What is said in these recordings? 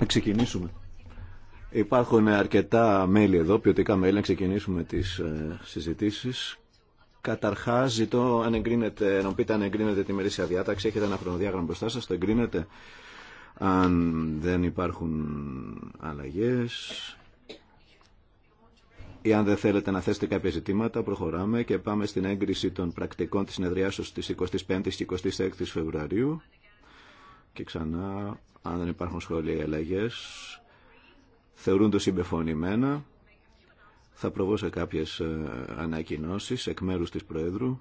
Να ξεκινήσουμε. Υπάρχουν αρκετά μέλη εδώ, ποιοτικά μέλη, να ξεκινήσουμε τις ε, συζητήσεις. Καταρχάς, ζητώ αν εγκρίνετε, να πείτε αν εγκρίνετε τη μερίσια διάταξη. Έχετε ένα χρονοδιάγραμμα μπροστά σας, το εγκρίνετε. Αν δεν υπάρχουν αλλαγές, ή αν δεν θέλετε να θέσετε κάποια ζητήματα, προχωράμε και πάμε στην έγκριση των πρακτικών της συνεδριάσεως της 25ης και 26ης Φεβρουαρίου. Και ξανά, αν δεν υπάρχουν σχόλια ή αλλαγές, θεωρούνται συμπεφωνημένα. Θα προβώ σε κάποιες ε, ανακοινώσεις εκ μέρους της Προέδρου.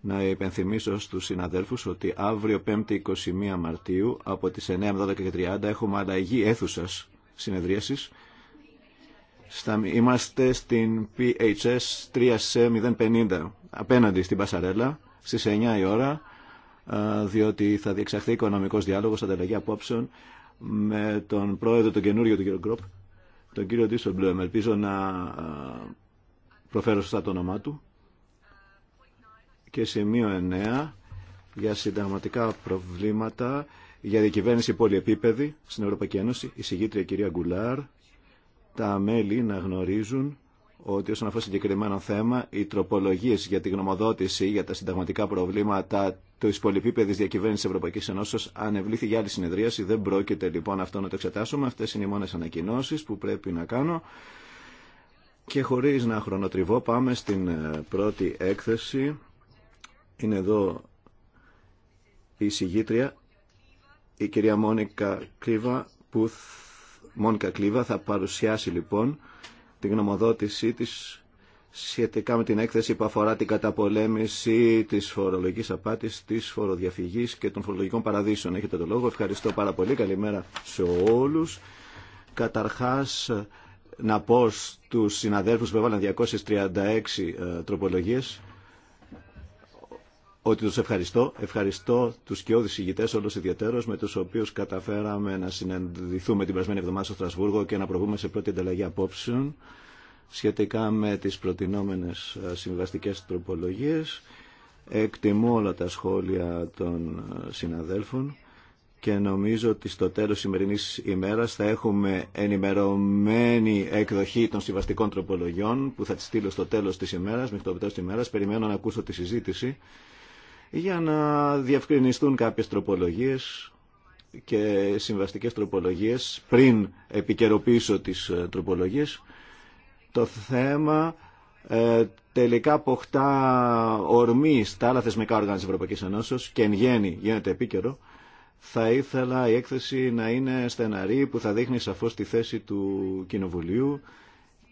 Να υπενθυμίσω στους συναδέλφους ότι αύριο 5η 21 Μαρτίου από τις 30 έχουμε αλλαγή αίθουσας συνεδρίασης. Στα, είμαστε στην PHS 3C050 απέναντι στην Πασαρέλα στις 9 η ώρα διότι θα διεξαχθεί οικονομικός διάλογος ανταλλαγή απόψεων με τον πρόεδρο τον καινούριο του κύριο Γκρόπ τον κύριο Μπλουέμ. Ελπίζω να προφέρω σωστά το όνομά του. Και σημείο 9 για συνταγματικά προβλήματα για διακυβέρνηση πολυεπίπεδη στην Ευρωπαϊκή Ένωση, η συγγήτρια κυρία Γκουλάρ, τα μέλη να γνωρίζουν ότι όσον αφορά συγκεκριμένο θέμα, οι τροπολογίε για τη γνωμοδότηση για τα συνταγματικά προβλήματα τη πολυεπίπεδη διακυβέρνηση Ευρωπαϊκή Ενώσεω ανεβλήθη για άλλη συνεδρίαση. Δεν πρόκειται λοιπόν αυτό να το εξετάσουμε. Αυτέ είναι οι μόνε ανακοινώσει που πρέπει να κάνω. Και χωρί να χρονοτριβώ, πάμε στην ε, πρώτη έκθεση. Είναι εδώ η συγγήτρια η κυρία Μόνικα Κλίβα, που, Μόνικα Κλίβα θα παρουσιάσει λοιπόν τη γνωμοδότησή της σχετικά με την έκθεση που αφορά την καταπολέμηση της φορολογικής απάτης, της φοροδιαφυγής και των φορολογικών παραδείσων. Έχετε το λόγο. Ευχαριστώ πάρα πολύ. Καλημέρα σε όλους. Καταρχάς, να πω στους συναδέλφους που έβαλαν 236 ε, τροπολογίες ότι τους ευχαριστώ. Ευχαριστώ τους και όδους ηγητές όλους ιδιαίτερος με τους οποίους καταφέραμε να συναντηθούμε την περασμένη εβδομάδα στο Στρασβούργο και να προβούμε σε πρώτη ανταλλαγή απόψεων σχετικά με τις προτινόμενες ε, συμβαστικές τροπολογίες. Εκτιμώ όλα τα σχόλια των ε, συναδέλφων και νομίζω ότι στο τέλος σημερινής ημέρας θα έχουμε ενημερωμένη εκδοχή των συμβαστικών τροπολογιών που θα τις στείλω στο τέλος της ημέρας, μέχρι το τέλος της ημέρας. Περιμένω να ακούσω τη συζήτηση για να διευκρινιστούν κάποιες τροπολογίες και συμβαστικές τροπολογίες πριν επικαιροποιήσω τις ε, τροπολογίες. Το θέμα ε, τελικά αποκτά ορμή στα άλλα θεσμικά όργανα της Ευρωπαϊκής και εν γέννη γίνεται επίκαιρο. Θα ήθελα η έκθεση να είναι στεναρή που θα δείχνει σαφώς τη θέση του Κοινοβουλίου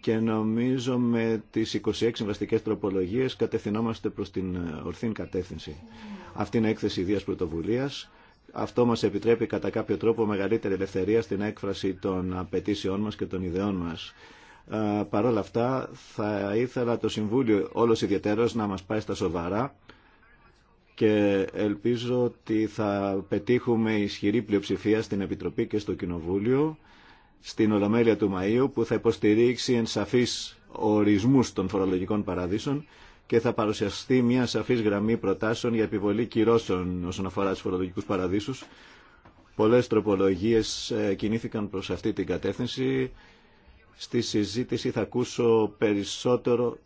και νομίζω με τις 26 συμβαστικές τροπολογίες κατευθυνόμαστε προς την ε, ορθή κατεύθυνση. Αυτή είναι έκθεση ιδίας πρωτοβουλίας. Αυτό μας επιτρέπει κατά κάποιο τρόπο μεγαλύτερη ελευθερία στην έκφραση των απαιτήσεών μας και των ιδεών μας. Ε, Παρ' όλα αυτά θα ήθελα το Συμβούλιο όλος ιδιαίτερος να μας πάει στα σοβαρά και ελπίζω ότι θα πετύχουμε ισχυρή πλειοψηφία στην Επιτροπή και στο Κοινοβούλιο στην Ολομέλεια του Μαΐου που θα υποστηρίξει εν σαφείς ορισμούς των φορολογικών παραδείσων και θα παρουσιαστεί μια σαφής γραμμή προτάσεων για επιβολή κυρώσεων όσον αφορά τους φορολογικούς παραδείσους. Πολλές τροπολογίες ε, κινήθηκαν προς αυτή την κατεύθυνση. Στη συζήτηση θα ακούσω περισσότερο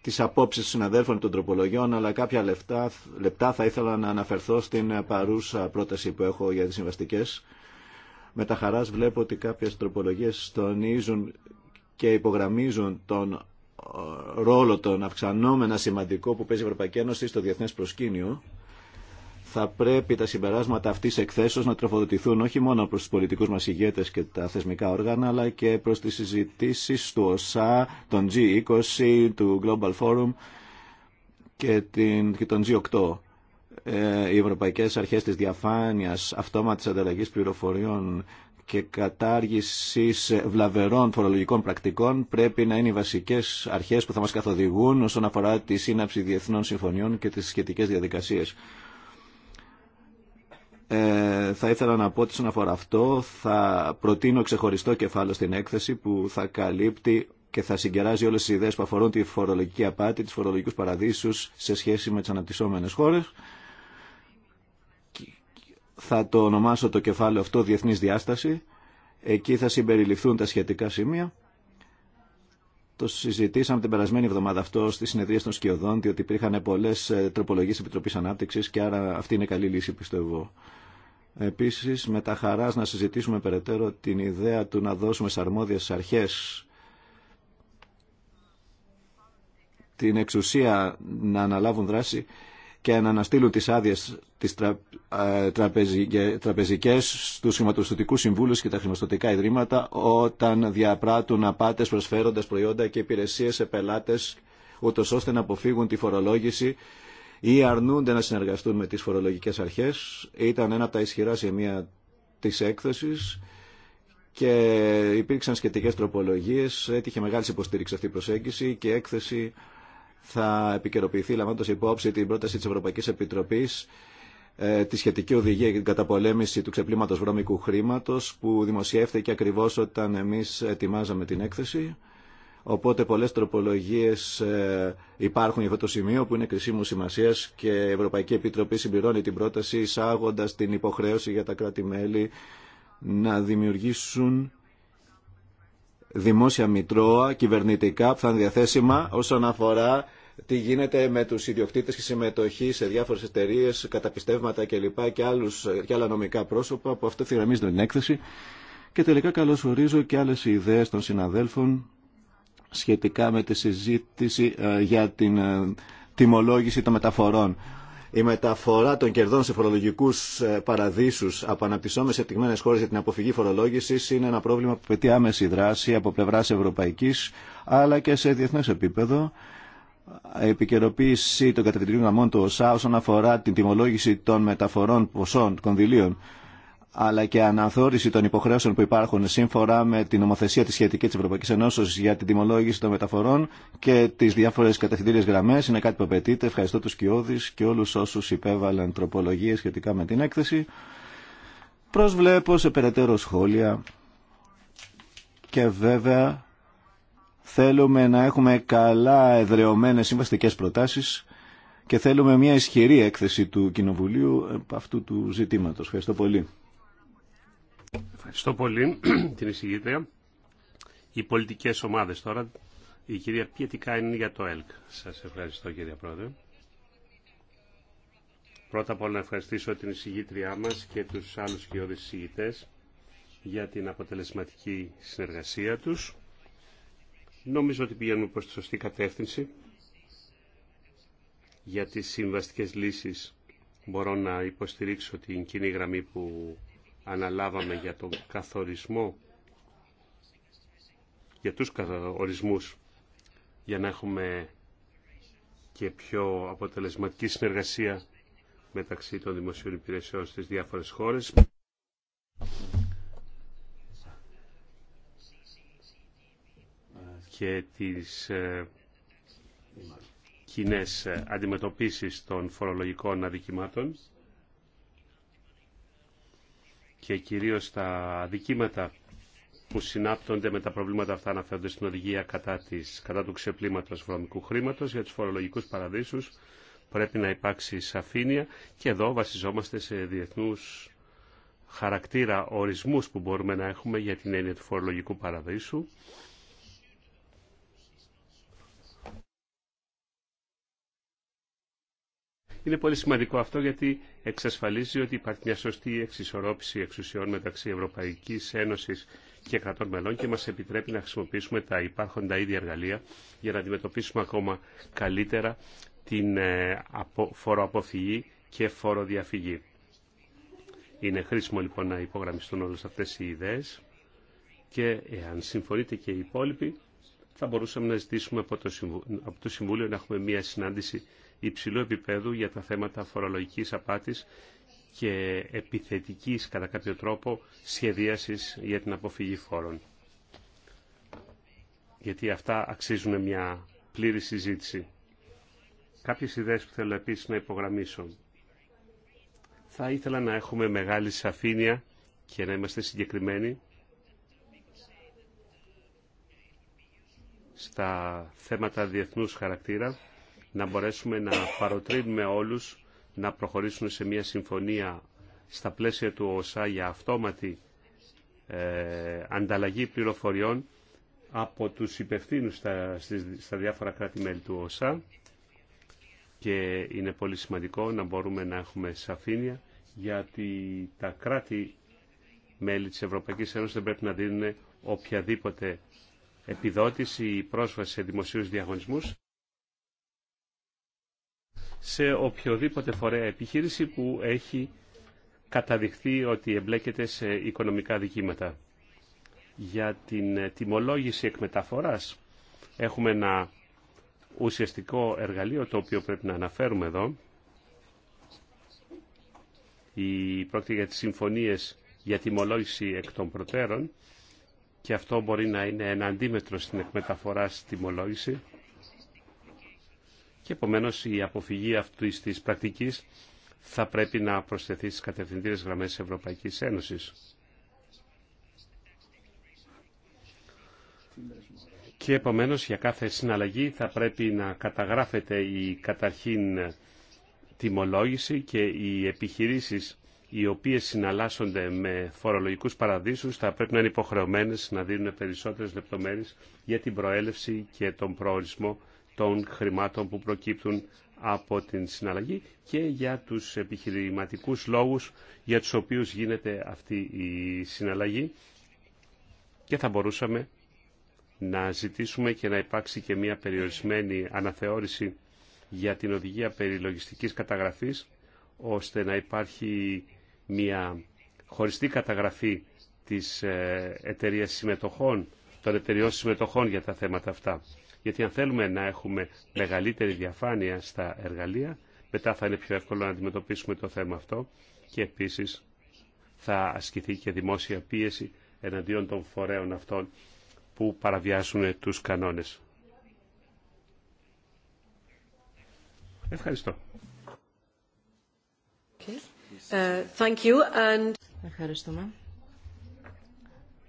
τις απόψεις συναδέλφων των τροπολογιών, αλλά κάποια λεπτά, λεπτά θα ήθελα να αναφερθώ στην παρούσα πρόταση που έχω για τις συμβαστικέ. Με τα χαράς βλέπω ότι κάποιες τροπολογίες τονίζουν και υπογραμμίζουν τον ε, ρόλο των αυξανόμενα σημαντικό που παίζει η Ευρωπαϊκή Ένωση στο διεθνές προσκήνιο θα πρέπει τα συμπεράσματα αυτή τη εκθέσεω να τροφοδοτηθούν όχι μόνο προ του πολιτικού μα ηγέτε και τα θεσμικά όργανα, αλλά και προ τι συζητήσει του ΟΣΑ, των G20, του Global Forum και των G8. Ε, οι ευρωπαϊκές αρχές της διαφάνειας, αυτόματης ανταλλαγής πληροφοριών και κατάργησης βλαβερών φορολογικών πρακτικών πρέπει να είναι οι βασικές αρχές που θα μας καθοδηγούν όσον αφορά τη σύναψη διεθνών συμφωνιών και τις σχετικές διαδικασίες. Ε, θα ήθελα να πω ότι όσον αφορά αυτό θα προτείνω ξεχωριστό κεφάλαιο στην έκθεση που θα καλύπτει και θα συγκεράζει όλες τις ιδέες που αφορούν τη φορολογική απάτη, τις φορολογικούς παραδείσους σε σχέση με τις αναπτυσσόμενες χώρες θα το ονομάσω το κεφάλαιο αυτό Διεθνής Διάσταση. Εκεί θα συμπεριληφθούν τα σχετικά σημεία. Το συζητήσαμε την περασμένη εβδομάδα αυτό στη συνεδρία των Σκιωδών, διότι υπήρχαν πολλέ ε, τροπολογίε Επιτροπή Ανάπτυξη και άρα αυτή είναι καλή λύση, πιστεύω. Επίση, με τα χαρά να συζητήσουμε περαιτέρω την ιδέα του να δώσουμε σε αρμόδιε αρχέ την εξουσία να αναλάβουν δράση και να αναστείλουν τις άδειες τις τρα, ε, τραπεζικές στους χρηματοπιστωτικούς συμβούλους και τα χρηματοπιστωτικά ιδρύματα όταν διαπράττουν απάτες προσφέροντας προϊόντα και υπηρεσίες σε πελάτες ούτως ώστε να αποφύγουν τη φορολόγηση ή αρνούνται να συνεργαστούν με τις φορολογικές αρχές. Ήταν ένα από τα ισχυρά σημεία της έκθεσης και υπήρξαν σχετικές τροπολογίες. Έτυχε μεγάλη υποστήριξη αυτή η προσέγγιση και η έκθεση θα επικαιροποιηθεί λαμβάνοντας υπόψη την πρόταση της Ευρωπαϊκής Επιτροπής ε, τη σχετική οδηγία για την καταπολέμηση του ξεπλήματος βρώμικου χρήματος που δημοσιεύθηκε ακριβώς όταν εμείς ετοιμάζαμε την έκθεση. Οπότε πολλές τροπολογίες ε, υπάρχουν για αυτό το σημείο που είναι κρισίμου σημασίας και η Ευρωπαϊκή Επιτροπή συμπληρώνει την πρόταση εισάγοντας την υποχρέωση για τα κράτη-μέλη να δημιουργήσουν δημόσια μητρώα, κυβερνητικά που θα είναι διαθέσιμα όσον αφορά τι γίνεται με τους ιδιοκτήτες και συμμετοχή σε διάφορες εταιρείε, καταπιστεύματα κλπ. Και, άλλους, και άλλα νομικά πρόσωπα που αυτό θυραμίζουν την έκθεση. Και τελικά καλωσορίζω και άλλες ιδέες των συναδέλφων σχετικά με τη συζήτηση ε, για την ε, τιμολόγηση των μεταφορών η μεταφορά των κερδών σε φορολογικού ε, παραδείσου από αναπτυσσόμενε χώρες χώρε για την αποφυγή φορολόγηση είναι ένα πρόβλημα που πετύχει άμεση δράση από πλευρά ευρωπαϊκή αλλά και σε διεθνέ επίπεδο. Η επικαιροποίηση των κατευθυντήριων γραμμών του ΩΣΑ όσον αφορά την τιμολόγηση των μεταφορών ποσών κονδυλίων αλλά και αναθεώρηση των υποχρέωσεων που υπάρχουν σύμφωνα με την νομοθεσία τη σχετική τη Ευρωπαϊκή Ένωση για την τιμολόγηση των μεταφορών και τι διάφορε κατευθυντήριε γραμμέ. Είναι κάτι που απαιτείται. Ευχαριστώ του Κιώδη και όλου όσου υπέβαλαν τροπολογίε σχετικά με την έκθεση. Προσβλέπω σε περαιτέρω σχόλια και βέβαια θέλουμε να έχουμε καλά εδρεωμένε συμβαστικέ προτάσει και θέλουμε μια ισχυρή έκθεση του Κοινοβουλίου αυτού του ζητήματο. Ευχαριστώ πολύ. Ευχαριστώ πολύ την εισηγήτρια. Οι πολιτικές ομάδες τώρα. Η κυρία Πιετικά είναι για το ΕΛΚ. Σας ευχαριστώ κυρία Πρόεδρε. Πρώτα απ' όλα να ευχαριστήσω την εισηγήτριά μας και τους άλλους κοιόδης εισηγητέ για την αποτελεσματική συνεργασία τους. Νομίζω ότι πηγαίνουμε προς τη σωστή κατεύθυνση για τις συμβαστικές λύσεις μπορώ να υποστηρίξω την κοινή γραμμή που αναλάβαμε για τον καθορισμό, για τους καθορισμούς, για να έχουμε και πιο αποτελεσματική συνεργασία μεταξύ των δημοσίων υπηρεσιών στις διάφορες χώρες. και τις ε, κοινέ ε, αντιμετωπίσεις των φορολογικών αδικημάτων και κυρίως τα δικήματα που συνάπτονται με τα προβλήματα αυτά αναφέρονται στην οδηγία κατά, της, κατά του ξεπλήματος βρωμικού χρήματος για τους φορολογικούς παραδείσους πρέπει να υπάρξει σαφήνεια και εδώ βασιζόμαστε σε διεθνούς χαρακτήρα ορισμούς που μπορούμε να έχουμε για την έννοια του φορολογικού παραδείσου Είναι πολύ σημαντικό αυτό γιατί εξασφαλίζει ότι υπάρχει μια σωστή εξισορρόπηση εξουσιών μεταξύ Ευρωπαϊκής Ένωσης και κρατών μελών και μας επιτρέπει να χρησιμοποιήσουμε τα υπάρχοντα ίδια εργαλεία για να αντιμετωπίσουμε ακόμα καλύτερα την ε, φοροαποφυγή και φοροδιαφυγή. Είναι χρήσιμο λοιπόν να υπογραμμιστούν όλες αυτές οι ιδέες και εάν συμφωνείτε και οι υπόλοιποι θα μπορούσαμε να ζητήσουμε από το Συμβούλιο να έχουμε μια συνάντηση υψηλού επίπεδου για τα θέματα φορολογικής απάτης και επιθετικής κατά κάποιο τρόπο σχεδίασης για την αποφυγή φόρων. Γιατί αυτά αξίζουν μια πλήρη συζήτηση. Κάποιες ιδέες που θέλω επίσης να υπογραμμίσω. Θα ήθελα να έχουμε μεγάλη σαφήνεια και να είμαστε συγκεκριμένοι στα θέματα διεθνούς χαρακτήρα να μπορέσουμε να παροτρύνουμε όλους να προχωρήσουν σε μια συμφωνία στα πλαίσια του ΟΣΑ για αυτόματη ε, ανταλλαγή πληροφοριών από τους υπευθύνους στα, διάφορα κράτη-μέλη του ΟΣΑ και είναι πολύ σημαντικό να μπορούμε να έχουμε σαφήνεια γιατί τα κράτη-μέλη της Ευρωπαϊκής Ένωσης δεν πρέπει να δίνουν οποιαδήποτε επιδότηση ή πρόσβαση σε δημοσίους διαγωνισμούς σε οποιοδήποτε φορέα επιχείρηση που έχει καταδειχθεί ότι εμπλέκεται σε οικονομικά δικήματα. Για την τιμολόγηση εκμεταφοράς έχουμε ένα ουσιαστικό εργαλείο το οποίο πρέπει να αναφέρουμε εδώ. Η πρόκειται για τις συμφωνίες για τιμολόγηση εκ των προτέρων και αυτό μπορεί να είναι ένα αντίμετρο στην εκμεταφορά στη τιμολόγηση και επομένως η αποφυγή αυτή τη πρακτική θα πρέπει να προσθεθεί στις κατευθυντήρες γραμμές της Ευρωπαϊκής Ένωσης. Και επομένως για κάθε συναλλαγή θα πρέπει να καταγράφεται η καταρχήν τιμολόγηση και οι επιχειρήσεις οι οποίες συναλλάσσονται με φορολογικούς παραδείσους θα πρέπει να είναι υποχρεωμένες να δίνουν περισσότερες λεπτομέρειες για την προέλευση και τον προορισμό των χρημάτων που προκύπτουν από την συναλλαγή και για τους επιχειρηματικούς λόγους για τους οποίους γίνεται αυτή η συναλλαγή και θα μπορούσαμε να ζητήσουμε και να υπάρξει και μια περιορισμένη αναθεώρηση για την οδηγία περιλογιστικής καταγραφής ώστε να υπάρχει μια χωριστή καταγραφή της ε, εταιρείας συμμετοχών, των εταιριών συμμετοχών για τα θέματα αυτά. Γιατί αν θέλουμε να έχουμε μεγαλύτερη διαφάνεια στα εργαλεία, μετά θα είναι πιο εύκολο να αντιμετωπίσουμε το θέμα αυτό και επίσης θα ασκηθεί και δημόσια πίεση εναντίον των φορέων αυτών που παραβιάσουν τους κανόνες. Ευχαριστώ. Okay. Uh, and... Ευχαριστούμε.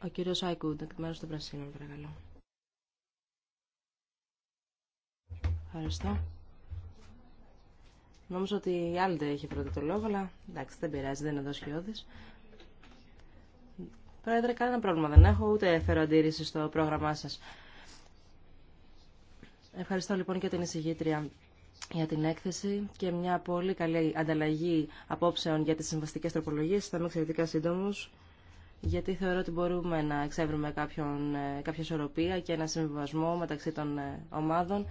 Ο κύριος Άικου, εκ μέρους των Πρασίνων, παρακαλώ. Ευχαριστώ. Νόμιζα ότι η άλλη δεν είχε το λόγο, αλλά εντάξει, δεν πειράζει, δεν είναι εδώ Πρόεδρε, κανένα πρόβλημα δεν έχω, ούτε φέρω αντίρρηση στο πρόγραμμά σα. Ευχαριστώ λοιπόν και την εισηγήτρια για την έκθεση και μια πολύ καλή ανταλλαγή απόψεων για τι συμβαστικέ τροπολογίε Θα είμαι εξαιρετικά σύντομο, γιατί θεωρώ ότι μπορούμε να εξεύρουμε κάποιον, ε, κάποια ισορροπία και ένα συμβιβασμό μεταξύ των ε, ομάδων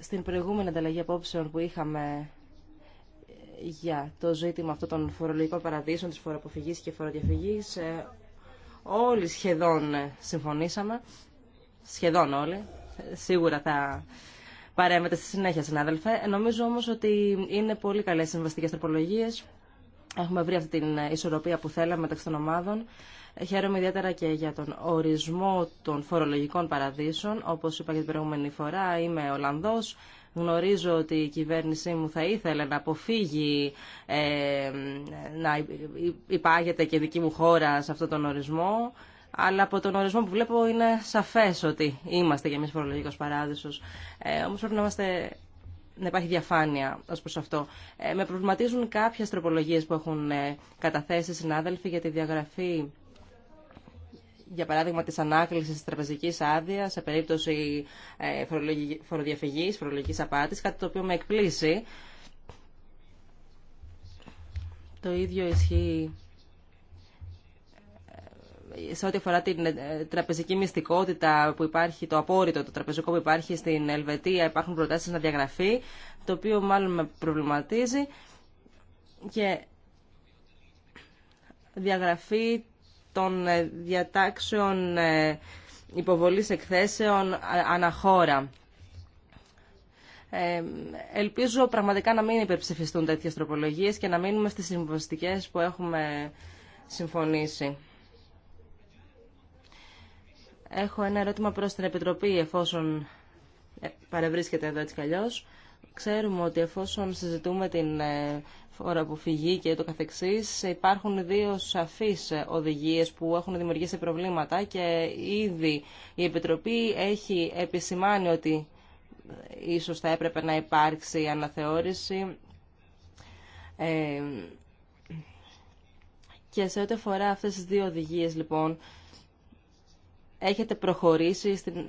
στην προηγούμενη ανταλλαγή απόψεων που είχαμε ε, για το ζήτημα αυτό των φορολογικών παραδείσων, της φοροαποφυγής και φοροδιαφυγής, ε, όλοι σχεδόν ε, συμφωνήσαμε, σχεδόν όλοι, σίγουρα θα παρέμετε στη συνέχεια, συνάδελφε. Νομίζω όμως ότι είναι πολύ καλές συμβαστικές τροπολογίες. Έχουμε βρει αυτή την ισορροπία που θέλαμε μεταξύ των ομάδων. Χαίρομαι ιδιαίτερα και για τον ορισμό των φορολογικών παραδείσων. Όπως είπα και την προηγούμενη φορά, είμαι Ολλανδός. Γνωρίζω ότι η κυβέρνησή μου θα ήθελε να αποφύγει ε, να υπάγεται και δική μου χώρα σε αυτόν τον ορισμό. Αλλά από τον ορισμό που βλέπω είναι σαφές ότι είμαστε για εμείς φορολογικός παράδεισος. Ε, όμως πρέπει να είμαστε να υπάρχει διαφάνεια ω προ αυτό. Ε, με προβληματίζουν κάποιε τροπολογίε που έχουν ε, καταθέσει συνάδελφοι για τη διαγραφή για παράδειγμα, της ανάκλησης της τραπεζικής άδεια σε περίπτωση ε, φοροδιαφυγής, φορολογικής απάτης, κάτι το οποίο με εκπλήσει. Το ίδιο ισχύει ε, σε ό,τι αφορά την ε, τραπεζική μυστικότητα που υπάρχει, το απόρριτο, το τραπεζικό που υπάρχει στην Ελβετία, υπάρχουν προτάσεις να διαγραφεί, το οποίο μάλλον με προβληματίζει και διαγραφεί των ε, διατάξεων ε, υποβολής εκθέσεων αναχώρα. Ε, ελπίζω πραγματικά να μην υπερψηφιστούν τέτοιες τροπολογίες και να μείνουμε στις συμβαστικές που έχουμε συμφωνήσει. Έχω ένα ερώτημα προς την Επιτροπή, εφόσον παρευρίσκεται εδώ έτσι κι Ξέρουμε ότι εφόσον συζητούμε την ώρα που φυγεί και το καθεξής, υπάρχουν δύο σαφείς οδηγίες που έχουν δημιουργήσει προβλήματα και ήδη η Επιτροπή έχει επισημάνει ότι ίσως θα έπρεπε να υπάρξει αναθεώρηση ε, και σε ό,τι αφορά αυτές τις δύο οδηγίες λοιπόν έχετε προχωρήσει στην...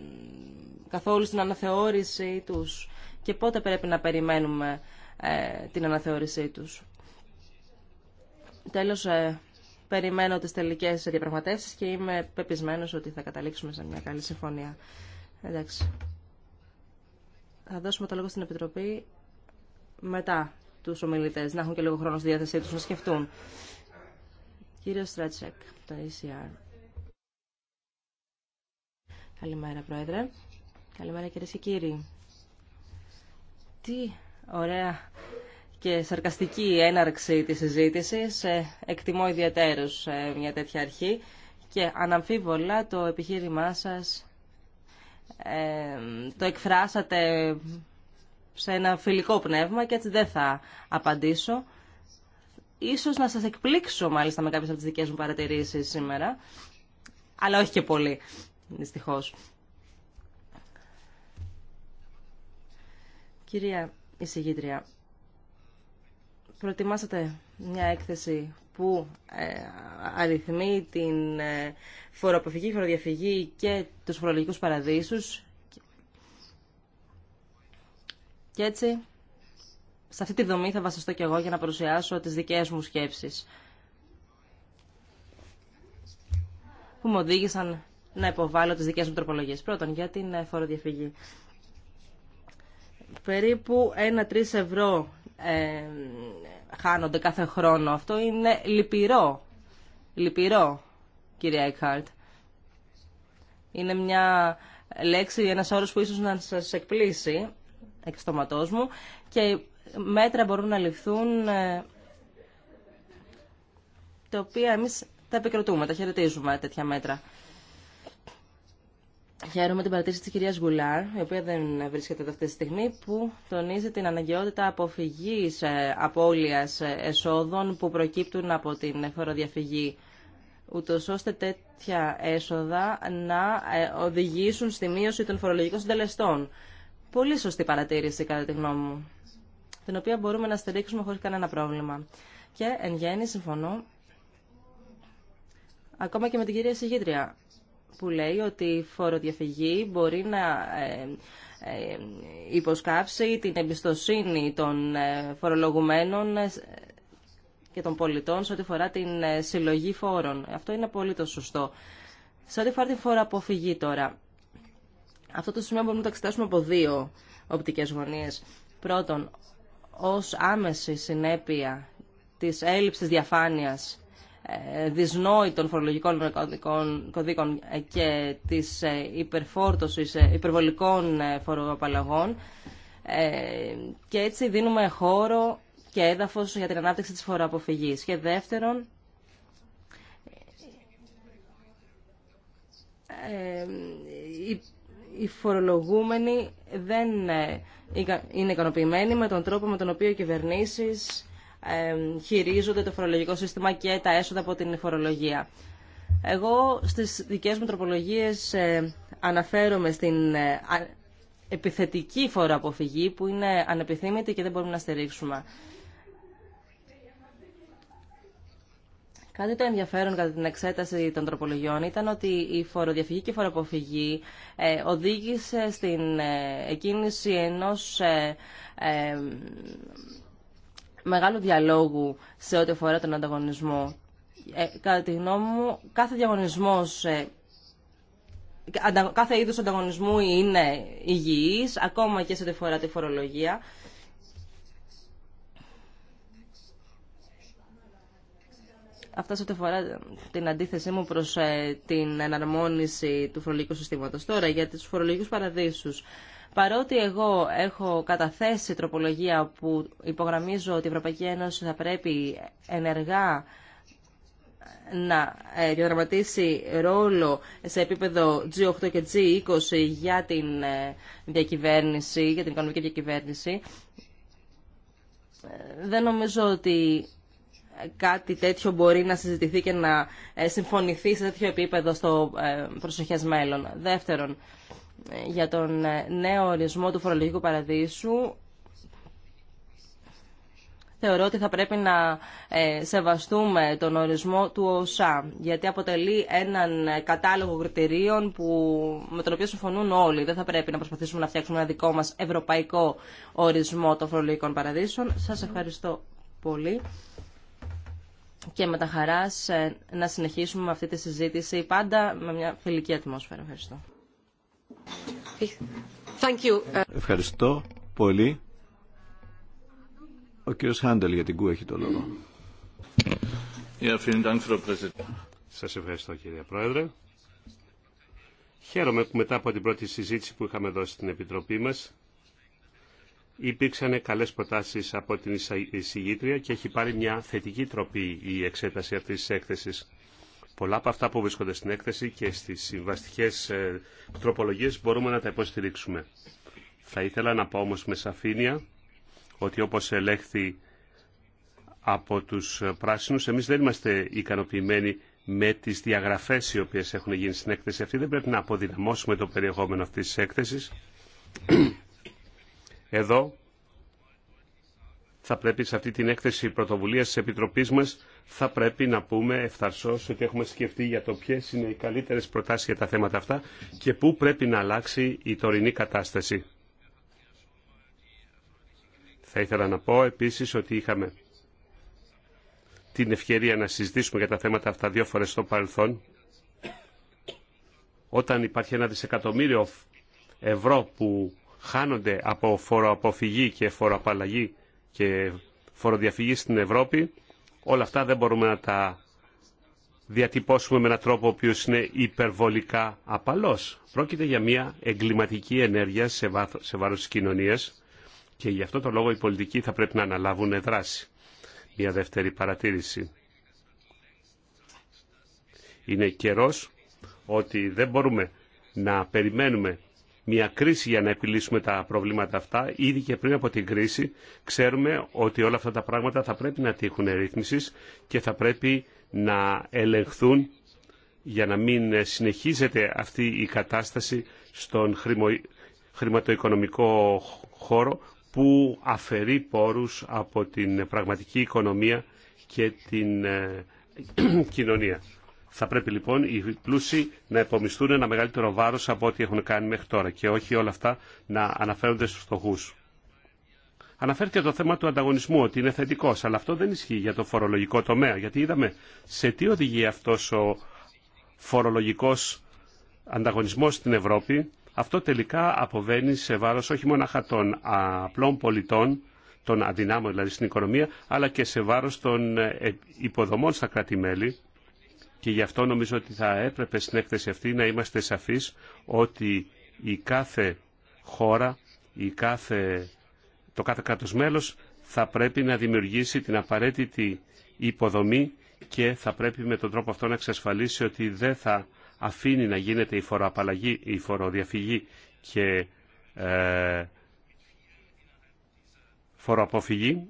καθόλου στην αναθεώρησή τους και πότε πρέπει να περιμένουμε ε, την αναθεώρησή τους. Τέλος, ε, περιμένω τις τελικές διαπραγματεύσεις και είμαι πεπισμένος ότι θα καταλήξουμε σε μια καλή συμφωνία. Εντάξει. Θα δώσουμε το λόγο στην Επιτροπή μετά τους ομιλητές, να έχουν και λίγο χρόνο στη διάθεσή τους να σκεφτούν. Κύριο Στρατσέκ, το ECR. Καλημέρα, Πρόεδρε. Καλημέρα, κυρίε και κύριοι. Τι Ωραία και σαρκαστική έναρξη της συζήτησης. Ε, εκτιμώ ιδιαίτερως ε, μια τέτοια αρχή και αναμφίβολα το επιχείρημά σας ε, το εκφράσατε σε ένα φιλικό πνεύμα και έτσι δεν θα απαντήσω. Ίσως να σας εκπλήξω μάλιστα με κάποιες από τις δικές μου παρατηρήσεις σήμερα, αλλά όχι και πολύ, δυστυχώς. Κυρία εισηγήτρια. Προετοιμάσατε μια έκθεση που ε, αριθμεί την ε, φοροαποφυγή, φοροδιαφυγή και τους φορολογικούς παραδείσους. Και έτσι, σε αυτή τη δομή θα βασιστώ και εγώ για να παρουσιάσω τις δικές μου σκέψεις. Που μου οδήγησαν να υποβάλω τις δικές μου τροπολογίες. Πρώτον, για την ε, φοροδιαφυγή περίπου 1-3 ευρώ ε, χάνονται κάθε χρόνο. Αυτό είναι λυπηρό. Λυπηρό, κυρία Εκχάρτ. Είναι μια λέξη, ένας όρος που ίσως να σας εκπλήσει, εκ στόματός μου, και μέτρα μπορούν να ληφθούν ε, τα οποία εμείς τα επικροτούμε, τα χαιρετίζουμε τέτοια μέτρα. Χαίρομαι την παρατήρηση της κυρίας Γκουλάρ, η οποία δεν βρίσκεται εδώ αυτή τη στιγμή, που τονίζει την αναγκαιότητα αποφυγής ε, απώλειας ε, εσόδων που προκύπτουν από την φοροδιαφυγή, ούτως ώστε τέτοια έσοδα να ε, οδηγήσουν στη μείωση των φορολογικών συντελεστών. Πολύ σωστή παρατήρηση, κατά τη γνώμη μου, την οποία μπορούμε να στηρίξουμε χωρίς κανένα πρόβλημα. Και εν γέννη συμφωνώ, ακόμα και με την κυρία Συγήτρια, που λέει ότι η φοροδιαφυγή μπορεί να ε, ε, υποσκάψει την εμπιστοσύνη των ε, φορολογουμένων και των πολιτών σε ό,τι φορά την συλλογή φόρων. Αυτό είναι το σωστό. Σε ό,τι φορά την φοροαποφυγή τώρα, αυτό το σημείο μπορούμε να το εξετάσουμε από δύο οπτικές γωνίες. Πρώτον, ως άμεση συνέπεια της έλλειψης διαφάνειας δυσνόητων φορολογικών κωδίκων και της ε, υπερφόρτωσης ε, υπερβολικών ε, φοροαπαλλαγών και έτσι δίνουμε χώρο και έδαφος για την ανάπτυξη της φοροαποφυγής. Και δεύτερον, οι φορολογούμενοι δεν είναι ικανοποιημένοι με τον τρόπο με τον οποίο οι κυβερνήσεις χειρίζονται το φορολογικό σύστημα και τα έσοδα από την φορολογία. Εγώ στις δικές μου τροπολογίες ε, αναφέρομαι στην ε, επιθετική φοροαποφυγή που είναι ανεπιθύμητη και δεν μπορούμε να στηρίξουμε. Κάτι το ενδιαφέρον κατά την εξέταση των τροπολογιών ήταν ότι η φοροδιαφυγή και η φοροαποφυγή ε, οδήγησε στην εκκίνηση ενός μεγάλου διαλόγου σε ό,τι αφορά τον ανταγωνισμό. Ε, κατά τη γνώμη μου, κάθε διαγωνισμό. Ε, κάθε είδους ανταγωνισμού είναι υγιής, ακόμα και σε ό,τι φορά τη φορολογία. Αυτά σε ό,τι αφορά την αντίθεσή μου προς ε, την εναρμόνιση του φορολογικού συστήματος. Τώρα, για τους φορολογικούς παραδείσους. Παρότι εγώ έχω καταθέσει τροπολογία που υπογραμμίζω ότι η Ευρωπαϊκή Ένωση θα πρέπει ενεργά να ε, διαδραματίσει ρόλο σε επίπεδο G8 και G20 για την ε, διακυβέρνηση, για την οικονομική διακυβέρνηση. Δεν νομίζω ότι κάτι τέτοιο μπορεί να συζητηθεί και να ε, συμφωνηθεί σε τέτοιο επίπεδο στο προσοχές μέλλον. Δεύτερον, για τον ε, νέο ορισμό του φορολογικού παραδείσου θεωρώ ότι θα πρέπει να ε, σεβαστούμε τον ορισμό του ΟΣΑ, γιατί αποτελεί έναν κατάλογο κριτηρίων που, με τον οποίο συμφωνούν όλοι. Δεν θα πρέπει να προσπαθήσουμε να φτιάξουμε ένα δικό μας ευρωπαϊκό ορισμό των φορολογικών παραδείσων. Σας ευχαριστώ πολύ. Και με τα χαράς ε, να συνεχίσουμε αυτή τη συζήτηση πάντα με μια φιλική ατμόσφαιρα. Ευχαριστώ. Ευχαριστώ πολύ. Ο κύριος Χάντελ για την ΚΟΥ έχει το λόγο. Σας ευχαριστώ κύριε Πρόεδρε. Χαίρομαι που μετά από την πρώτη συζήτηση που είχαμε δώσει στην Επιτροπή μας υπήρξαν καλές προτάσεις από την εισηγήτρια και έχει πάρει μια θετική τροπή η εξέταση αυτής της έκθεσης. Πολλά από αυτά που βρίσκονται στην έκθεση και στις συμβαστικές ε, τροπολογίες μπορούμε να τα υποστηρίξουμε. Θα ήθελα να πω όμως με σαφήνεια ότι όπως ελέγχθη από τους πράσινους, εμείς δεν είμαστε ικανοποιημένοι με τις διαγραφές οι οποίες έχουν γίνει στην έκθεση αυτή. Δεν πρέπει να αποδυναμώσουμε το περιεχόμενο αυτής της έκθεσης. Εδώ θα πρέπει σε αυτή την έκθεση πρωτοβουλία της Επιτροπής μας θα πρέπει να πούμε ευθαρσώς ότι έχουμε σκεφτεί για το ποιε είναι οι καλύτερες προτάσεις για τα θέματα αυτά και πού πρέπει να αλλάξει η τωρινή κατάσταση. Θα ήθελα να πω επίσης ότι είχαμε την ευκαιρία να συζητήσουμε για τα θέματα αυτά δύο φορές στο παρελθόν. Όταν υπάρχει ένα δισεκατομμύριο ευρώ που χάνονται από φοροαποφυγή και φοροαπαλλαγή και φοροδιαφυγή στην Ευρώπη, όλα αυτά δεν μπορούμε να τα διατυπώσουμε με έναν τρόπο ο οποίος είναι υπερβολικά απαλός. Πρόκειται για μια εγκληματική ενέργεια σε, βάθο, σε βάρος της κοινωνίας και γι' αυτό το λόγο οι πολιτικοί θα πρέπει να αναλάβουν δράση. Μια δεύτερη παρατήρηση. Είναι καιρός ότι δεν μπορούμε να περιμένουμε μια κρίση για να επιλύσουμε τα προβλήματα αυτά. Ήδη και πριν από την κρίση ξέρουμε ότι όλα αυτά τα πράγματα θα πρέπει να τύχουν ρύθμιση και θα πρέπει να ελεγχθούν για να μην συνεχίζεται αυτή η κατάσταση στον χρηματοοικονομικό χώρο που αφαιρεί πόρους από την πραγματική οικονομία και την ε, κοινωνία. Θα πρέπει λοιπόν οι πλούσιοι να υπομισθούν ένα μεγαλύτερο βάρος από ό,τι έχουν κάνει μέχρι τώρα και όχι όλα αυτά να αναφέρονται στους φτωχούς. Αναφέρθηκε το θέμα του ανταγωνισμού, ότι είναι θετικό, αλλά αυτό δεν ισχύει για το φορολογικό τομέα. Γιατί είδαμε σε τι οδηγεί αυτό ο φορολογικό ανταγωνισμό στην Ευρώπη. Αυτό τελικά αποβαίνει σε βάρο όχι μόνο των απλών πολιτών, των αδυνάμων δηλαδή στην οικονομία, αλλά και σε βάρο των ε, υποδομών στα κράτη-μέλη και γι' αυτό νομίζω ότι θα έπρεπε στην έκθεση αυτή να είμαστε σαφείς ότι η κάθε χώρα, η κάθε, το κάθε κράτος μέλος θα πρέπει να δημιουργήσει την απαραίτητη υποδομή και θα πρέπει με τον τρόπο αυτό να εξασφαλίσει ότι δεν θα αφήνει να γίνεται η φοροαπαλλαγή, η φοροδιαφυγή και ε, φοροαποφυγή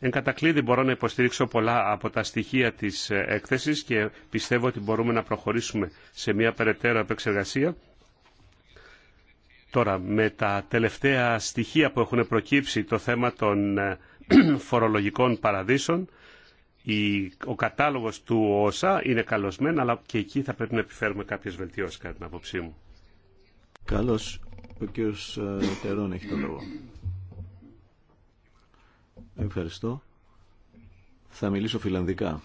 Εν κατακλείδη μπορώ να υποστηρίξω πολλά από τα στοιχεία της ε, έκθεσης και πιστεύω ότι μπορούμε να προχωρήσουμε σε μια περαιτέρω επεξεργασία. Τώρα, με τα τελευταία στοιχεία που έχουν προκύψει το θέμα των ε, φορολογικών παραδείσων, ο κατάλογος του όσα είναι καλωσμένο, αλλά και εκεί θα πρέπει να επιφέρουμε κάποιες βελτιώσεις, κατά την άποψή μου. Καλώς. Ο κύριος ε, Τερών έχει το λόγο. Ευχαριστώ. Θα μιλήσω φιλανδικά.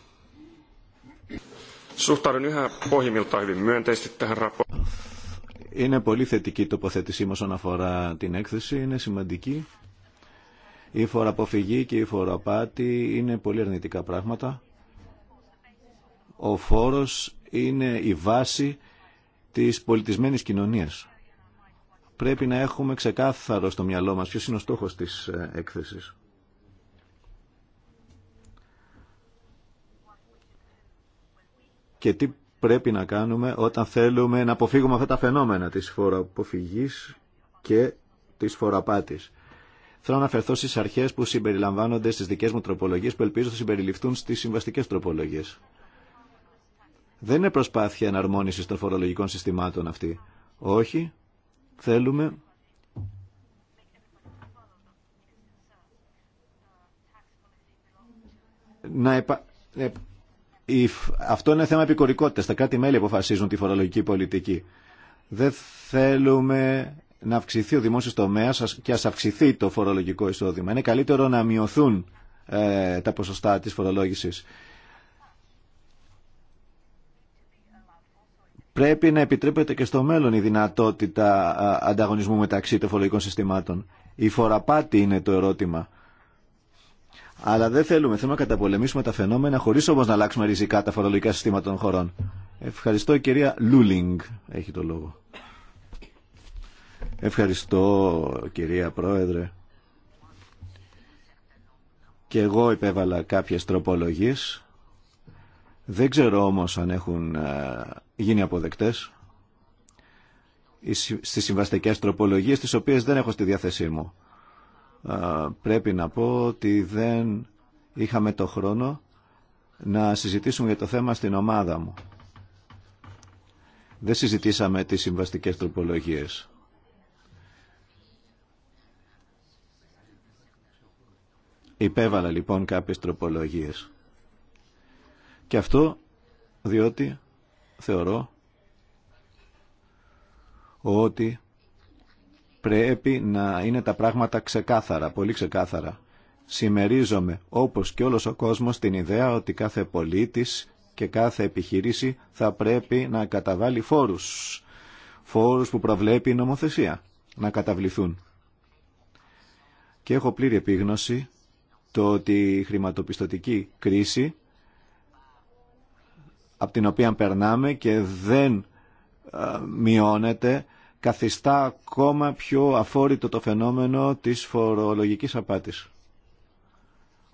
Είναι πολύ θετική η τοποθέτησή μας όσον αφορά την έκθεση. Είναι σημαντική. Η φοροαποφυγή και η φοροαπάτη είναι πολύ αρνητικά πράγματα. Ο φόρος είναι η βάση της πολιτισμένης κοινωνίας. Πρέπει να έχουμε ξεκάθαρο στο μυαλό μας ποιος είναι ο στόχος της ε, έκθεσης. και τι πρέπει να κάνουμε όταν θέλουμε να αποφύγουμε αυτά τα φαινόμενα της φοροποφυγής και της φοροαπάτης. Θέλω να αναφερθώ στις αρχές που συμπεριλαμβάνονται στις δικές μου τροπολογίες που ελπίζω θα συμπεριληφθούν στις συμβαστικές τροπολογίες. Δεν είναι προσπάθεια εναρμόνισης των φορολογικών συστημάτων αυτή. Όχι, θέλουμε να, επα... Ε, αυτό είναι θέμα επικορικότητας. Τα κράτη-μέλη αποφασίζουν τη φορολογική πολιτική. Δεν θέλουμε να αυξηθεί ο δημόσιος τομέας και ας αυξηθεί το φορολογικό εισόδημα. Είναι καλύτερο να μειωθούν ε, τα ποσοστά της φορολόγησης. Πρέπει να επιτρέπεται και στο μέλλον η δυνατότητα ε, ανταγωνισμού μεταξύ των φορολογικών συστημάτων. Η φοραπάτη είναι το ερώτημα. Αλλά δεν θέλουμε, θέλουμε να καταπολεμήσουμε τα φαινόμενα χωρίς όμως να αλλάξουμε ριζικά τα φορολογικά συστήματα των χωρών. Ευχαριστώ η κυρία Λούλινγκ έχει το λόγο. Ευχαριστώ κυρία Πρόεδρε. Και εγώ υπέβαλα κάποιες τροπολογίες. Δεν ξέρω όμως αν έχουν ε, γίνει αποδεκτές στις συμβαστικές τροπολογίες τις οποίες δεν έχω στη διάθεσή μου πρέπει να πω ότι δεν είχαμε το χρόνο να συζητήσουμε για το θέμα στην ομάδα μου. Δεν συζητήσαμε τις συμβαστικές τροπολογίες. Υπέβαλα λοιπόν κάποιες τροπολογίες. Και αυτό διότι θεωρώ ότι πρέπει να είναι τα πράγματα ξεκάθαρα, πολύ ξεκάθαρα. Σημερίζομαι, όπως και όλος ο κόσμος, την ιδέα ότι κάθε πολίτης και κάθε επιχείρηση θα πρέπει να καταβάλει φόρους. Φόρους που προβλέπει η νομοθεσία να καταβληθούν. Και έχω πλήρη επίγνωση το ότι η χρηματοπιστωτική κρίση από την οποία περνάμε και δεν μειώνεται καθιστά ακόμα πιο αφόρητο το φαινόμενο της φορολογικής απάτης.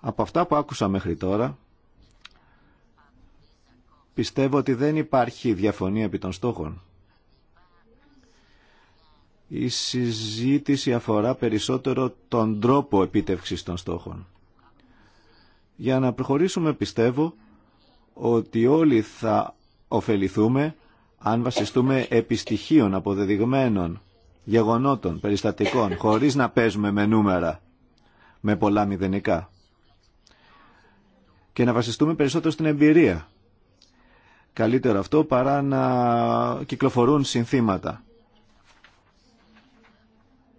Από αυτά που άκουσα μέχρι τώρα, πιστεύω ότι δεν υπάρχει διαφωνία επί των στόχων. Η συζήτηση αφορά περισσότερο τον τρόπο επίτευξης των στόχων. Για να προχωρήσουμε πιστεύω ότι όλοι θα ωφεληθούμε αν βασιστούμε επί αποδεδειγμένων, γεγονότων, περιστατικών, χωρίς να παίζουμε με νούμερα, με πολλά μηδενικά. Και να βασιστούμε περισσότερο στην εμπειρία. Καλύτερο αυτό παρά να κυκλοφορούν συνθήματα.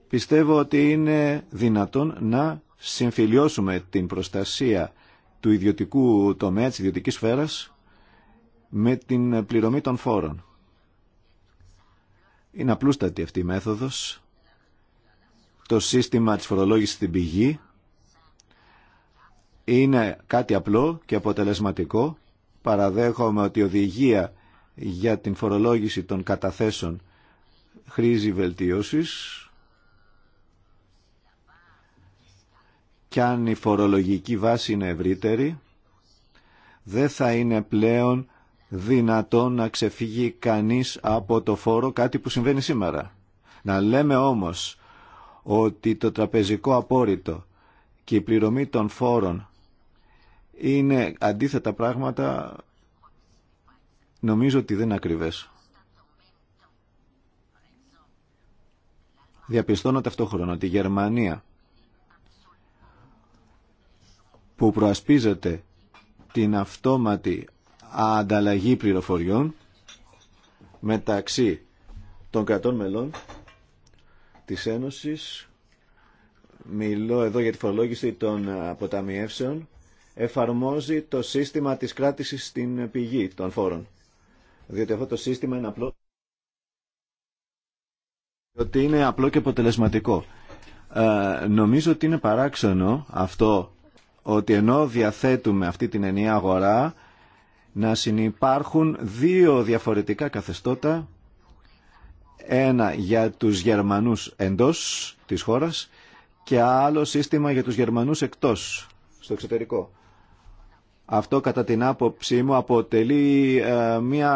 Πιστεύω ότι είναι δυνατόν να συμφιλιώσουμε την προστασία του ιδιωτικού τομέα, της ιδιωτικής σφαίρας, με την πληρωμή των φόρων. Είναι απλούστατη αυτή η μέθοδος. Το σύστημα της φορολόγησης στην πηγή είναι κάτι απλό και αποτελεσματικό. Παραδέχομαι ότι η οδηγία για την φορολόγηση των καταθέσεων χρήζει βελτίωσης. Κι αν η φορολογική βάση είναι ευρύτερη, δεν θα είναι πλέον δυνατόν να ξεφύγει κανείς από το φόρο κάτι που συμβαίνει σήμερα. Να λέμε όμως ότι το τραπεζικό απόρριτο και η πληρωμή των φόρων είναι αντίθετα πράγματα νομίζω ότι δεν είναι ακριβές. Διαπιστώνω ταυτόχρονα ότι η Γερμανία που προασπίζεται την αυτόματη ανταλλαγή πληροφοριών μεταξύ των κρατών μελών της Ένωσης. Μιλώ εδώ για τη φορολόγηση των αποταμιεύσεων. Εφαρμόζει το σύστημα της κράτησης στην πηγή των φόρων. Διότι αυτό το σύστημα είναι απλό. Ότι είναι απλό και αποτελεσματικό. Ε, νομίζω ότι είναι παράξενο αυτό ότι ενώ διαθέτουμε αυτή την ενιαία αγορά να συνεπάρχουν δύο διαφορετικά καθεστώτα ένα για τους Γερμανούς εντός της χώρας και άλλο σύστημα για τους Γερμανούς εκτός, στο εξωτερικό. Αυτό κατά την άποψή μου αποτελεί ε, μια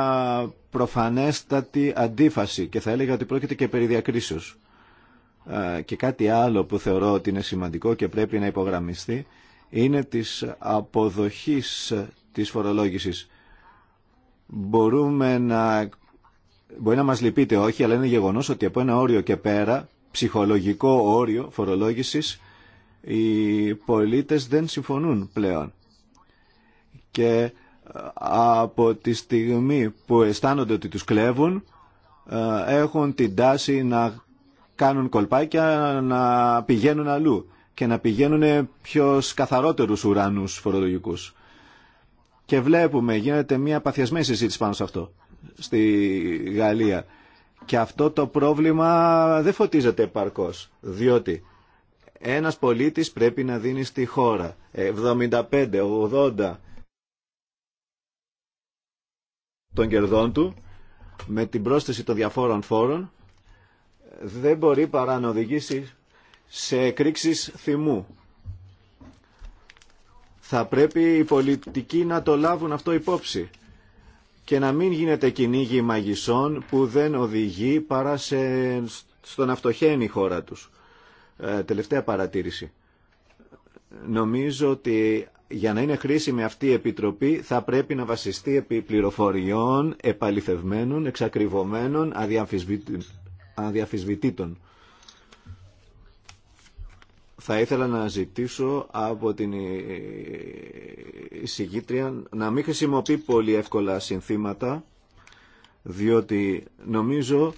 προφανέστατη αντίφαση και θα έλεγα ότι πρόκειται και περί ε, και κάτι άλλο που θεωρώ ότι είναι σημαντικό και πρέπει να υπογραμμιστεί είναι της αποδοχής της φορολόγησης. Μπορούμε να... Μπορεί να μας λυπείτε, όχι, αλλά είναι γεγονός ότι από ένα όριο και πέρα, ψυχολογικό όριο φορολόγησης, οι πολίτες δεν συμφωνούν πλέον. Και ε, από τη στιγμή που αισθάνονται ότι τους κλέβουν, ε, έχουν την τάση να κάνουν κολπάκια, να πηγαίνουν αλλού και να πηγαίνουν πιο καθαρότερους ουρανούς φορολογικούς. Και βλέπουμε, γίνεται μια παθιασμένη συζήτηση πάνω σε αυτό στη Γαλλία. Και αυτό το πρόβλημα δεν φωτίζεται επαρκώς, διότι ένας πολίτης πρέπει να δίνει στη χώρα 75, 80 των κερδών του με την πρόσθεση των διαφόρων φόρων δεν μπορεί παρά να οδηγήσει σε εκρήξεις θυμού θα πρέπει οι πολιτικοί να το λάβουν αυτό υπόψη και να μην γίνεται κυνήγι μαγισσών που δεν οδηγεί παρά σε, στον φτωχαίνει η χώρα τους. Ε, τελευταία παρατήρηση. Νομίζω ότι για να είναι χρήσιμη αυτή η Επιτροπή θα πρέπει να βασιστεί επί πληροφοριών επαληθευμένων, εξακριβωμένων, αδιαμφισβητήτων θα ήθελα να ζητήσω από την ε, εισηγήτρια να μην χρησιμοποιεί πολύ εύκολα συνθήματα, διότι νομίζω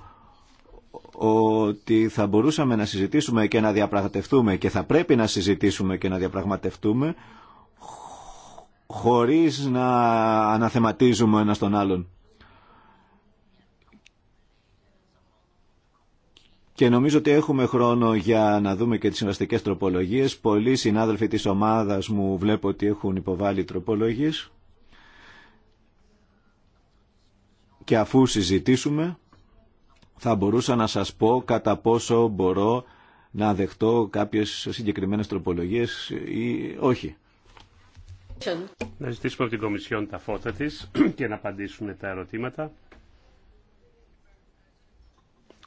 ότι θα μπορούσαμε να συζητήσουμε και να διαπραγματευτούμε και θα πρέπει να συζητήσουμε και να διαπραγματευτούμε χωρίς να αναθεματίζουμε ένα τον άλλον. Και νομίζω ότι έχουμε χρόνο για να δούμε και τις συμβαστικές τροπολογίες. Πολλοί συνάδελφοι της ομάδας μου βλέπω ότι έχουν υποβάλει τροπολογίες. Και αφού συζητήσουμε, θα μπορούσα να σας πω κατά πόσο μπορώ να δεχτώ κάποιες συγκεκριμένες τροπολογίες ή όχι. Να ζητήσουμε από την Κομισιόν τα φώτα της και να απαντήσουν τα ερωτήματα.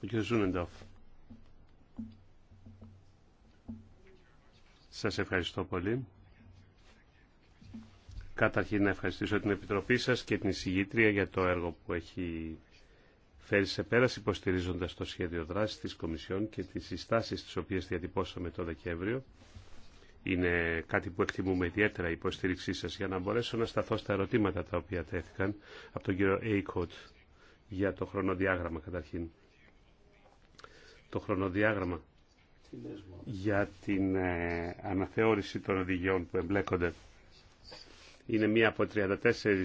Ο κ. Ζούνεντοφ. Σας ευχαριστώ πολύ. Καταρχήν να ευχαριστήσω την Επιτροπή σας και την εισηγήτρια για το έργο που έχει φέρει σε πέραση υποστηρίζοντας το σχέδιο δράσης της Κομισιόν και τις συστάσεις τις οποίες διατυπώσαμε το Δεκέμβριο. Είναι κάτι που εκτιμούμε ιδιαίτερα η υποστήριξή σας για να μπορέσω να σταθώ στα ερωτήματα τα οποία τέθηκαν από τον κύριο Έικοτ για το χρονοδιάγραμμα καταρχήν. Το χρονοδιάγραμμα για την ε, αναθεώρηση των οδηγιών που εμπλέκονται. Είναι μία από 34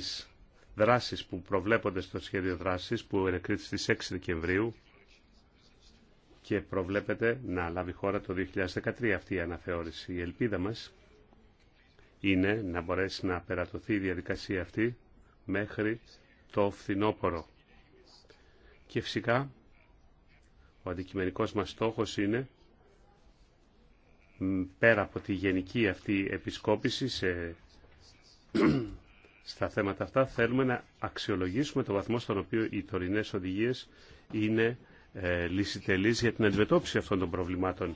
δράσεις που προβλέπονται στο σχέδιο δράσης που ερεκρίθηκε στις 6 Δεκεμβρίου και προβλέπεται να λάβει χώρα το 2013 αυτή η αναθεώρηση. Η ελπίδα μας είναι να μπορέσει να περατωθεί η διαδικασία αυτή μέχρι το φθινόπωρο. Και φυσικά ο αντικειμενικός μας στόχος είναι πέρα από τη γενική αυτή επισκόπηση σε, στα θέματα αυτά, θέλουμε να αξιολογήσουμε το βαθμό στον οποίο οι τωρινές οδηγίες είναι ε, λυσιτελείς για την αντιμετώπιση αυτών των προβλημάτων.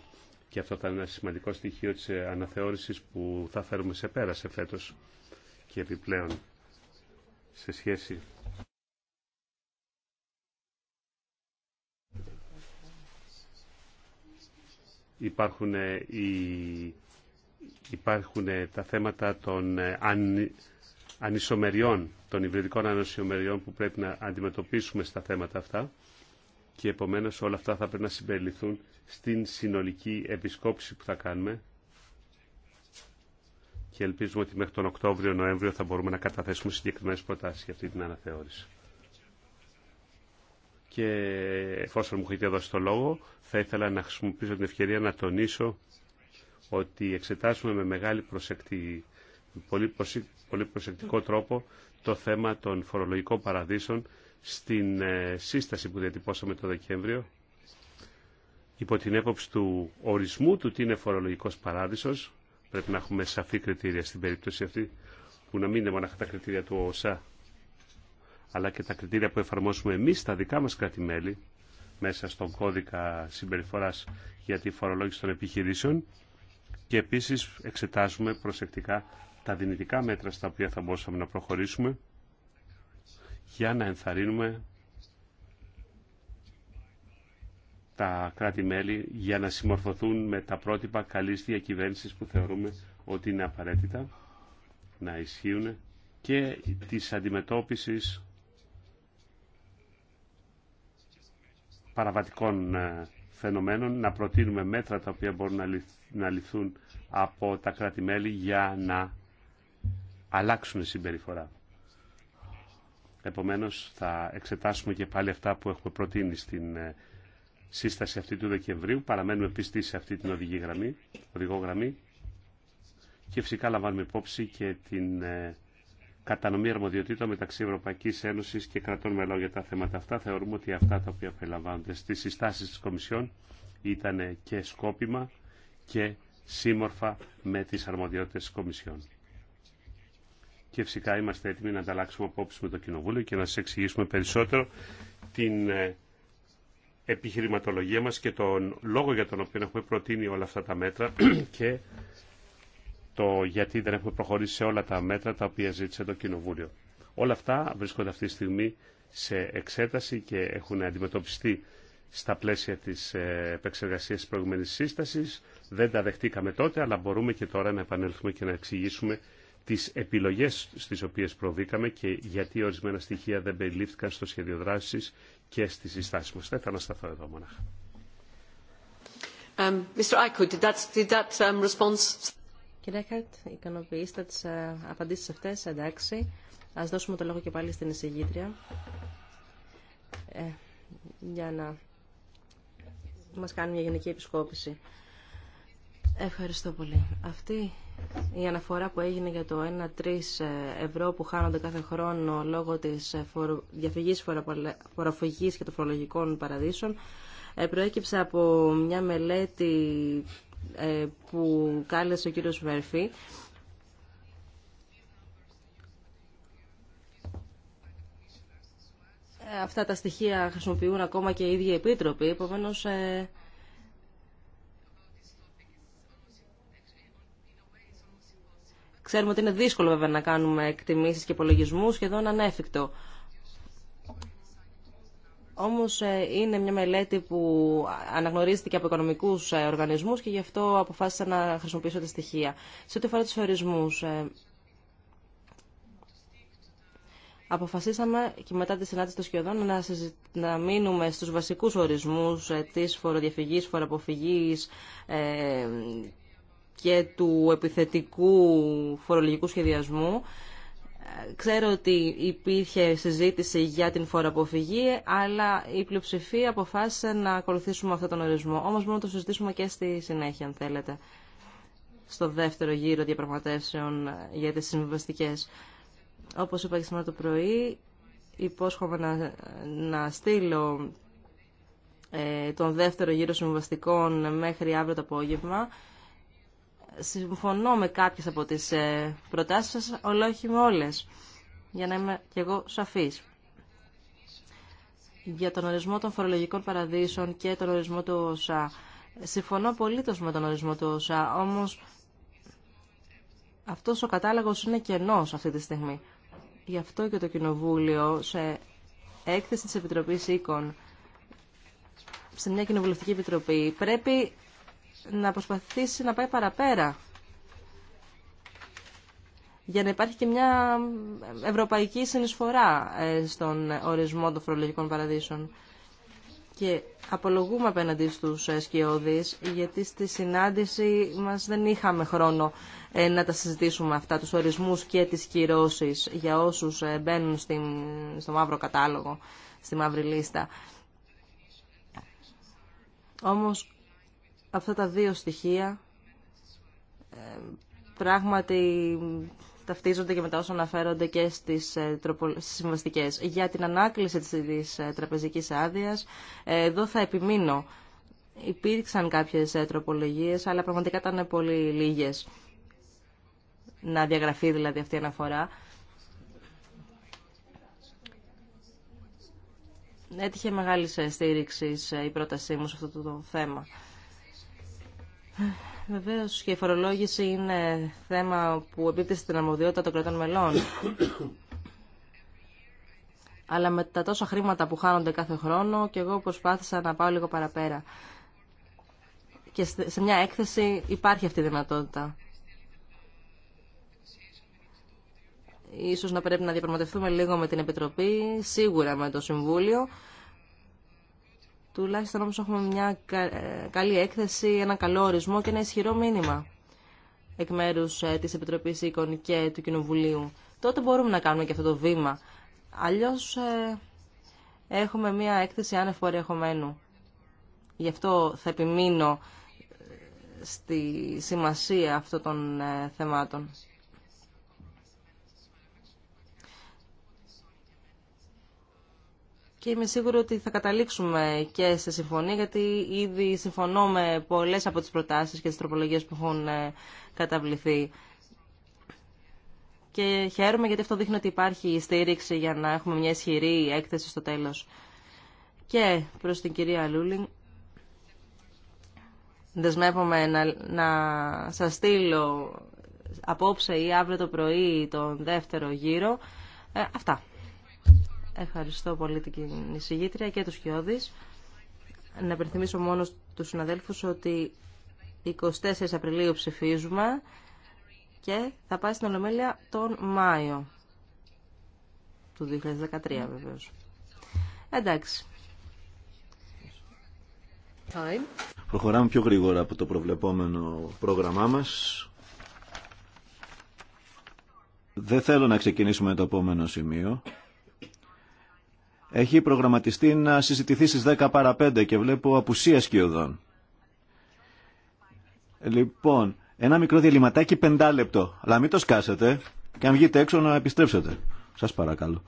Και αυτό θα είναι ένα σημαντικό στοιχείο της ε, αναθεώρησης που θα φέρουμε σε πέρα σε φέτος και επιπλέον σε σχέση υπάρχουν, ε, οι, υπάρχουν ε, τα θέματα των ε, ανισομεριών, των υβριδικών ανισομεριών που πρέπει να αντιμετωπίσουμε στα θέματα αυτά και επομένως όλα αυτά θα πρέπει να συμπεριληφθούν στην συνολική επισκόπηση που θα κάνουμε και ελπίζουμε ότι μέχρι τον Οκτώβριο-Νοέμβριο θα μπορούμε να καταθέσουμε συγκεκριμένες προτάσεις για αυτή την αναθεώρηση και εφόσον μου έχετε δώσει το λόγο θα ήθελα να χρησιμοποιήσω την ευκαιρία να τονίσω ότι εξετάσουμε με μεγάλη προσεκτική, πολύ, προσεκτικό τρόπο το θέμα των φορολογικών παραδείσων στην ε, σύσταση που διατυπώσαμε το Δεκέμβριο υπό την έποψη του ορισμού του τι είναι φορολογικός παράδεισος πρέπει να έχουμε σαφή κριτήρια στην περίπτωση αυτή που να μην είναι μόνο τα κριτήρια του ΟΣΑ αλλά και τα κριτήρια που εφαρμόσουμε εμείς στα δικά μας κρατη μέσα στον κώδικα συμπεριφοράς για τη φορολόγηση των επιχειρήσεων και επίσης εξετάζουμε προσεκτικά τα δυνητικά μέτρα στα οποία θα μπορούσαμε να προχωρήσουμε για να ενθαρρύνουμε τα κράτη-μέλη για να συμμορφωθούν με τα πρότυπα καλής διακυβέρνησης που θεωρούμε ότι είναι απαραίτητα να ισχύουν και της αντιμετώπισης παραβατικών ε, φαινομένων, να προτείνουμε μέτρα τα οποία μπορούν να ληφθούν από τα κράτη-μέλη για να αλλάξουν συμπεριφορά. Επομένως, θα εξετάσουμε και πάλι αυτά που έχουμε προτείνει στην ε, σύσταση αυτή του Δεκεμβρίου. Παραμένουμε πιστοί σε αυτή την οδηγή γραμμή, οδηγό γραμμή και φυσικά λαμβάνουμε υπόψη και την ε, κατανομή αρμοδιοτήτων μεταξύ Ευρωπαϊκή Ένωση και κρατών μελών για τα θέματα αυτά. Θεωρούμε ότι αυτά τα οποία περιλαμβάνονται στι συστάσει τη Κομισιόν ήταν και σκόπιμα και σύμμορφα με τις αρμοδιότητες της Κομισιόν. Και φυσικά είμαστε έτοιμοι να ανταλλάξουμε απόψεις με το Κοινοβούλιο και να σας εξηγήσουμε περισσότερο την ε, επιχειρηματολογία μας και τον λόγο για τον οποίο έχουμε προτείνει όλα αυτά τα μέτρα και το γιατί δεν έχουμε προχωρήσει σε όλα τα μέτρα τα οποία ζήτησε το Κοινοβούλιο. Όλα αυτά βρίσκονται αυτή τη στιγμή σε εξέταση και έχουν αντιμετωπιστεί στα πλαίσια της ε, επεξεργασίας της προηγούμενης σύστασης. Δεν τα δεχτήκαμε τότε, αλλά μπορούμε και τώρα να επανέλθουμε και να εξηγήσουμε τις επιλογές στις οποίες προβήκαμε και γιατί ορισμένα στοιχεία δεν περιλήφθηκαν στο σχέδιο δράσης και στις συστάσεις μας. Δεν θα ανασταθώ εδώ μόνο. Um, Mr. that, that um, response... Κύριε Χαρτ, ικανοποιήστε τι ε, απαντήσει αυτέ εντάξει. Ας δώσουμε το λόγο και πάλι στην εισηγήτρια ε, για να μας κάνει μια γενική επισκόπηση. Ευχαριστώ πολύ. Αυτή η αναφορά που έγινε για το 1-3 ε, ευρώ που χάνονται κάθε χρόνο λόγω της ε, διαφυγής φοροφυγής και των φορολογικών παραδείσων προέκυψε από μια μελέτη ε, που κάλεσε ο κύριος Βέρφη. Ε, αυτά τα στοιχεία χρησιμοποιούν ακόμα και οι ίδιοι επίτροποι, επομένω. Ε, ξέρουμε ότι είναι δύσκολο βέβαια να κάνουμε εκτιμήσεις και υπολογισμού, σχεδόν ανέφικτο. Όμως ε, είναι μια μελέτη που αναγνωρίστηκε από οικονομικούς ε, οργανισμούς και γι' αυτό αποφάσισα να χρησιμοποιήσω τα στοιχεία. Σε ό,τι αφορά τους ορισμούς, ε, αποφασίσαμε και μετά τη συνάντηση των σχεδόν να, να μείνουμε στους βασικούς ορισμούς της φοροδιαφυγής, φοροαποφυγής και του επιθετικού φορολογικού σχεδιασμού Ξέρω ότι υπήρχε συζήτηση για την φοροαποφυγή, αλλά η πλειοψηφία αποφάσισε να ακολουθήσουμε αυτόν τον ορισμό. Όμως μπορούμε να το συζητήσουμε και στη συνέχεια, αν θέλετε, στο δεύτερο γύρο διαπραγματεύσεων για τις συμβιβαστικέ. Όπως είπα και σήμερα το πρωί, υπόσχομαι να, να στείλω ε, τον δεύτερο γύρο συμβιβαστικών μέχρι αύριο το απόγευμα συμφωνώ με κάποιες από τις ε, προτάσεις σας, αλλά όχι με όλες, για να είμαι κι εγώ σαφής. Για τον ορισμό των φορολογικών παραδείσων και τον ορισμό του ΩΣΑ. Συμφωνώ πολύ με τον ορισμό του ΩΣΑ, όμως αυτός ο κατάλογος είναι κενός αυτή τη στιγμή. Γι' αυτό και το Κοινοβούλιο σε έκθεση της Επιτροπής Οίκων σε μια κοινοβουλευτική επιτροπή πρέπει να προσπαθήσει να πάει παραπέρα για να υπάρχει και μια ευρωπαϊκή συνεισφορά ε, στον ορισμό των φορολογικών παραδείσων. Και απολογούμε απέναντι στους ε, σκιώδεις, γιατί στη συνάντηση μας δεν είχαμε χρόνο ε, να τα συζητήσουμε αυτά, τους ορισμούς και τις κυρώσεις για όσους μπαίνουν στο μαύρο κατάλογο, στη μαύρη λίστα. Όμως αυτά τα δύο στοιχεία ε, πράγματι ταυτίζονται και μετά όσα αναφέρονται και στις, ε, στις συμβαστικές. Για την ανάκληση της, της ε, τραπεζικής άδειας, εδώ θα επιμείνω. Υπήρξαν κάποιες τροπολογίες, αλλά πραγματικά ήταν πολύ λίγες. Να διαγραφεί δηλαδή αυτή η αναφορά. Έτυχε μεγάλη στήριξη η πρότασή μου σε αυτό το θέμα. Βεβαίω και η φορολόγηση είναι θέμα που επίπτει στην αρμοδιότητα των κρατών μελών. Αλλά με τα τόσα χρήματα που χάνονται κάθε χρόνο και εγώ προσπάθησα να πάω λίγο παραπέρα. Και σε μια έκθεση υπάρχει αυτή η δυνατότητα. Ίσως να πρέπει να διαπραγματευτούμε λίγο με την Επιτροπή, σίγουρα με το Συμβούλιο Τουλάχιστον όμως έχουμε μια ε, καλή έκθεση, ένα καλό ορισμό και ένα ισχυρό μήνυμα εκ μέρους ε, της Επιτροπής Οίκων και του Κοινοβουλίου. Τότε μπορούμε να κάνουμε και αυτό το βήμα. Αλλιώς ε, έχουμε μια έκθεση άνευ περιεχομένου. Γι' αυτό θα επιμείνω στη σημασία αυτών των θεμάτων. και είμαι σίγουρη ότι θα καταλήξουμε και σε συμφωνία γιατί ήδη συμφωνώ με πολλές από τις προτάσεις και τις τροπολογίες που έχουν ε, καταβληθεί. Και χαίρομαι γιατί αυτό δείχνει ότι υπάρχει στήριξη για να έχουμε μια ισχυρή έκθεση στο τέλος. Και προς την κυρία Λούλινγκ, δεσμεύομαι να, να σας στείλω απόψε ή αύριο το πρωί τον δεύτερο γύρο. Ε, αυτά. Ευχαριστώ πολύ την εισηγήτρια και τους Χιώδης. Να υπενθυμίσω μόνο του συναδέλφους ότι 24 Απριλίου ψηφίζουμε και θα πάει στην Ολομέλεια τον Μάιο του 2013 βεβαίως. Εντάξει. Time. Προχωράμε πιο γρήγορα από το προβλεπόμενο πρόγραμμά μας. Δεν θέλω να ξεκινήσουμε το επόμενο σημείο. Έχει προγραμματιστεί να συζητηθεί στις 10 παρα 5 και βλέπω απουσία σκιωδών. Λοιπόν, ένα μικρό διαλυματάκι πεντάλεπτο, αλλά μην το σκάσετε και αν βγείτε έξω να επιστρέψετε. Σας παρακαλώ.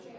Ja,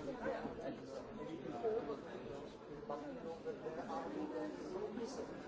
Thank you.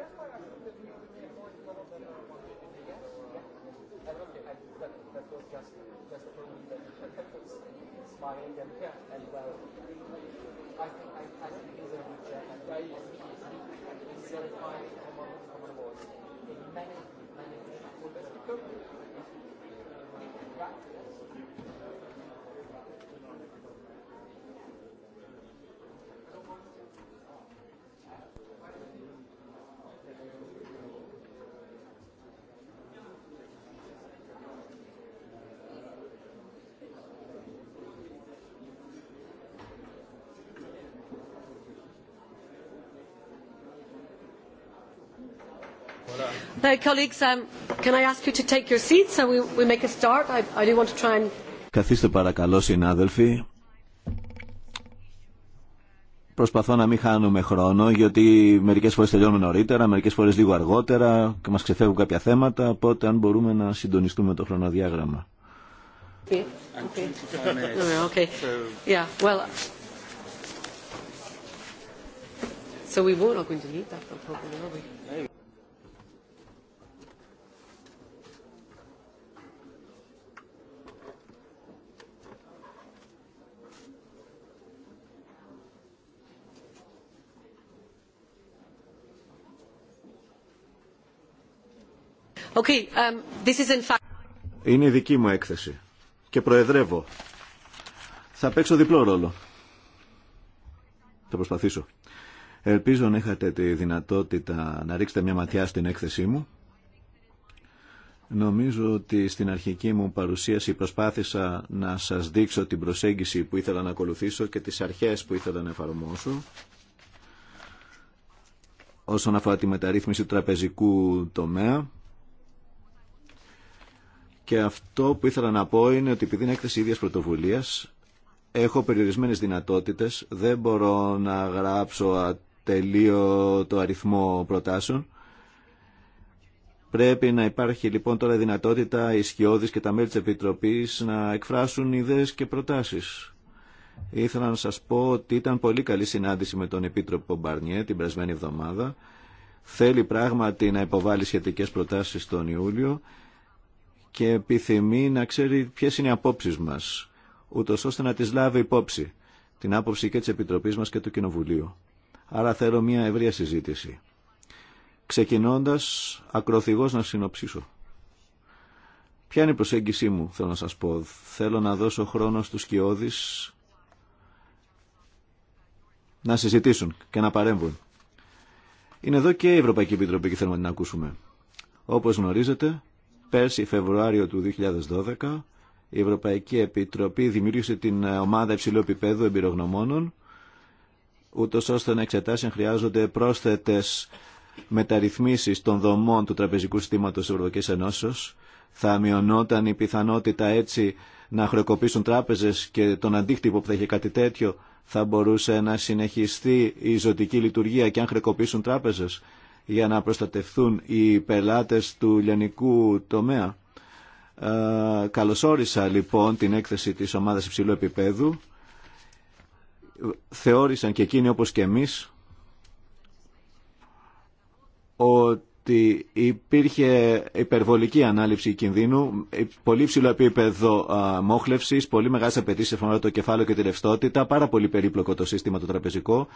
by India as well. I think I, I think is a good and very in many Καθίστε παρακαλώ συνάδελφοι. Προσπαθώ να μην χάνουμε χρόνο γιατί μερικές φορές τελειώνουμε νωρίτερα, μερικές φορές λίγο αργότερα και μας ξεφεύγουν κάποια θέματα, οπότε αν μπορούμε να συντονιστούμε το χρονοδιάγραμμα. Um, Είναι η δική μου έκθεση και προεδρεύω. Θα παίξω διπλό ρόλο. Θα προσπαθήσω. Ελπίζω να είχατε τη δυνατότητα να ρίξετε μια ματιά στην έκθεσή μου. Νομίζω ότι στην αρχική μου παρουσίαση προσπάθησα να σας δείξω την προσέγγιση που ήθελα να ακολουθήσω και τις αρχές που ήθελα να εφαρμόσω όσον αφορά τη μεταρρύθμιση του τραπεζικού τομέα και αυτό που ήθελα να πω είναι ότι επειδή είναι έκθεση ίδιας πρωτοβουλίας, έχω περιορισμένες δυνατότητες, δεν μπορώ να γράψω το αριθμό προτάσεων. Πρέπει να υπάρχει λοιπόν τώρα δυνατότητα οι σκιώδεις και τα μέλη της Επιτροπής να εκφράσουν ιδέες και προτάσεις. Ήθελα να σας πω ότι ήταν πολύ καλή συνάντηση με τον Επίτροπο Μπαρνιέ την περασμένη εβδομάδα. Θέλει πράγματι να υποβάλει σχετικές προτάσεις τον Ιούλιο και επιθυμεί να ξέρει ποιες είναι οι απόψει μας, ούτω ώστε να τις λάβει υπόψη, την άποψη και της Επιτροπής μας και του Κοινοβουλίου. Άρα θέλω μια ευρεία συζήτηση. Ξεκινώντας, ακροθυγώς να συνοψίσω. Ποια είναι η προσέγγιση μου, θέλω να σας πω. Θέλω να δώσω χρόνο στους σκιώδεις να συζητήσουν και να παρέμβουν. Είναι εδώ και η Ευρωπαϊκή Επιτροπή και θέλουμε να την ακούσουμε. Όπως γνωρίζετε, Πέρσι, Φεβρουάριο του 2012, η Ευρωπαϊκή Επιτροπή δημιούργησε την ε, ομάδα υψηλού επίπεδου εμπειρογνωμόνων, ούτω ώστε να εξετάσει αν χρειάζονται πρόσθετε μεταρρυθμίσει των δομών του τραπεζικού σύστηματος τη Ευρωπαϊκή Ενώσεω. Θα μειωνόταν η πιθανότητα έτσι να χρεοκοπήσουν τράπεζε και τον αντίκτυπο που θα είχε κάτι τέτοιο θα μπορούσε να συνεχιστεί η ζωτική λειτουργία και αν χρεοκοπήσουν τράπεζες για να προστατευθούν οι πελάτες του λιανικού τομέα. Ε, καλωσόρισα λοιπόν την έκθεση της ομάδας υψηλού επίπεδου. Θεώρησαν και εκείνοι όπως και εμείς ότι υπήρχε υπερβολική ανάληψη κινδύνου, πολύ ψηλό επίπεδο μόχλευσης, πολύ μεγάλες απαιτήσεις εφαρμογή το κεφάλαιο και τη ρευστότητα, πάρα πολύ περίπλοκο το σύστημα το τραπεζικό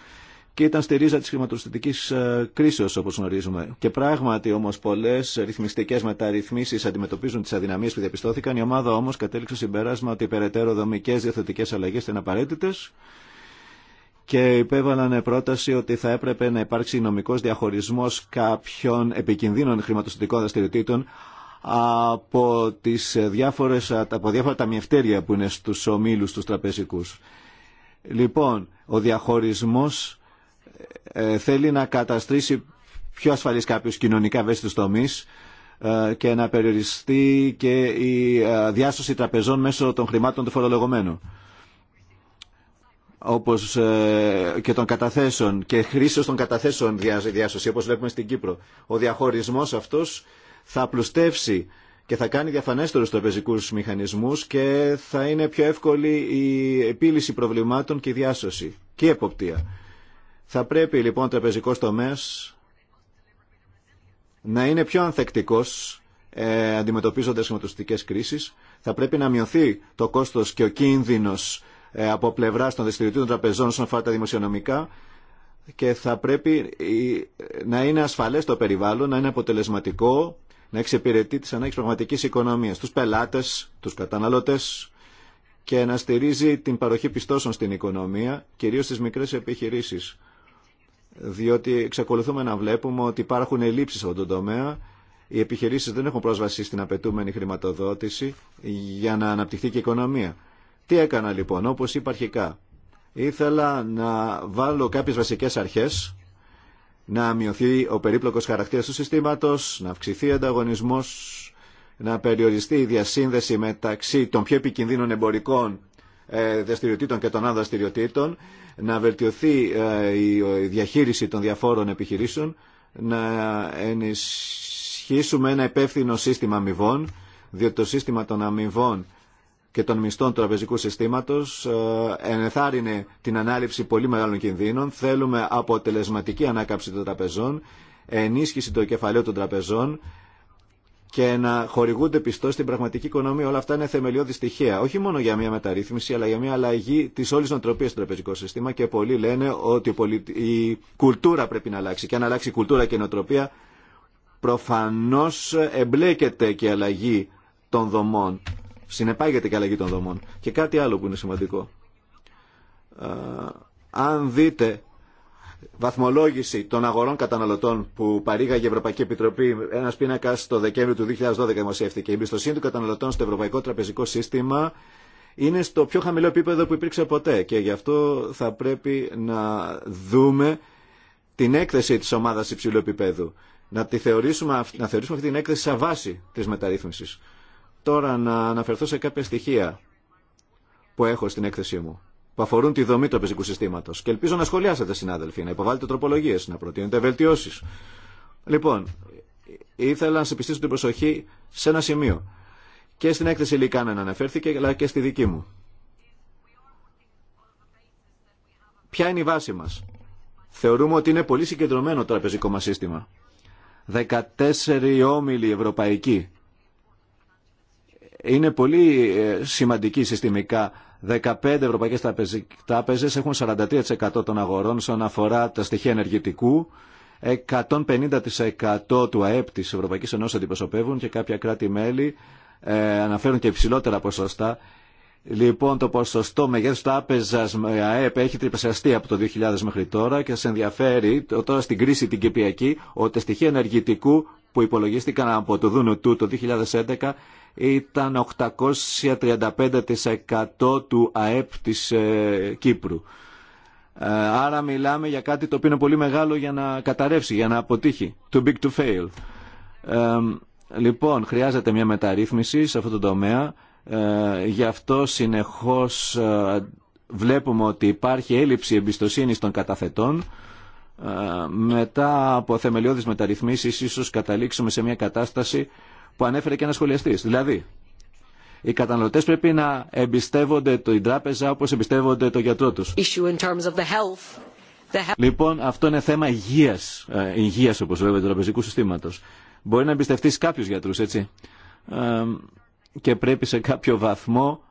και ήταν στη ρίζα της χρηματοστατικής ε, κρίσεως όπως γνωρίζουμε. Και πράγματι όμως πολλές ρυθμιστικές μεταρρυθμίσεις αντιμετωπίζουν τις αδυναμίες που διαπιστώθηκαν. Η ομάδα όμως κατέληξε συμπεράσμα ότι οι περαιτέρω δομικές διαθετικές αλλαγές ήταν απαραίτητες και υπέβαλαν πρόταση ότι θα έπρεπε να υπάρξει νομικός διαχωρισμός κάποιων επικινδύνων χρηματοστατικών δραστηριοτήτων από, τις διάφορες, από διάφορα ταμιευτέρια που είναι στους ομίλους τους τραπεζικούς. Λοιπόν, ο διαχωρισμός ε, θέλει να καταστρήσει πιο ασφαλείς κάποιους κοινωνικά ευαίσθητους τομείς ε, και να περιοριστεί και η ε, διάσωση τραπεζών μέσω των χρημάτων του φορολογωμένου όπως και των καταθέσεων και χρήσεως των καταθέσεων διάσωση όπως βλέπουμε στην Κύπρο. Ο διαχωρισμός αυτός θα πλουστεύσει και θα κάνει διαφανέστερους τραπεζικούς μηχανισμούς και θα είναι πιο εύκολη η επίλυση προβλημάτων και η διάσωση και η εποπτεία. Θα πρέπει λοιπόν ο τραπεζικός τομέας να είναι πιο ανθεκτικός ε, αντιμετωπίζοντας χρηματοστικές κρίσεις. Θα πρέπει να μειωθεί το κόστος και ο κίνδυνος ε, από πλευρά των των τραπεζών όσον αφορά τα δημοσιονομικά και θα πρέπει ε, να είναι ασφαλές το περιβάλλον, να είναι αποτελεσματικό, να εξυπηρετεί τις ανάγκες πραγματικής οικονομίας, τους πελάτες, τους καταναλωτές και να στηρίζει την παροχή πιστώσεων στην οικονομία, κυρίως στις μικρές επιχειρήσεις διότι εξακολουθούμε να βλέπουμε ότι υπάρχουν ελλείψεις σε τον τομέα. Οι επιχειρήσεις δεν έχουν πρόσβαση στην απαιτούμενη χρηματοδότηση για να αναπτυχθεί και η οικονομία. Τι έκανα λοιπόν, όπως είπα αρχικά. Ήθελα να βάλω κάποιες βασικές αρχές, να μειωθεί ο περίπλοκος χαρακτήρας του συστήματος, να αυξηθεί ο ανταγωνισμός, να περιοριστεί η διασύνδεση μεταξύ των πιο επικινδύνων εμπορικών ε, δραστηριοτήτων και των δραστηριοτήτων, να βελτιωθεί ε, η διαχείριση των διαφόρων επιχειρήσεων, να ενισχύσουμε ένα υπεύθυνο σύστημα αμοιβών, διότι το σύστημα των αμοιβών και των μισθών του τραπεζικού συστήματος ε, ενθάρρυνε την ανάληψη πολύ μεγάλων κινδύνων. Θέλουμε αποτελεσματική ανάκαψη των τραπεζών, ενίσχυση του κεφαλαίου των τραπεζών, και να χορηγούνται πιστό στην πραγματική οικονομία. Όλα αυτά είναι θεμελιώδη στοιχεία. Όχι μόνο για μια μεταρρύθμιση, αλλά για μια αλλαγή τη όλη νοοτροπία στο τραπεζικό σύστημα. Και πολλοί λένε ότι η κουλτούρα πρέπει να αλλάξει. Και αν αλλάξει η κουλτούρα και η νοοτροπία, προφανώ εμπλέκεται και η αλλαγή των δομών. Συνεπάγεται και η αλλαγή των δομών. Και κάτι άλλο που είναι σημαντικό. αν δείτε βαθμολόγηση των αγορών καταναλωτών που παρήγαγε η Ευρωπαϊκή Επιτροπή, ένα πίνακα το Δεκέμβριο του 2012 δημοσιεύτηκε. Η εμπιστοσύνη των καταναλωτών στο Ευρωπαϊκό Τραπεζικό Σύστημα είναι στο πιο χαμηλό επίπεδο που υπήρξε ποτέ και γι' αυτό θα πρέπει να δούμε την έκθεση της ομάδας υψηλού επίπεδου. Να, τη θεωρήσουμε, να θεωρήσουμε αυτή την έκθεση σαν βάση της μεταρρύθμισης. Τώρα να αναφερθώ σε κάποια στοιχεία που έχω στην έκθεσή μου που αφορούν τη δομή του πεζικού συστήματο. Και ελπίζω να σχολιάσετε, συνάδελφοι, να υποβάλλετε τροπολογίε, να προτείνετε βελτιώσει. Λοιπόν, ήθελα να σε πιστήσω την προσοχή σε ένα σημείο. Και στην έκθεση Λικάνα αναφέρθηκε, αλλά και στη δική μου. Ποια είναι η βάση μα. Θεωρούμε ότι είναι πολύ συγκεντρωμένο το τραπεζικό μα σύστημα. 14 όμιλοι ευρωπαϊκοί. Είναι πολύ ε, σημαντική συστημικά 15 ευρωπαϊκές τράπεζες έχουν 43% των αγορών σαν αφορά τα στοιχεία ενεργητικού. 150% του ΑΕΠ της Ευρωπαϊκής Ενώσης αντιπροσωπεύουν και κάποια κράτη-μέλη ε, αναφέρουν και υψηλότερα ποσοστά. Λοιπόν, το ποσοστό μεγέθους τράπεζα με ΑΕΠ έχει τριπεσιαστεί από το 2000 μέχρι τώρα και σε ενδιαφέρει τώρα στην κρίση την κυπριακή ότι τα στοιχεία ενεργητικού που υπολογίστηκαν από το ΔΝΤ το 2011 ήταν 835% του ΑΕΠ της ε, Κύπρου. Ε, άρα μιλάμε για κάτι το οποίο είναι πολύ μεγάλο για να καταρρεύσει, για να αποτύχει. Too big to fail. Ε, λοιπόν, χρειάζεται μια μεταρρύθμιση σε αυτό το τομέα. Γι' αυτό συνεχώς βλέπουμε ότι υπάρχει έλλειψη εμπιστοσύνης των καταθετών ε, μετά από θεμελιώδεις μεταρρυθμίσεις ίσως καταλήξουμε σε μια κατάσταση που ανέφερε και ένα σχολιαστής. Δηλαδή, οι καταναλωτέ πρέπει να εμπιστεύονται την τράπεζα όπω εμπιστεύονται το γιατρό του. Λοιπόν, αυτό είναι θέμα υγεία, υγείας, ε, όπω λέμε του τραπεζικού συστήματο. Μπορεί να εμπιστευτεί κάποιου γιατρού, έτσι. Ε, και πρέπει σε κάποιο βαθμό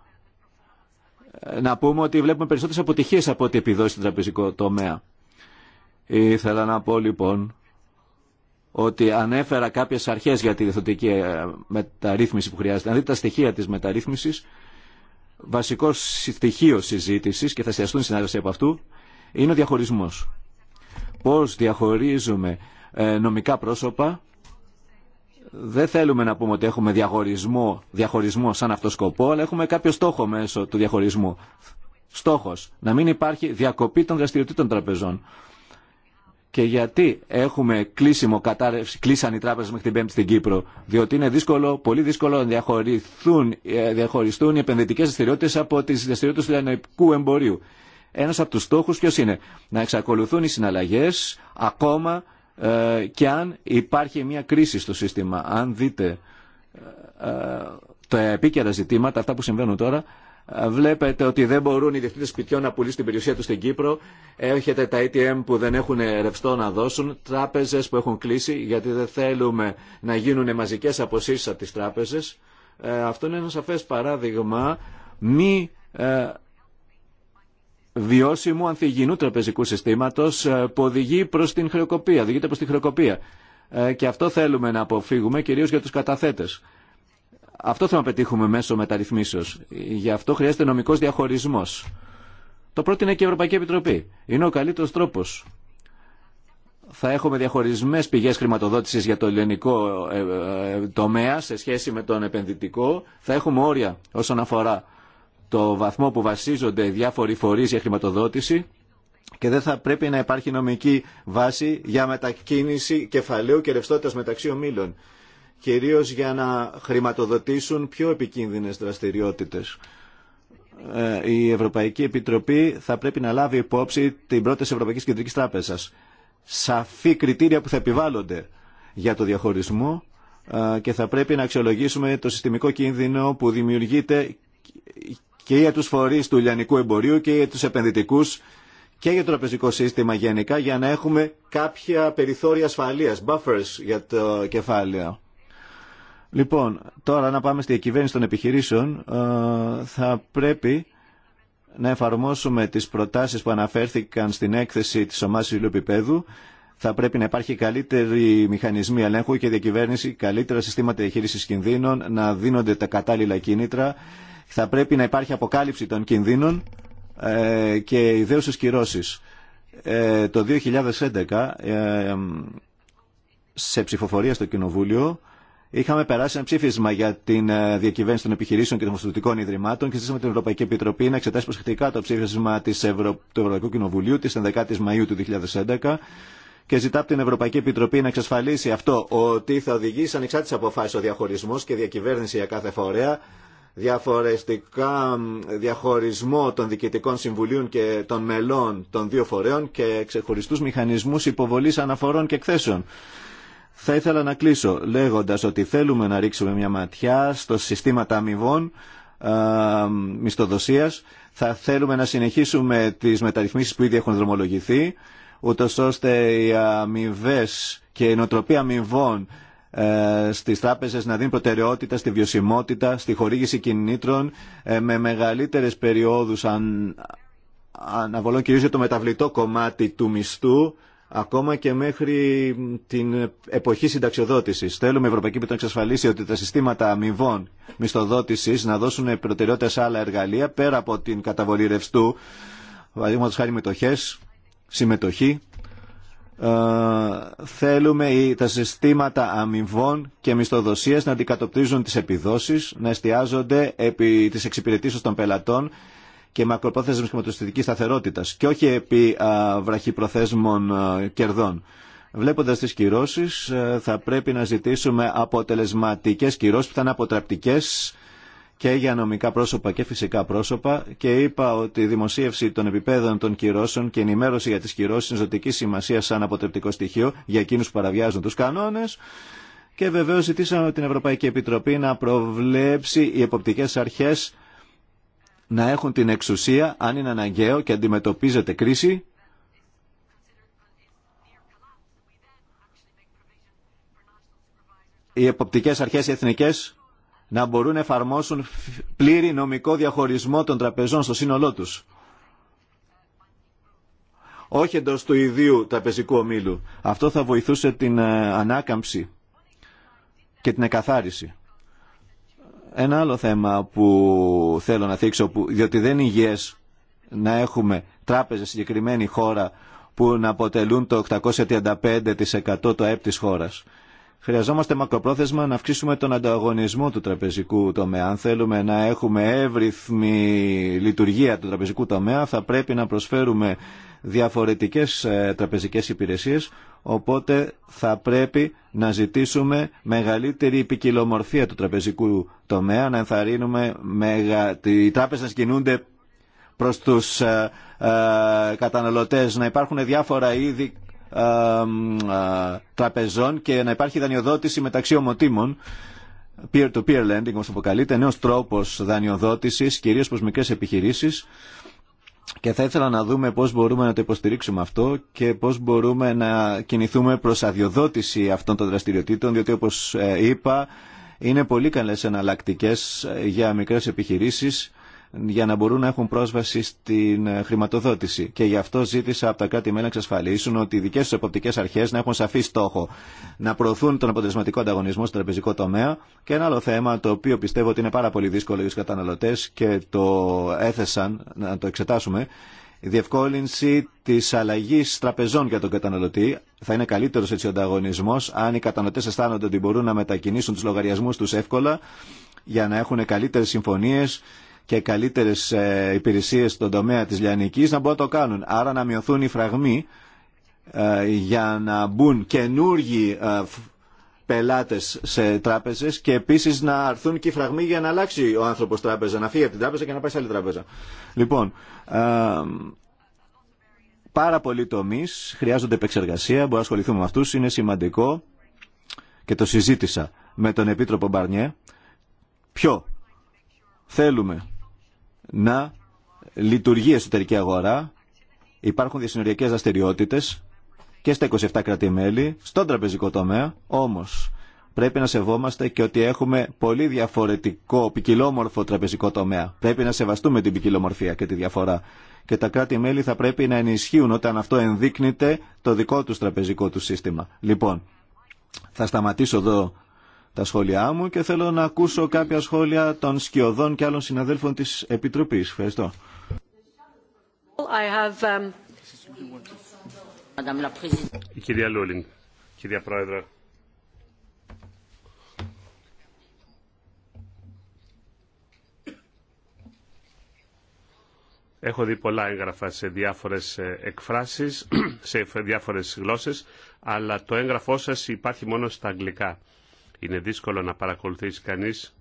να πούμε ότι βλέπουμε περισσότερε αποτυχίε από ό,τι επιδόσει στον τραπεζικό τομέα. Ήθελα να πω λοιπόν ότι ανέφερα κάποιες αρχές για τη διεθνωτική ε, μεταρρύθμιση που χρειάζεται. Αν δείτε τα στοιχεία της μεταρρύθμισης, βασικό στοιχείο συζήτησης και θα εστιαστούν συνάδελφοι από αυτού, είναι ο διαχωρισμός. Πώς διαχωρίζουμε ε, νομικά πρόσωπα, δεν θέλουμε να πούμε ότι έχουμε διαχωρισμό, διαχωρισμό σαν αυτό σκοπό, αλλά έχουμε κάποιο στόχο μέσω του διαχωρισμού. Στόχος, να μην υπάρχει διακοπή των δραστηριοτήτων τραπεζών και γιατί έχουμε κλείσιμο, κατάρρευση, κλείσαν οι τράπεζε μέχρι την Πέμπτη στην Κύπρο. Διότι είναι δύσκολο, πολύ δύσκολο να διαχωριστούν ε, οι επενδυτικέ δραστηριότητε από τι δραστηριότητε του Ελληνικού εμπορίου. Ένα από του στόχου ποιο είναι, να εξακολουθούν οι συναλλαγέ ακόμα ε, και αν υπάρχει μια κρίση στο σύστημα. Αν δείτε ε, τα επίκαιρα ζητήματα, αυτά που συμβαίνουν τώρα, Βλέπετε ότι δεν μπορούν οι διευθύντες σπιτιών να πουλήσουν την περιουσία τους στην Κύπρο. Έχετε τα ATM που δεν έχουν ρευστό να δώσουν, τράπεζες που έχουν κλείσει γιατί δεν θέλουμε να γίνουν μαζικές αποσύσεις από τις τράπεζες. Ε, αυτό είναι ένα σαφές παράδειγμα μη ε, βιώσιμου ανθυγινού τραπεζικού συστήματος ε, που οδηγεί προς την χρεοκοπία, οδηγείται προς την χρεοκοπία. Και αυτό θέλουμε να αποφύγουμε κυρίως για τους καταθέτες. Αυτό θέλουμε να πετύχουμε μέσω μεταρρυθμίσεως. Γι' αυτό χρειάζεται νομικό διαχωρισμός. Το πρώτο είναι και η Ευρωπαϊκή Επιτροπή. Είναι ο καλύτερος τρόπος. Θα έχουμε διαχωρισμέ πηγές χρηματοδότησης για το ελληνικό ε, ε, τομέα σε σχέση με τον επενδυτικό. Θα έχουμε όρια όσον αφορά το βαθμό που βασίζονται διάφοροι φορεί για χρηματοδότηση και δεν θα πρέπει να υπάρχει νομική βάση για μετακίνηση κεφαλαίου και ρευστότητα μεταξύ ομίλων κυρίως για να χρηματοδοτήσουν πιο επικίνδυνες δραστηριότητες. Ε, η Ευρωπαϊκή Επιτροπή θα πρέπει να λάβει υπόψη την πρόταση Ευρωπαϊκής Κεντρικής Τράπεζας. Σαφή κριτήρια που θα επιβάλλονται για το διαχωρισμό ε, και θα πρέπει να αξιολογήσουμε το συστημικό κίνδυνο που δημιουργείται και για τους φορείς του λιανικού εμπορίου και για τους επενδυτικούς και για το τραπεζικό σύστημα γενικά για να έχουμε κάποια περιθώρια ασφαλείας, buffers για το κεφάλαιο. Λοιπόν, τώρα να πάμε στη διακυβέρνηση των επιχειρήσεων, ε, θα πρέπει να εφαρμόσουμε τις προτάσεις που αναφέρθηκαν στην έκθεση της ομάδας ηλιοπιπέδου. Θα πρέπει να υπάρχει καλύτερη μηχανισμή ελέγχου και διακυβέρνηση, καλύτερα συστήματα διαχείρισης κινδύνων, να δίνονται τα κατάλληλα κίνητρα. Θα πρέπει να υπάρχει αποκάλυψη των κινδύνων ε, και ιδέωσες κυρώσεις. Ε, το 2011, σε ψηφοφορία στο Κοινοβούλιο, Είχαμε περάσει ένα ψήφισμα για την ε, διακυβέρνηση των επιχειρήσεων και των χρηματοδοτικών ιδρυμάτων και ζήσαμε την Ευρωπαϊκή Επιτροπή να εξετάσει προσεκτικά το ψήφισμα της Ευρω... του Ευρωπαϊκού Κοινοβουλίου τη 11η Μαου του 2011 και ζητά από την Ευρωπαϊκή Επιτροπή να εξασφαλίσει αυτό ότι θα οδηγήσει ανεξάρτητε αποφάσει ο διαχωρισμό και διακυβέρνηση για κάθε φορέα, διαφορετικά διαχωρισμό των διοικητικών συμβουλίων και των μελών των δύο φορέων και ξεχωριστού μηχανισμού υποβολή αναφορών και εκθέσεων. Θα ήθελα να κλείσω λέγοντας ότι θέλουμε να ρίξουμε μια ματιά στο συστήματα αμοιβών μισθοδοσίας. Θα θέλουμε να συνεχίσουμε τις μεταρρυθμίσεις που ήδη έχουν δρομολογηθεί, ούτως ώστε οι αμοιβέ και η νοοτροπία αμοιβών ε, στις τράπεζες να δίνει προτεραιότητα στη βιωσιμότητα, στη χορήγηση κινήτρων ε, με μεγαλύτερες περιόδους αν, αναβολών κυρίως για το μεταβλητό κομμάτι του μισθού ακόμα και μέχρι την εποχή συνταξιοδότηση. Θέλουμε η Ευρωπαϊκή Επιτροπή να εξασφαλίσει ότι τα συστήματα αμοιβών μισθοδότηση να δώσουν προτεραιότητα σε άλλα εργαλεία πέρα από την καταβολή ρευστού, παραδείγματο χάρη μετοχέ, συμμετοχή. Ε, θέλουμε τα συστήματα αμοιβών και μισθοδοσίας να αντικατοπτρίζουν τις επιδόσεις, να εστιάζονται επί της εξυπηρετήσεως των πελατών και μακροπρόθεσμη χρηματοστητικής σταθερότητα και όχι επί α, βραχυπροθέσμων κερδών. Βλέποντα τι κυρώσει θα πρέπει να ζητήσουμε αποτελεσματικέ κυρώσει που θα είναι αποτραπτικές και για νομικά πρόσωπα και φυσικά πρόσωπα και είπα ότι η δημοσίευση των επιπέδων των κυρώσεων και η ενημέρωση για τις κυρώσεις είναι ζωτική σημασία σαν αποτρεπτικό στοιχείο για εκείνους που παραβιάζουν τους κανόνες και βεβαίως ζητήσαμε την Ευρωπαϊκή Επιτροπή να προβλέψει οι εποπτικές αρχές να έχουν την εξουσία αν είναι αναγκαίο και αντιμετωπίζεται κρίση οι εποπτικές αρχές εθνικές να μπορούν να εφαρμόσουν πλήρη νομικό διαχωρισμό των τραπεζών στο σύνολό τους. Όχι εντός του ιδίου τραπεζικού ομίλου. Αυτό θα βοηθούσε την ε, ανάκαμψη και την εκαθάριση. Ένα άλλο θέμα που θέλω να θίξω, που, διότι δεν είναι υγιές να έχουμε τράπεζες συγκεκριμένη χώρα που να αποτελούν το 835% το ΕΠ της χώρας. Χρειαζόμαστε μακροπρόθεσμα να αυξήσουμε τον ανταγωνισμό του τραπεζικού τομέα. Αν θέλουμε να έχουμε εύρυθμη λειτουργία του τραπεζικού τομέα, θα πρέπει να προσφέρουμε διαφορετικές ε, τραπεζικές υπηρεσίες Οπότε θα πρέπει να ζητήσουμε μεγαλύτερη ποικιλομορφία του τραπεζικού τομέα, να ενθαρρύνουμε μεγα... οι τράπεζες κινούνται προς τους ε, ε, καταναλωτές, να υπάρχουν διάφορα είδη ε, ε, τραπεζών και να υπάρχει δανειοδότηση μεταξύ ομοτήμων peer-to-peer -peer lending, όπως αποκαλείται, νέος τρόπος δανειοδότησης, κυρίως προς μικρές επιχειρήσεις, και θα ήθελα να δούμε πώς μπορούμε να το υποστηρίξουμε αυτό και πώς μπορούμε να κινηθούμε προς αδειοδότηση αυτών των δραστηριοτήτων, διότι όπως ε, είπα είναι πολύ καλές εναλλακτικέ ε, για μικρές επιχειρήσεις για να μπορούν να έχουν πρόσβαση στην ε, χρηματοδότηση. Και γι' αυτό ζήτησα από τα κράτη-μέλη να εξασφαλίσουν ότι οι δικέ του εποπτικέ αρχέ να έχουν σαφή στόχο να προωθούν τον αποτελεσματικό ανταγωνισμό στο τραπεζικό τομέα. Και ένα άλλο θέμα το οποίο πιστεύω ότι είναι πάρα πολύ δύσκολο για του καταναλωτέ και το έθεσαν να το εξετάσουμε. Η διευκόλυνση τη αλλαγή τραπεζών για τον καταναλωτή θα είναι καλύτερο έτσι ο ανταγωνισμό αν οι καταναλωτέ αισθάνονται ότι μπορούν να μετακινήσουν του λογαριασμού του εύκολα για να έχουν καλύτερε συμφωνίε και καλύτερες ε, υπηρεσίες στον τομέα της λιανικής να μπορούν να το κάνουν. Άρα να μειωθούν οι φραγμοί ε, για να μπουν καινούργιοι ε, πελάτες σε τράπεζες και επίσης να αρθούν και οι φραγμοί για να αλλάξει ο άνθρωπος τράπεζα, να φύγει από την τράπεζα και να πάει σε άλλη τράπεζα. Λοιπόν, πάρα πολλοί τομεί χρειάζονται επεξεργασία, μπορούμε να ασχοληθούμε με αυτούς, είναι σημαντικό και το συζήτησα με τον Επίτροπο Μπαρνιέ. Ποιο θέλουμε να λειτουργεί η εσωτερική αγορά, υπάρχουν διασυνοριακές δραστηριότητε και στα 27 κράτη-μέλη, στον τραπεζικό τομέα, όμως πρέπει να σεβόμαστε και ότι έχουμε πολύ διαφορετικό, ποικιλόμορφο τραπεζικό τομέα. Πρέπει να σεβαστούμε την ποικιλομορφία και τη διαφορά. Και τα κράτη-μέλη θα πρέπει να ενισχύουν όταν αυτό ενδείκνυται το δικό του τραπεζικό του σύστημα. Λοιπόν, θα σταματήσω εδώ τα σχόλιά μου και θέλω να ακούσω κάποια σχόλια των σκιωδών και άλλων συναδέλφων της Επιτροπής. Ευχαριστώ. Um, Η κυρία Λούλιν, κυρία Πρόεδρε. Έχω δει πολλά έγγραφα σε διάφορες ε, εκφράσεις, σε διάφορες γλώσσες, αλλά το έγγραφό σας υπάρχει μόνο στα αγγλικά. Είναι δύσκολο να παρακολουθήσει κανείς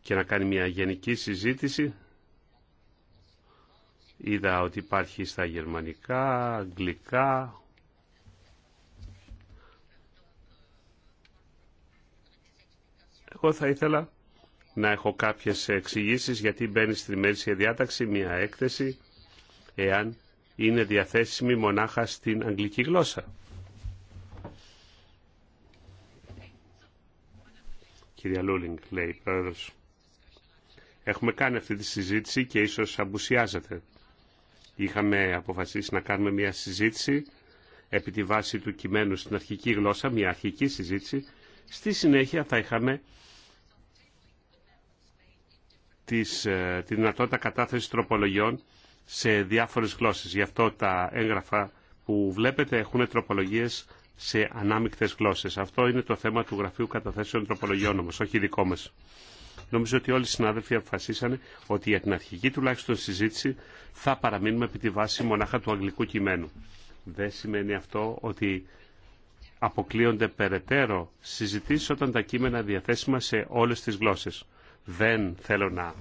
και να κάνει μια γενική συζήτηση. Είδα ότι υπάρχει στα γερμανικά, αγγλικά. Εγώ θα ήθελα να έχω κάποιες εξηγήσεις γιατί μπαίνει στη διάταξη μια έκθεση εάν είναι διαθέσιμη μονάχα στην αγγλική γλώσσα. Κυρία Λούλινγκ, λέει η πρόεδρο. Έχουμε κάνει αυτή τη συζήτηση και ίσως αμπουσιάζεται. Είχαμε αποφασίσει να κάνουμε μια συζήτηση επί τη βάση του κειμένου στην αρχική γλώσσα, μια αρχική συζήτηση. Στη συνέχεια θα είχαμε της, ε, τη δυνατότητα κατάθεσης τροπολογιών σε διάφορες γλώσσες. Γι' αυτό τα έγγραφα που βλέπετε έχουν τροπολογίες σε ανάμεικτε γλώσσες. Αυτό είναι το θέμα του Γραφείου Καταθέσεων Τροπολογιών όμω, όχι δικό μας. Νομίζω ότι όλοι οι συνάδελφοι αποφασίσανε ότι για την αρχική τουλάχιστον συζήτηση θα παραμείνουμε επί τη βάση μονάχα του αγγλικού κειμένου. Δεν σημαίνει αυτό ότι αποκλείονται περαιτέρω συζητήσεις όταν τα κείμενα διαθέσιμα σε όλε τι γλώσσε. Δεν θέλω να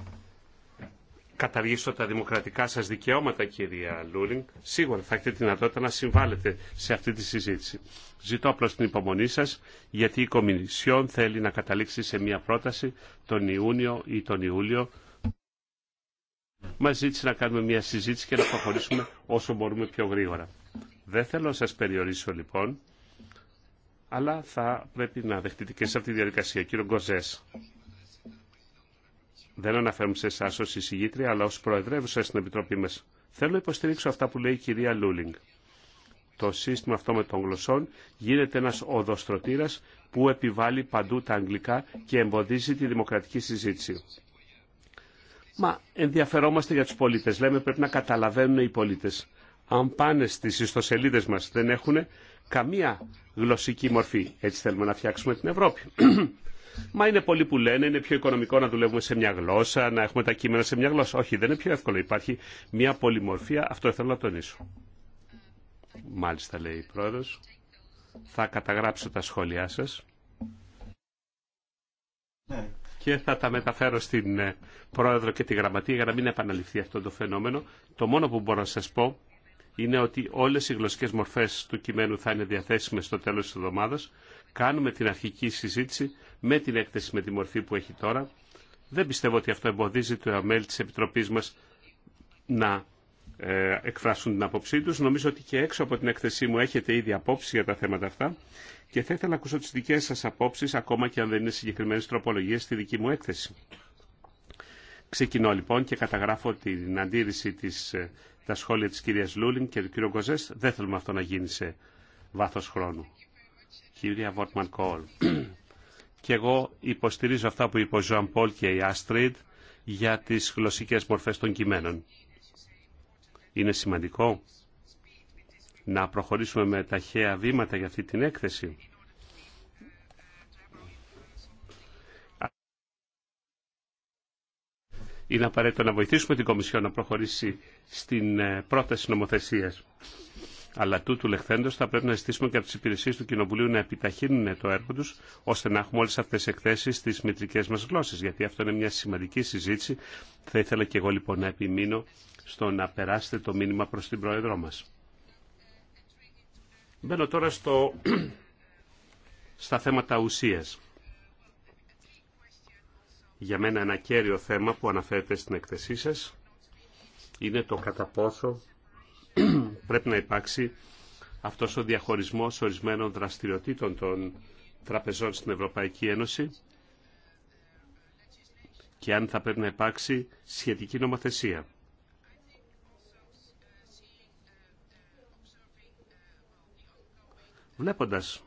καταργήσω τα δημοκρατικά σας δικαιώματα, κυρία Λούλινγκ, σίγουρα θα έχετε τη δυνατότητα να συμβάλλετε σε αυτή τη συζήτηση. Ζητώ απλώ την υπομονή σας, γιατί η Κομισιόν θέλει να καταλήξει σε μια πρόταση τον Ιούνιο ή τον Ιούλιο. μα ζήτησε να κάνουμε μια συζήτηση και να προχωρήσουμε όσο μπορούμε πιο γρήγορα. Δεν θέλω να σας περιορίσω λοιπόν, αλλά θα πρέπει να δεχτείτε και σε αυτή τη διαδικασία. Κύριο Γκοζές. Δεν αναφέρουμε σε εσά ω εισηγήτρια, αλλά ω προεδρεύουσα στην Επιτροπή μα. Θέλω να υποστηρίξω αυτά που λέει η κυρία Λούλινγκ. Το σύστημα αυτό με των γλωσσών γίνεται ένα οδοστρωτήρα που επιβάλλει παντού τα αγγλικά και εμποδίζει τη δημοκρατική συζήτηση. Μα ενδιαφερόμαστε για του πολίτε. Λέμε πρέπει να καταλαβαίνουν οι πολίτε. Αν πάνε στι ιστοσελίδε μα δεν έχουν καμία γλωσσική μορφή. Έτσι θέλουμε να φτιάξουμε την Ευρώπη. Μα είναι πολλοί που λένε είναι πιο οικονομικό να δουλεύουμε σε μια γλώσσα, να έχουμε τα κείμενα σε μια γλώσσα. Όχι, δεν είναι πιο εύκολο. Υπάρχει μια πολυμορφία. Αυτό θέλω να τονίσω. Μάλιστα, λέει η πρόεδρο. Θα καταγράψω τα σχόλιά σα. Και θα τα μεταφέρω στην ε, πρόεδρο και τη γραμματεία για να μην επαναληφθεί αυτό το φαινόμενο. Το μόνο που μπορώ να σα πω είναι ότι όλε οι γλωσσικές μορφέ του κειμένου θα είναι διαθέσιμε στο τέλο τη εβδομάδα. Κάνουμε την αρχική συζήτηση με την έκθεση με τη μορφή που έχει τώρα. Δεν πιστεύω ότι αυτό εμποδίζει το μέλη της Επιτροπής μας να ε, εκφράσουν την απόψή τους. Νομίζω ότι και έξω από την έκθεσή μου έχετε ήδη απόψη για τα θέματα αυτά και θα ήθελα να ακούσω τις δικές σας απόψεις ακόμα και αν δεν είναι συγκεκριμένες τροπολογίες στη δική μου έκθεση. Ξεκινώ λοιπόν και καταγράφω την αντίρρηση της, ε, τα σχόλια της κυρίας Λούλιν και του κύριου Κοζές. Δεν θέλουμε αυτό να γίνει σε βάθος χρόνου. Κυρία Βόρτμαν Κόλ και εγώ υποστηρίζω αυτά που είπε ο Ζωάν Πολ και η Άστριντ για τις γλωσσικές μορφές των κειμένων. Είναι σημαντικό να προχωρήσουμε με ταχαία βήματα για αυτή την έκθεση. Είναι απαραίτητο να βοηθήσουμε την Κομισιό να προχωρήσει στην ε, πρόταση νομοθεσίας. Αλλά τούτου λεχθέντο θα πρέπει να ζητήσουμε και από τι υπηρεσίε του Κοινοβουλίου να επιταχύνουν το έργο του, ώστε να έχουμε όλε αυτέ τι εκθέσει στι μητρικέ μα γλώσσε. Γιατί αυτό είναι μια σημαντική συζήτηση. Θα ήθελα και εγώ λοιπόν να επιμείνω στο να περάσετε το μήνυμα προ την Πρόεδρό μα. Μπαίνω τώρα στο... στα θέματα ουσίας. Για μένα ένα κέριο θέμα που αναφέρεται στην εκθεσή σας είναι το κατά πόσο πρέπει να υπάρξει αυτός ο διαχωρισμός ορισμένων δραστηριοτήτων των τραπεζών στην Ευρωπαϊκή Ένωση και αν θα πρέπει να υπάρξει σχετική νομοθεσία. Βλέποντας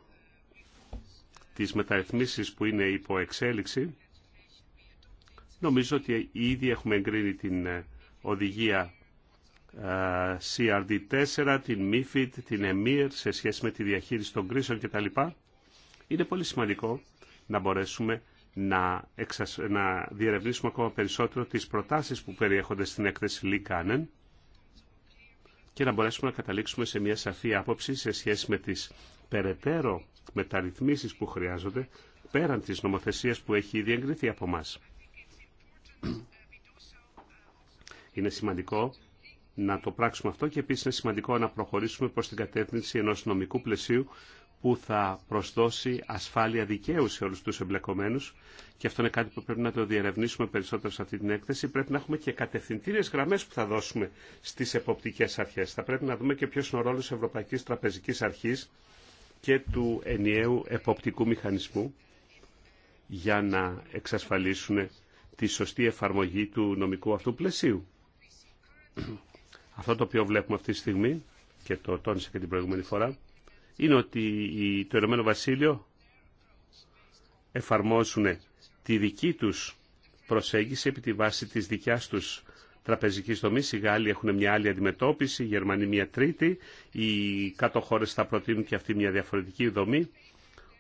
τις μεταρρυθμίσεις που είναι υπό εξέλιξη, νομίζω ότι ήδη έχουμε εγκρίνει την ε, οδηγία CRD4, την MIFID, την EMIR σε σχέση με τη διαχείριση των κρίσεων κτλ. Είναι πολύ σημαντικό να μπορέσουμε να, εξασ... να διερευνήσουμε ακόμα περισσότερο τις προτάσεις που περιέχονται στην έκθεση ΛΙΚΑΝΕΝ και να μπορέσουμε να καταλήξουμε σε μια σαφή άποψη σε σχέση με τις περαιτέρω μεταρρυθμίσεις που χρειάζονται πέραν της νομοθεσίας που έχει ήδη εγκριθεί από μας. Είναι σημαντικό να το πράξουμε αυτό και επίσης είναι σημαντικό να προχωρήσουμε προς την κατεύθυνση ενός νομικού πλαισίου που θα προσδώσει ασφάλεια δικαίου σε όλους τους εμπλεκομένους και αυτό είναι κάτι που πρέπει να το διερευνήσουμε περισσότερο σε αυτή την έκθεση. Πρέπει να έχουμε και κατευθυντήριες γραμμές που θα δώσουμε στις εποπτικές αρχές. Θα πρέπει να δούμε και ποιος είναι ο ρόλος της Ευρωπαϊκής Τραπεζικής Αρχής και του ενιαίου εποπτικού μηχανισμού για να εξασφαλίσουν τη σωστή εφαρμογή του νομικού αυτού πλαισίου. Αυτό το οποίο βλέπουμε αυτή τη στιγμή και το τόνισα και την προηγούμενη φορά είναι ότι το Ηνωμένο Βασίλειο εφαρμόσουν τη δική τους προσέγγιση επί τη βάση της δικιάς τους τραπεζικής δομής. Οι Γάλλοι έχουν μια άλλη αντιμετώπιση, οι Γερμανοί μια τρίτη, οι κάτω χώρες θα προτείνουν και αυτή μια διαφορετική δομή.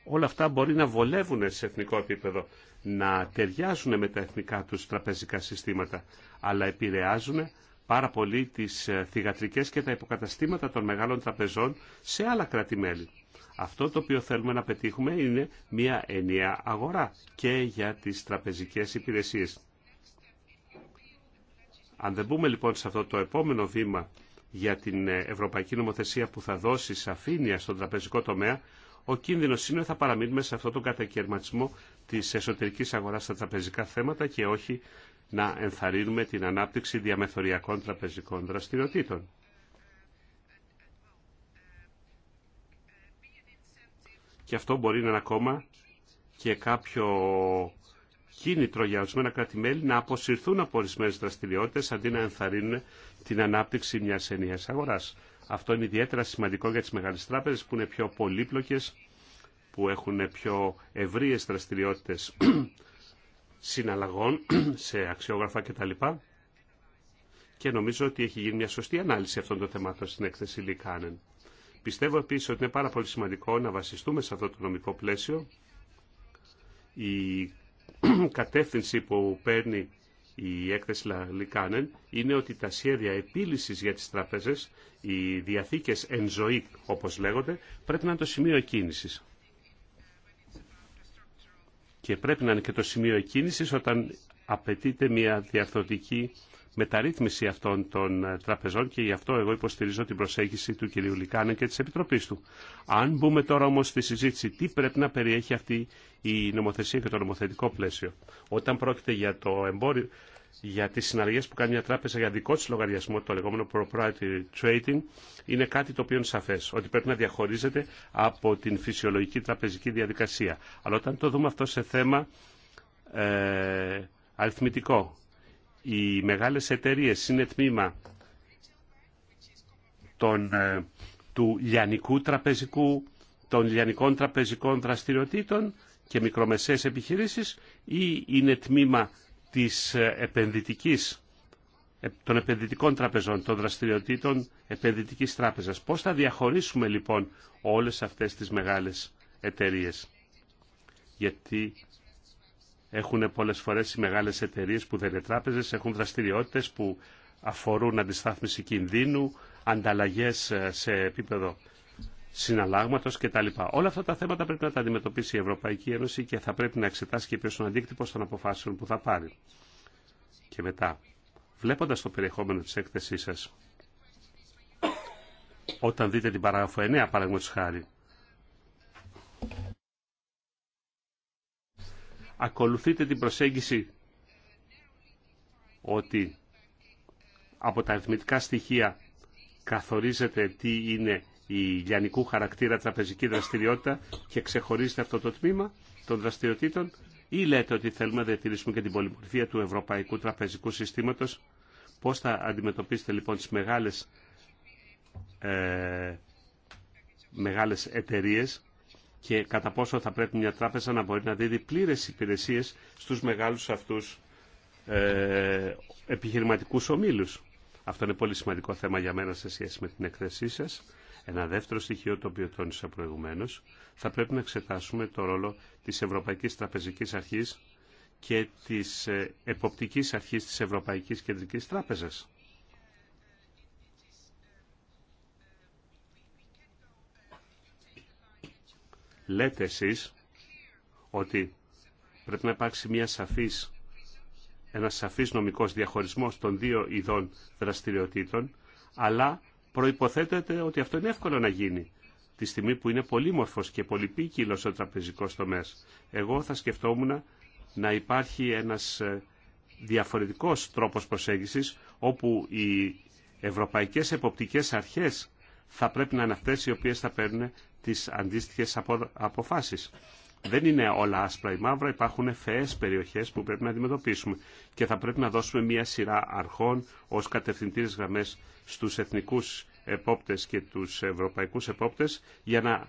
Όλα αυτά μπορεί να βολεύουν σε εθνικό επίπεδο, να ταιριάζουν με τα εθνικά τους τραπεζικά συστήματα, αλλά επηρεάζουν πάρα πολύ τις ε, θηγατρικές και τα υποκαταστήματα των μεγάλων τραπεζών σε άλλα κράτη-μέλη. Αυτό το οποίο θέλουμε να πετύχουμε είναι μια ενιαία αγορά και για τις τραπεζικές υπηρεσίες. Αν δεν μπούμε λοιπόν σε αυτό το επόμενο βήμα για την ε, ευρωπαϊκή νομοθεσία που θα δώσει σαφήνεια στον τραπεζικό τομέα, ο κίνδυνο είναι ότι θα παραμείνουμε σε αυτόν τον κατακαιρματισμό τη εσωτερική αγορά στα τραπεζικά θέματα και όχι να ενθαρρύνουμε την ανάπτυξη διαμεθοριακών τραπεζικών δραστηριοτήτων. Και αυτό μπορεί να είναι ακόμα και κάποιο κίνητρο για ορισμένα κράτη-μέλη να αποσυρθούν από ορισμένε δραστηριότητε αντί να ενθαρρύνουν την ανάπτυξη μια ενιαία αγορά. Αυτό είναι ιδιαίτερα σημαντικό για τι μεγάλε τράπεζε που είναι πιο πολύπλοκε, που έχουν πιο ευρείε δραστηριότητε συναλλαγών σε αξιόγραφα κτλ. Και νομίζω ότι έχει γίνει μια σωστή ανάλυση αυτών των θεμάτων στην έκθεση Λικάνεν. Πιστεύω επίσης ότι είναι πάρα πολύ σημαντικό να βασιστούμε σε αυτό το νομικό πλαίσιο. Η κατεύθυνση που παίρνει η έκθεση Λικάνεν είναι ότι τα σχέδια επίλυσης για τις τράπεζες, οι διαθήκες εν ζωή όπως λέγονται, πρέπει να είναι το σημείο κίνησης και πρέπει να είναι και το σημείο εκκίνησης όταν απαιτείται μια διαρθωτική μεταρρύθμιση αυτών των ε, τραπεζών και γι' αυτό εγώ υποστηρίζω την προσέγγιση του κ. Λικάνε και της Επιτροπής του. Αν μπούμε τώρα όμως στη συζήτηση τι πρέπει να περιέχει αυτή η νομοθεσία και το νομοθετικό πλαίσιο. Όταν πρόκειται για το εμπόριο, για τις συναλλαγές που κάνει μια τράπεζα για δικό της λογαριασμό, το λεγόμενο proprietary trading, είναι κάτι το οποίο είναι σαφές, ότι πρέπει να διαχωρίζεται από την φυσιολογική τραπεζική διαδικασία. Αλλά όταν το δούμε αυτό σε θέμα ε, αριθμητικό, οι μεγάλες εταιρείες είναι τμήμα των, ε, του λιανικού τραπεζικού, των λιανικών τραπεζικών δραστηριοτήτων και μικρομεσαίες επιχειρήσεις ή είναι τμήμα της επενδυτικής, των επενδυτικών τραπεζών, των δραστηριοτήτων επενδυτικής τράπεζας. Πώς θα διαχωρίσουμε λοιπόν όλες αυτές τις μεγάλες εταιρείε. Γιατί έχουν πολλές φορές οι μεγάλες εταιρείε που δεν είναι τράπεζες, έχουν δραστηριότητες που αφορούν αντιστάθμιση κινδύνου, ανταλλαγές ε, σε επίπεδο συναλλάγματο κτλ. Όλα αυτά τα θέματα πρέπει να τα αντιμετωπίσει η Ευρωπαϊκή Ένωση και θα πρέπει να εξετάσει και ποιο είναι ο αντίκτυπο των αποφάσεων που θα πάρει. Και μετά, βλέποντα το περιεχόμενο τη έκθεσή σα, όταν δείτε την παράγραφο 9, παραδείγματο χάρη, ακολουθείτε την προσέγγιση ότι από τα αριθμητικά στοιχεία καθορίζεται τι είναι η λιανικού χαρακτήρα τραπεζική δραστηριότητα και ξεχωρίζεται αυτό το τμήμα των δραστηριοτήτων ή λέτε ότι θέλουμε να διατηρήσουμε και την πολυμορφία του ευρωπαϊκού τραπεζικού συστήματος. Πώς θα αντιμετωπίσετε λοιπόν τις μεγάλες, ε, μεγάλες εταιρείες και κατά πόσο θα πρέπει μια τράπεζα να μπορεί να δίδει πλήρες υπηρεσίες στους μεγάλους αυτούς ε, επιχειρηματικούς ομίλους. Αυτό είναι πολύ σημαντικό θέμα για μένα σε σχέση με την εκθεσή σας. Ένα δεύτερο στοιχείο το οποίο τόνισα προηγουμένω, θα πρέπει να εξετάσουμε το ρόλο της Ευρωπαϊκής Τραπεζικής Αρχής και της ε, εποπτικής αρχής της Ευρωπαϊκής Κεντρικής Τράπεζας. Λέτε εσείς ότι πρέπει να υπάρξει μια σαφής, ένας σαφής νομικός διαχωρισμός των δύο ειδών δραστηριοτήτων, αλλά προϋποθέτεται ότι αυτό είναι εύκολο να γίνει τη στιγμή που είναι πολύμορφος και πολυπίκυλο ο τραπεζικός τομέας. Εγώ θα σκεφτόμουν να υπάρχει ένας ε, διαφορετικός τρόπος προσέγγισης όπου οι ευρωπαϊκές εποπτικές αρχές θα πρέπει να είναι αυτές οι οποίες θα παίρνουν τις αντίστοιχες αποφάσεις δεν είναι όλα άσπρα ή μαύρα, υπάρχουν φαιές περιοχές που πρέπει να αντιμετωπίσουμε και θα πρέπει να δώσουμε μία σειρά αρχών ως κατευθυντήρες γραμμές στους εθνικούς επόπτες και τους ευρωπαϊκούς επόπτες για να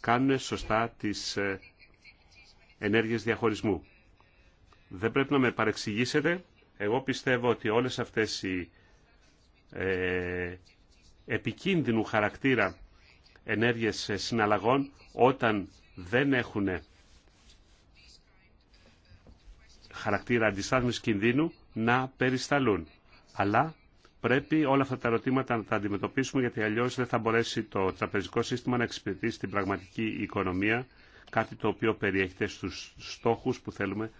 κάνουν σωστά τις ε, ενέργειες διαχωρισμού. Δεν πρέπει να με παρεξηγήσετε. Εγώ πιστεύω ότι όλες αυτές οι ε, επικίνδυνου χαρακτήρα ενέργειες συναλλαγών όταν δεν έχουν χαρακτήρα αντιστάθμισης κινδύνου να περισταλούν. Αλλά πρέπει όλα αυτά τα ερωτήματα να τα αντιμετωπίσουμε γιατί αλλιώς δεν θα μπορέσει το τραπεζικό σύστημα να εξυπηρετήσει την πραγματική οικονομία, κάτι το οποίο περιέχεται στους στόχους που θέλουμε,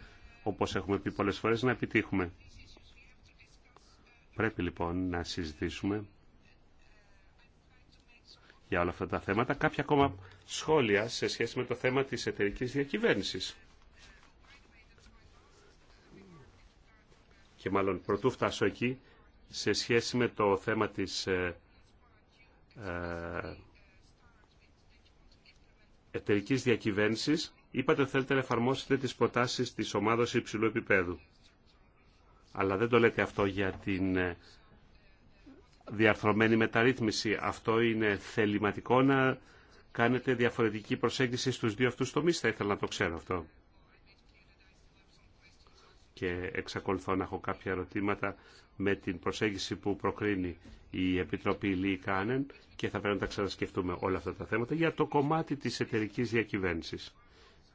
όπως έχουμε πει πολλές φορές, να επιτύχουμε. Πρέπει λοιπόν να συζητήσουμε για όλα αυτά τα θέματα. Κάποια ακόμα σχόλια σε σχέση με το θέμα της εταιρική διακυβέρνησης. Και μάλλον πρωτού φτάσω εκεί, σε σχέση με το θέμα της ε, ε, εταιρικής διακυβέρνησης, είπατε ότι θέλετε να εφαρμόσετε τις προτάσεις της ομάδας υψηλού επίπεδου. Αλλά δεν το λέτε αυτό για την ε, διαρθρωμένη μεταρρύθμιση. Αυτό είναι θεληματικό να κάνετε διαφορετική προσέγγιση στους δύο αυτούς τομείς. Θα ήθελα να το ξέρω αυτό. Και εξακολουθώ να έχω κάποια ερωτήματα με την προσέγγιση που προκρίνει η Επιτροπή Λί και θα πρέπει να τα ξανασκεφτούμε όλα αυτά τα θέματα για το κομμάτι της εταιρική διακυβέρνησης.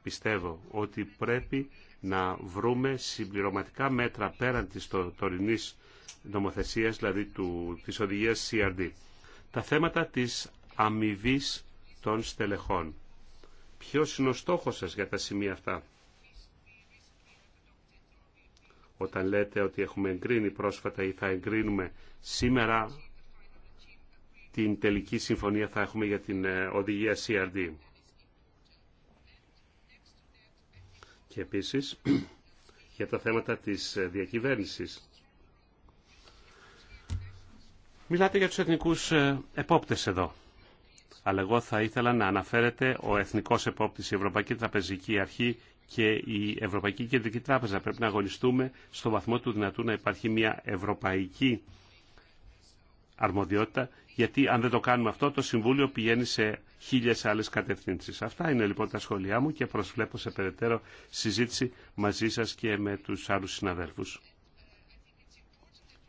Πιστεύω ότι πρέπει να βρούμε συμπληρωματικά μέτρα πέραν της το, τωρινής νομοθεσίας, δηλαδή του, της οδηγίας CRD. Τα θέματα της αμοιβή των στελεχών. Ποιος είναι ο στόχος σας για τα σημεία αυτά. Όταν λέτε ότι έχουμε εγκρίνει πρόσφατα ή θα εγκρίνουμε σήμερα την τελική συμφωνία θα έχουμε για την ε, οδηγία CRD. Και επίσης για τα θέματα της ε, διακυβέρνησης. Μιλάτε για τους εθνικούς ε, επόπτες εδώ αλλά εγώ θα ήθελα να αναφέρεται ο Εθνικός Επόπτης, η Ευρωπαϊκή Τραπεζική Αρχή και η Ευρωπαϊκή Κεντρική Τράπεζα. Πρέπει να αγωνιστούμε στο βαθμό του δυνατού να υπάρχει μια ευρωπαϊκή αρμοδιότητα, γιατί αν δεν το κάνουμε αυτό, το Συμβούλιο πηγαίνει σε χίλιε άλλε κατευθύνσει. Αυτά είναι λοιπόν τα σχόλιά μου και προσβλέπω σε περαιτέρω συζήτηση μαζί σα και με του άλλου συναδέλφου.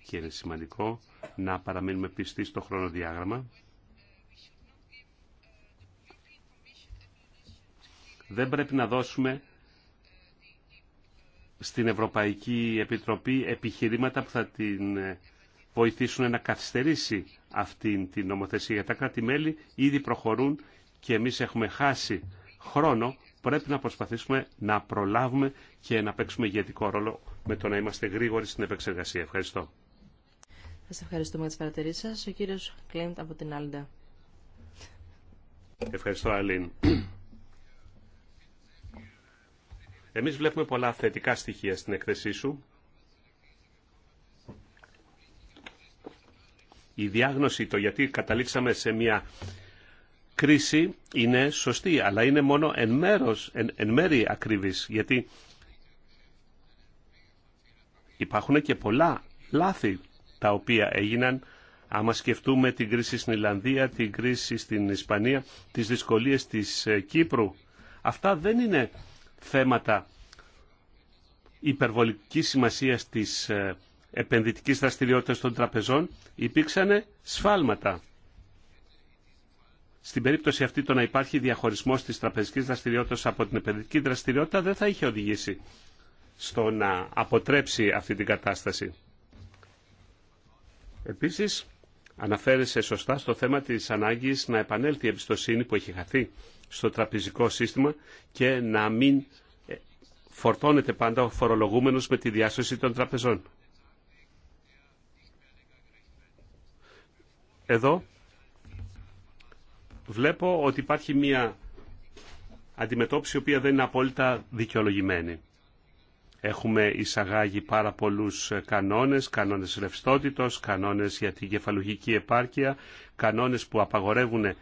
Και είναι σημαντικό να παραμείνουμε πιστοί στο χρονοδιάγραμμα. δεν πρέπει να δώσουμε στην Ευρωπαϊκή Επιτροπή επιχειρήματα που θα την ε, βοηθήσουν να καθυστερήσει αυτήν την νομοθεσία. Για τα κράτη-μέλη ήδη προχωρούν και εμείς έχουμε χάσει χρόνο. Πρέπει να προσπαθήσουμε να προλάβουμε και να παίξουμε ηγετικό ρόλο με το να είμαστε γρήγοροι στην επεξεργασία. Ευχαριστώ. Σας ευχαριστούμε για τις παρατηρήσεις σας. Ο κύριος Κλέντ από την Άλντα. Ευχαριστώ, Αλήν. Εμείς βλέπουμε πολλά θετικά στοιχεία στην έκθεσή σου. Η διάγνωση, το γιατί καταλήξαμε σε μια κρίση είναι σωστή, αλλά είναι μόνο εν, μέρος, εν, μέρη ακρίβης, γιατί υπάρχουν και πολλά λάθη τα οποία έγιναν άμα σκεφτούμε την κρίση στην Ιλανδία, την κρίση στην Ισπανία, τις δυσκολίες της ε, Κύπρου. Αυτά δεν είναι θέματα υπερβολικής σημασίας της ε, επενδυτικής δραστηριότητας των τραπεζών υπήρξαν σφάλματα. Στην περίπτωση αυτή το να υπάρχει διαχωρισμός της τραπεζικής δραστηριότητας από την επενδυτική δραστηριότητα δεν θα είχε οδηγήσει στο να αποτρέψει αυτή την κατάσταση. Επίσης, αναφέρεσε σωστά στο θέμα της ανάγκης να επανέλθει η εμπιστοσύνη που έχει χαθεί στο τραπεζικό σύστημα και να μην φορτώνεται πάντα ο φορολογούμενος με τη διάσωση των τραπεζών. Εδώ βλέπω ότι υπάρχει μία αντιμετώπιση η οποία δεν είναι απόλυτα δικαιολογημένη. Έχουμε εισαγάγει πάρα πολλούς κανόνες, κανόνες ρευστότητος, κανόνες για την κεφαλουγική επάρκεια, κανόνες που απαγορεύουν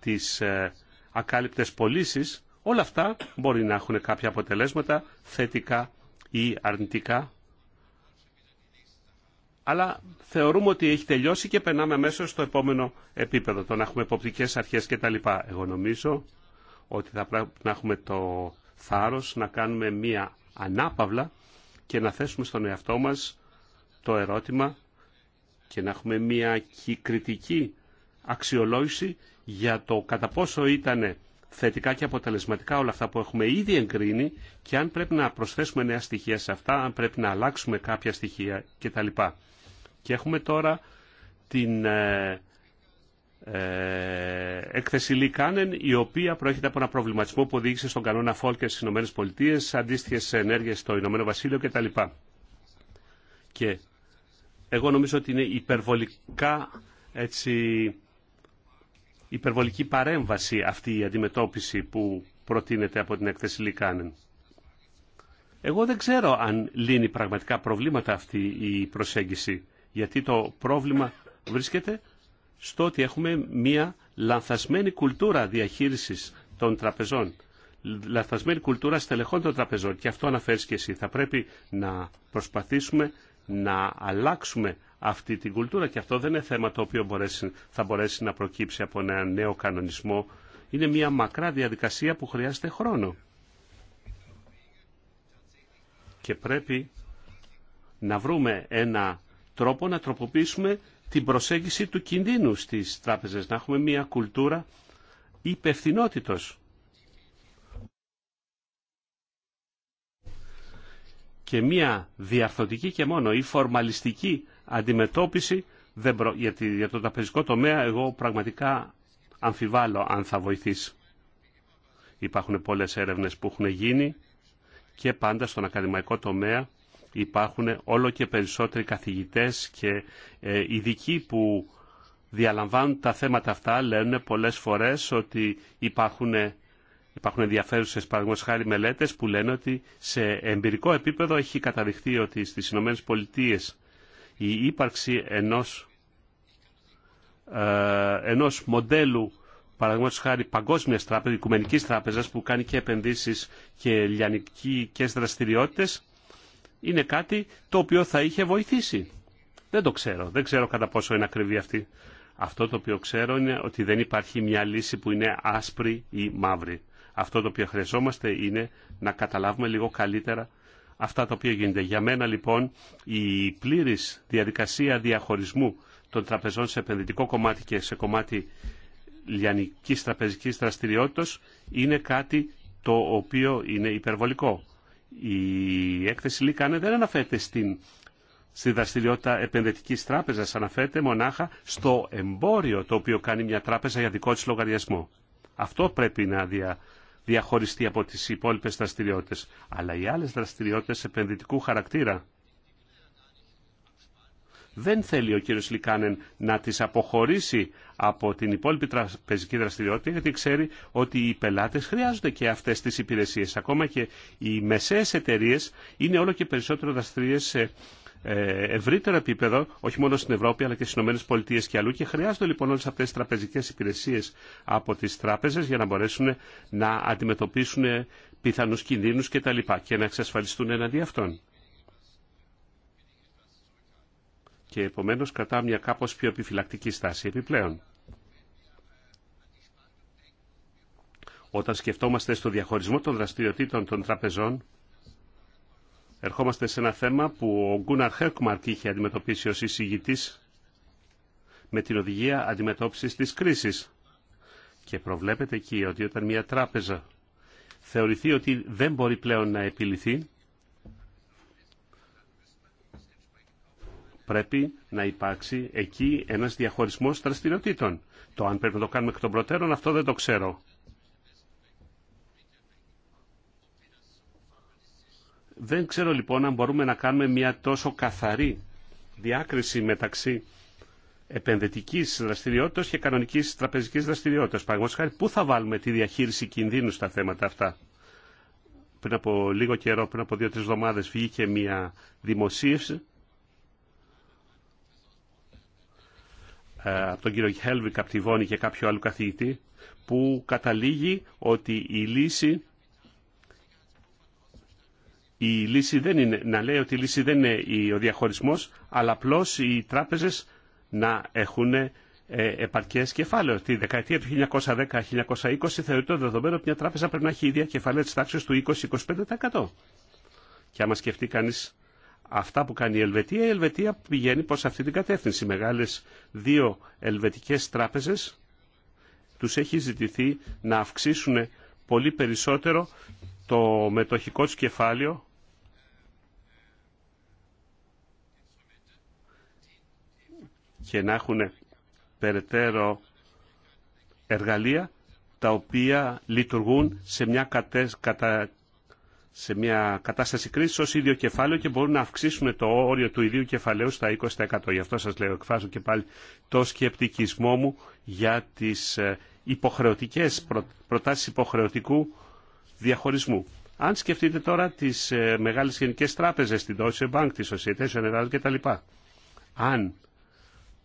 τις ε, ακάλυπτες πωλήσει, όλα αυτά μπορεί να έχουν κάποια αποτελέσματα θετικά ή αρνητικά. Αλλά θεωρούμε ότι έχει τελειώσει και περνάμε μέσα στο επόμενο επίπεδο, το να έχουμε εποπτικές αρχές κτλ. Εγώ νομίζω ότι θα πρέπει να έχουμε το θάρρος να κάνουμε μία ανάπαυλα και να θέσουμε στον εαυτό μας το ερώτημα και να έχουμε μία κριτική αξιολόγηση για το κατά πόσο ήταν θετικά και αποτελεσματικά όλα αυτά που έχουμε ήδη εγκρίνει και αν πρέπει να προσθέσουμε νέα στοιχεία σε αυτά, αν πρέπει να αλλάξουμε κάποια στοιχεία κτλ. Και έχουμε τώρα την ε, ε, έκθεση Λικάνεν, η οποία προέρχεται από ένα προβληματισμό που οδήγησε στον κανόνα Φόλκερ στις ΗΠΑ, αντίστοιχε ενέργειες στο Ηνωμένο Βασίλειο κτλ. Και εγώ νομίζω ότι είναι υπερβολικά έτσι, υπερβολική παρέμβαση αυτή η αντιμετώπιση που προτείνεται από την έκθεση Λικάνεν. Εγώ δεν ξέρω αν λύνει πραγματικά προβλήματα αυτή η προσέγγιση, γιατί το πρόβλημα βρίσκεται στο ότι έχουμε μία λανθασμένη κουλτούρα διαχείρισης των τραπεζών, λανθασμένη κουλτούρα στελεχών των τραπεζών. Και αυτό αναφέρεις και εσύ. Θα πρέπει να προσπαθήσουμε να αλλάξουμε αυτή την κουλτούρα και αυτό δεν είναι θέμα το οποίο θα μπορέσει να προκύψει από ένα νέο κανονισμό. Είναι μια μακρά διαδικασία που χρειάζεται χρόνο. Και πρέπει να βρούμε ένα τρόπο να τροποποιήσουμε την προσέγγιση του κινδύνου στις τράπεζες, να έχουμε μια κουλτούρα υπευθυνότητο. Και μια διαρθωτική και μόνο ή φορμαλιστική αντιμετώπιση δεν γιατί για το ταπεζικό τομέα εγώ πραγματικά αμφιβάλλω αν θα βοηθήσει. Υπάρχουν πολλές έρευνες που έχουν γίνει και πάντα στον ακαδημαϊκό τομέα υπάρχουν όλο και περισσότεροι καθηγητές και ε, ειδικοί που διαλαμβάνουν τα θέματα αυτά λένε πολλές φορές ότι υπάρχουν, υπάρχουν ενδιαφέρουσες χάρη μελέτες που λένε ότι σε εμπειρικό επίπεδο έχει καταδειχθεί ότι στις ΗΠΑ η ύπαρξη ενός, ε, ενός μοντέλου παραδείγματος χάρη παγκόσμια τράπεζα, οικουμενικής τράπεζας που κάνει και επενδύσεις και λιανικέ δραστηριότητε, είναι κάτι το οποίο θα είχε βοηθήσει. Δεν το ξέρω. Δεν ξέρω κατά πόσο είναι ακριβή αυτή. Αυτό το οποίο ξέρω είναι ότι δεν υπάρχει μια λύση που είναι άσπρη ή μαύρη. Αυτό το οποίο χρειαζόμαστε είναι να καταλάβουμε λίγο καλύτερα αυτά τα οποία γίνονται. Για μένα λοιπόν η πλήρης διαδικασία διαχωρισμού των τραπεζών σε επενδυτικό κομμάτι και σε κομμάτι λιανικής τραπεζικής δραστηριότητας είναι κάτι το οποίο είναι υπερβολικό. Η έκθεση Λίκανε δεν αναφέρεται στην, στη δραστηριότητα επενδυτικής τράπεζας, αναφέρεται μονάχα στο εμπόριο το οποίο κάνει μια τράπεζα για δικό της λογαριασμό. Αυτό πρέπει να δια, διαχωριστεί από τις υπόλοιπες δραστηριότητες. Αλλά οι άλλες δραστηριότητες επενδυτικού χαρακτήρα δεν θέλει ο κύριος Λικάνεν να τις αποχωρήσει από την υπόλοιπη τραπεζική δραστηριότητα γιατί ξέρει ότι οι πελάτες χρειάζονται και αυτές τις υπηρεσίες. Ακόμα και οι μεσαίες εταιρείε είναι όλο και περισσότερο δραστηρίες ε, ευρύτερο επίπεδο, όχι μόνο στην Ευρώπη αλλά και στι ΗΠΑ και αλλού. Και χρειάζονται λοιπόν όλε αυτέ τι τραπεζικέ υπηρεσίε από τι τράπεζε για να μπορέσουν να αντιμετωπίσουν πιθανού κινδύνου κτλ. και να εξασφαλιστούν εναντί αυτών. Και επομένω κρατά μια κάπω πιο επιφυλακτική στάση επιπλέον. Όταν σκεφτόμαστε στο διαχωρισμό των δραστηριοτήτων των τραπεζών, ερχόμαστε σε ένα θέμα που ο Γκούναρ Χέρκμαρκ είχε αντιμετωπίσει ως εισηγητής με την οδηγία αντιμετώπισης της κρίσης. Και προβλέπεται εκεί ότι όταν μια τράπεζα θεωρηθεί ότι δεν μπορεί πλέον να επιληθεί, πρέπει να υπάρξει εκεί ένας διαχωρισμός δραστηριοτήτων. Το αν πρέπει να το κάνουμε εκ των προτέρων αυτό δεν το ξέρω. Δεν ξέρω λοιπόν αν μπορούμε να κάνουμε μια τόσο καθαρή διάκριση μεταξύ επενδυτική δραστηριότητα και κανονική τραπεζική δραστηριότητα. Παραδείγματο χάρη, πού θα βάλουμε τη διαχείριση κινδύνου στα θέματα αυτά. Πριν από λίγο καιρό, πριν από δύο-τρει εβδομάδε, βγήκε μια δημοσίευση ε, από τον κύριο που καταλήγει ότι η λύση η λύση δεν είναι, να λέει ότι η λύση δεν είναι ο διαχωρισμός, αλλά απλώ οι τράπεζες να έχουν ε, επαρκές κεφάλαιο. Τη δεκαετία του 1910-1920 θεωρείται το δεδομένο ότι μια τράπεζα πρέπει να έχει ίδια κεφαλαία της τάξης του 20-25%. Και άμα σκεφτεί κανείς αυτά που κάνει η Ελβετία, η Ελβετία πηγαίνει προς αυτή την κατεύθυνση. Οι μεγάλες δύο ελβετικές τράπεζες τους έχει ζητηθεί να αυξήσουν πολύ περισσότερο το μετοχικό του κεφάλαιο και να έχουν περαιτέρω εργαλεία τα οποία λειτουργούν σε μια, κατα... σε μια κατάσταση κρίσης ως ίδιο κεφάλαιο και μπορούν να αυξήσουν το όριο του ιδίου κεφαλαίου στα 20%. Γι' αυτό σας λέω, εκφράζω και πάλι το σκεπτικισμό μου για τις ε, υποχρεωτικές προτάσεις υποχρεωτικού διαχωρισμού. Αν σκεφτείτε τώρα τις ε, μεγάλες γενικές τράπεζες, την Deutsche Bank, τη Societe Generale κτλ. Αν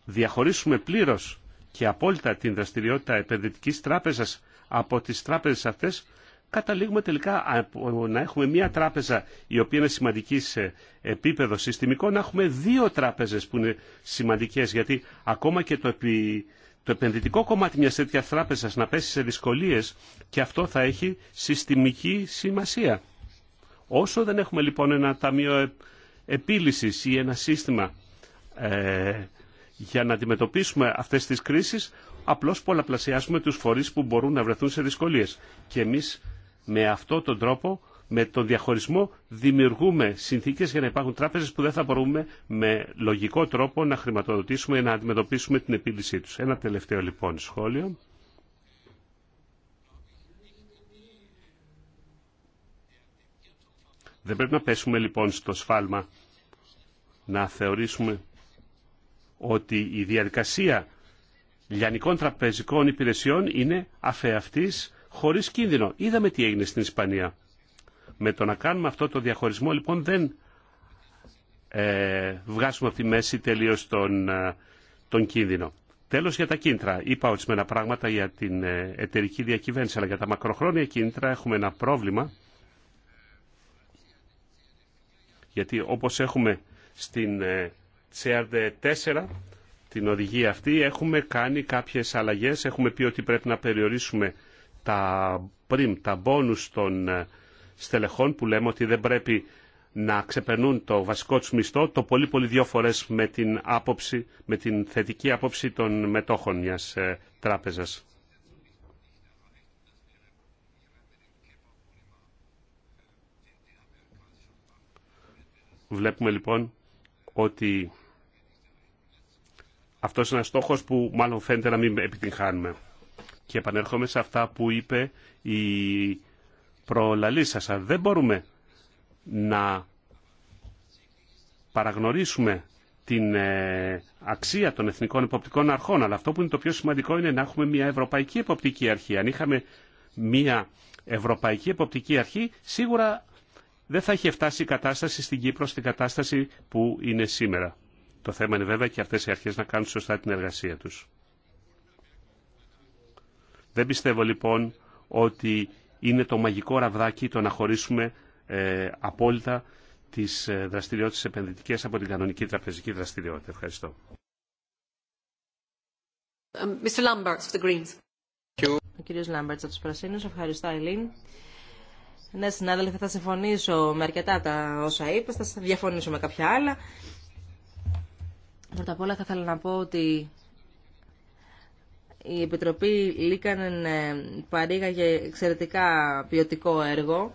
διαχωρίσουμε πλήρως και απόλυτα την δραστηριότητα επενδυτικής τράπεζας από τις τράπεζες αυτές, καταλήγουμε τελικά να έχουμε μία τράπεζα η οποία είναι σημαντική σε επίπεδο συστημικό, να έχουμε δύο τράπεζες που είναι σημαντικές, γιατί ακόμα και το επι το επενδυτικό κομμάτι μιας τέτοιας τράπεζας να πέσει σε δυσκολίες και αυτό θα έχει συστημική σημασία. Όσο δεν έχουμε λοιπόν ένα ταμείο επίλυσης ή ένα σύστημα ε, για να αντιμετωπίσουμε αυτές τις κρίσεις, απλώς πολλαπλασιάζουμε τους φορείς που μπορούν να βρεθούν σε δυσκολίες. Και εμείς με αυτόν τον τρόπο με τον διαχωρισμό δημιουργούμε συνθήκε για να υπάρχουν τράπεζε που δεν θα μπορούμε με λογικό τρόπο να χρηματοδοτήσουμε ή να αντιμετωπίσουμε την επίλυσή του. Ένα τελευταίο λοιπόν σχόλιο. Δεν πρέπει να πέσουμε λοιπόν στο σφάλμα να θεωρήσουμε ότι η διαδικασία λιανικών τραπεζικών υπηρεσιών είναι αφεαυτής χωρίς κίνδυνο. Είδαμε τι έγινε στην Ισπανία. Με το να κάνουμε αυτό το διαχωρισμό λοιπόν δεν ε, βγάζουμε από τη μέση τελείω τον, ε, τον κίνδυνο. Τέλος για τα κίνητρα. Είπα ορισμένα πράγματα για την ε, εταιρική διακυβέρνηση, αλλά για τα μακροχρόνια κίνητρα έχουμε ένα πρόβλημα. Γιατί όπως έχουμε στην CRD4, ε, την οδηγία αυτή, έχουμε κάνει κάποιες αλλαγές. Έχουμε πει ότι πρέπει να περιορίσουμε τα πριμ, τα μπόνους των στελεχών που λέμε ότι δεν πρέπει να ξεπερνούν το βασικό του μισθό το πολύ πολύ δύο φορές με την, με την θετική άποψη των μετόχων μιας ε, τράπεζας. Βλέπουμε λοιπόν ότι αυτός είναι ένας στόχος που μάλλον φαίνεται να μην επιτυγχάνουμε. Και επανέρχομαι σε αυτά που είπε η προλαλήσασα δεν μπορούμε να παραγνωρίσουμε την ε, αξία των εθνικών εποπτικών αρχών. Αλλά αυτό που είναι το πιο σημαντικό είναι να έχουμε μια ευρωπαϊκή εποπτική αρχή. Αν είχαμε μια ευρωπαϊκή εποπτική αρχή, σίγουρα δεν θα είχε φτάσει η κατάσταση στην Κύπρο στην κατάσταση που είναι σήμερα. Το θέμα είναι βέβαια και αυτές οι αρχές να κάνουν σωστά την εργασία τους. Δεν πιστεύω λοιπόν ότι είναι το μαγικό ραβδάκι το να χωρίσουμε ε, απόλυτα τις ε, δραστηριότητες επενδυτικές από την κανονική τραπεζική δραστηριότητα. Ευχαριστώ. Um, Mr. Lamberts, the Greens. Ο κύριος Λάμπερτς από τους Πρασίνους. Ευχαριστώ, Ελίν. Ναι, συνάδελφοι, θα συμφωνήσω με αρκετά τα όσα είπες, θα διαφωνήσω με κάποια άλλα. Πρώτα απ' όλα θα ήθελα να πω ότι η Επιτροπή Λίκανεν ε, παρήγαγε εξαιρετικά ποιοτικό έργο,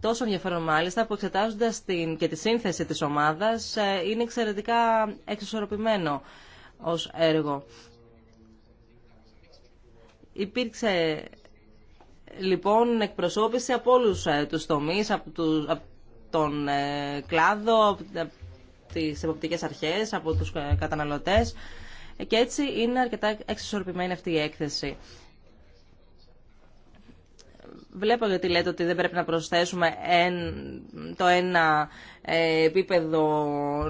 τόσο ενδιαφέρον μάλιστα, που εξετάζοντα και τη σύνθεση της ομάδας ε, είναι εξαιρετικά εξισορροπημένο ως έργο. Υπήρξε λοιπόν εκπροσώπηση από όλους ε, τους τομείς, από, από τον κλάδο, από τις εποπτικές αρχές, από τους καταναλωτές και έτσι είναι αρκετά εξισορροπημένη αυτή η έκθεση. Βλέπω γιατί λέτε ότι δεν πρέπει να προσθέσουμε το ένα ε, επίπεδο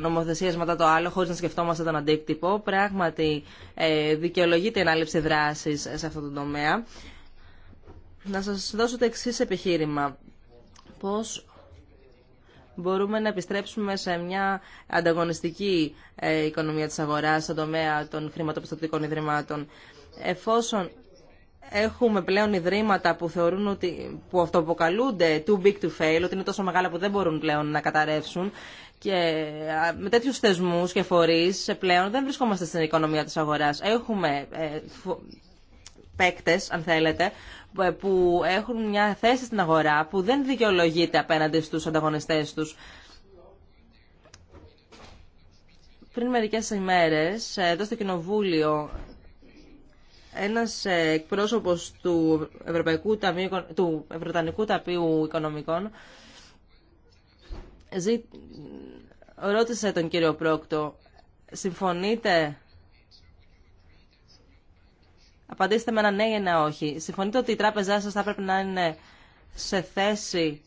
νομοθεσία μετά το άλλο χωρίς να σκεφτόμαστε τον αντίκτυπο. Πράγματι ε, δικαιολογείται η ανάληψη δράσης σε αυτό το τομέα. Να σας δώσω το εξής επιχείρημα. Πώς μπορούμε να επιστρέψουμε σε μια ανταγωνιστική ε, οικονομία της αγοράς στον τομέα των χρηματοπιστωτικών ιδρυμάτων. Εφόσον έχουμε πλέον ιδρύματα που θεωρούν ότι, που αυτοποκαλούνται too big to fail, ότι είναι τόσο μεγάλα που δεν μπορούν πλέον να καταρρεύσουν και με τέτοιους θεσμούς και φορείς πλέον δεν βρισκόμαστε στην οικονομία της αγοράς. Έχουμε ε, αν θέλετε, ε, που έχουν μια θέση στην αγορά που δεν δικαιολογείται απέναντι στους ανταγωνιστές τους. Πριν μερικές ημέρες, ε, εδώ στο Κοινοβούλιο, ένας ε, εκπρόσωπος του, Ευρωπαϊκού Ταμείου, του ευρωτανικού Ταπείου Οικονομικών ρώτησε τον κύριο Πρόκτο, συμφωνείτε Απαντήστε με ένα ναι ή ένα όχι. Συμφωνείτε ότι η τράπεζά σας θα πρέπει να είναι σε θέση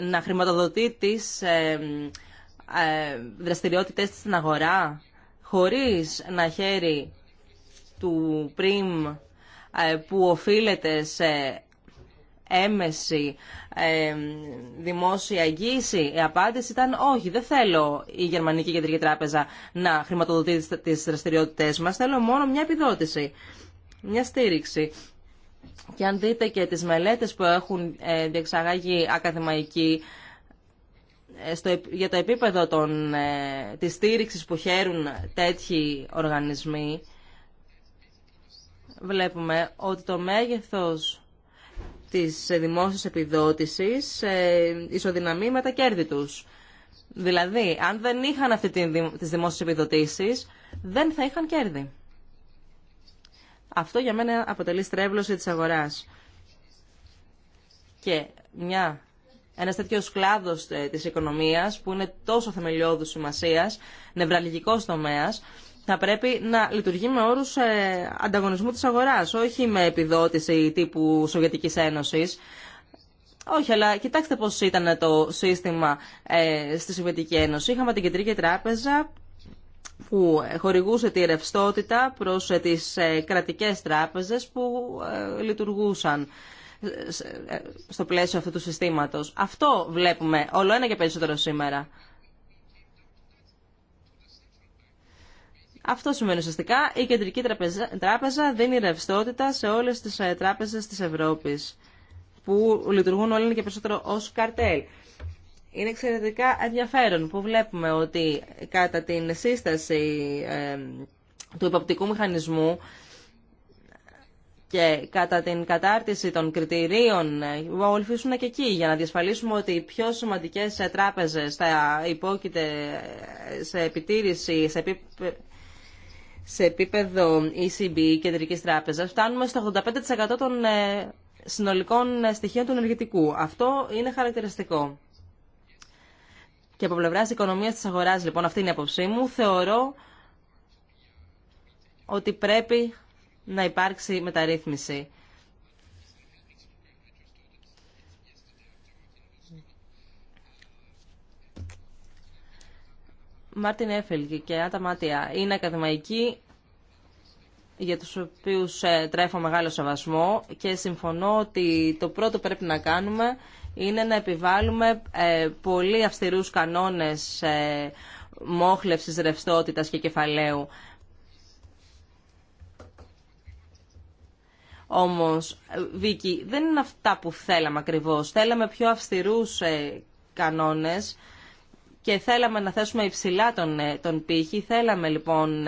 να χρηματοδοτεί τις ε, δραστηριότητες της στην αγορά χωρίς να χαίρει του πριμ ε, που οφείλεται σε έμεση δημόσια εγγύηση. Η απάντηση ήταν όχι, δεν θέλω η Γερμανική Κεντρική Τράπεζα να χρηματοδοτεί τις δραστηριότητες μας, θέλω μόνο μια επιδότηση μια στήριξη. Και αν δείτε και τις μελέτες που έχουν ε, διεξαγάγει ακαδημαϊκοί ε, στο, για το επίπεδο των, ε, της στήριξης που χαίρουν τέτοιοι οργανισμοί, βλέπουμε ότι το μέγεθος της δημόσιας επιδότησης ισοδυναμεί με τα κέρδη τους. Δηλαδή, αν δεν είχαν αυτή τις δημόσιες επιδοτήσεις, δεν θα είχαν κέρδη. Αυτό για μένα αποτελεί στρέβλωση της αγοράς. Και μια, ένας τέτοιος κλάδος ε, της οικονομίας που είναι τόσο θεμελιώδους σημασίας, νευραλγικός τομέας, θα πρέπει να λειτουργεί με όρους ε, ανταγωνισμού της αγοράς, όχι με επιδότηση τύπου Σοβιετική Ένωσης. Όχι, αλλά κοιτάξτε πώς ήταν το σύστημα ε, στη Σοβιετική Ένωση. Είχαμε την Κεντρική Τράπεζα που χορηγούσε τη ρευστότητα προς ε, τις ε, κρατικές τράπεζες που ε, λειτουργούσαν στο πλαίσιο αυτού του συστήματος. Αυτό βλέπουμε όλο ένα και περισσότερο σήμερα. Αυτό σημαίνει ουσιαστικά η Κεντρική Τράπεζα δίνει ρευστότητα σε όλες τις τράπεζες της Ευρώπης που λειτουργούν όλοι και περισσότερο ως καρτέλ. Είναι εξαιρετικά ενδιαφέρον που βλέπουμε ότι κατά την σύσταση του υποπτικού μηχανισμού και κατά την κατάρτιση των κριτηρίων που και εκεί για να διασφαλίσουμε ότι οι πιο σημαντικές τράπεζες θα υπόκειται σε επιτήρηση, σε, επί... σε επίπεδο ECB, Κεντρικής Τράπεζας, φτάνουμε στο 85% των ε, συνολικών ε, στοιχείων του ενεργητικού. Αυτό είναι χαρακτηριστικό. Και από πλευρά οικονομία τη αγορά, λοιπόν, αυτή είναι η άποψή μου. Θεωρώ ότι πρέπει να υπάρξει μεταρρύθμιση. Μάρτιν Έφελγη και Άτα Μάτια είναι ακαδημαϊκοί για τους οποίους ε, τρέφω μεγάλο σεβασμό και συμφωνώ ότι το πρώτο πρέπει να κάνουμε είναι να επιβάλλουμε ε, πολύ αυστηρούς κανόνες ε, μόχλευσης ρευστότητας και κεφαλαίου. Όμως, ε, Βίκη, δεν είναι αυτά που θέλαμε ακριβώς. Θέλαμε πιο αυστηρούς κανόνες και θέλαμε να θέσουμε υψηλά τον, τον πύχη. Θέλαμε λοιπόν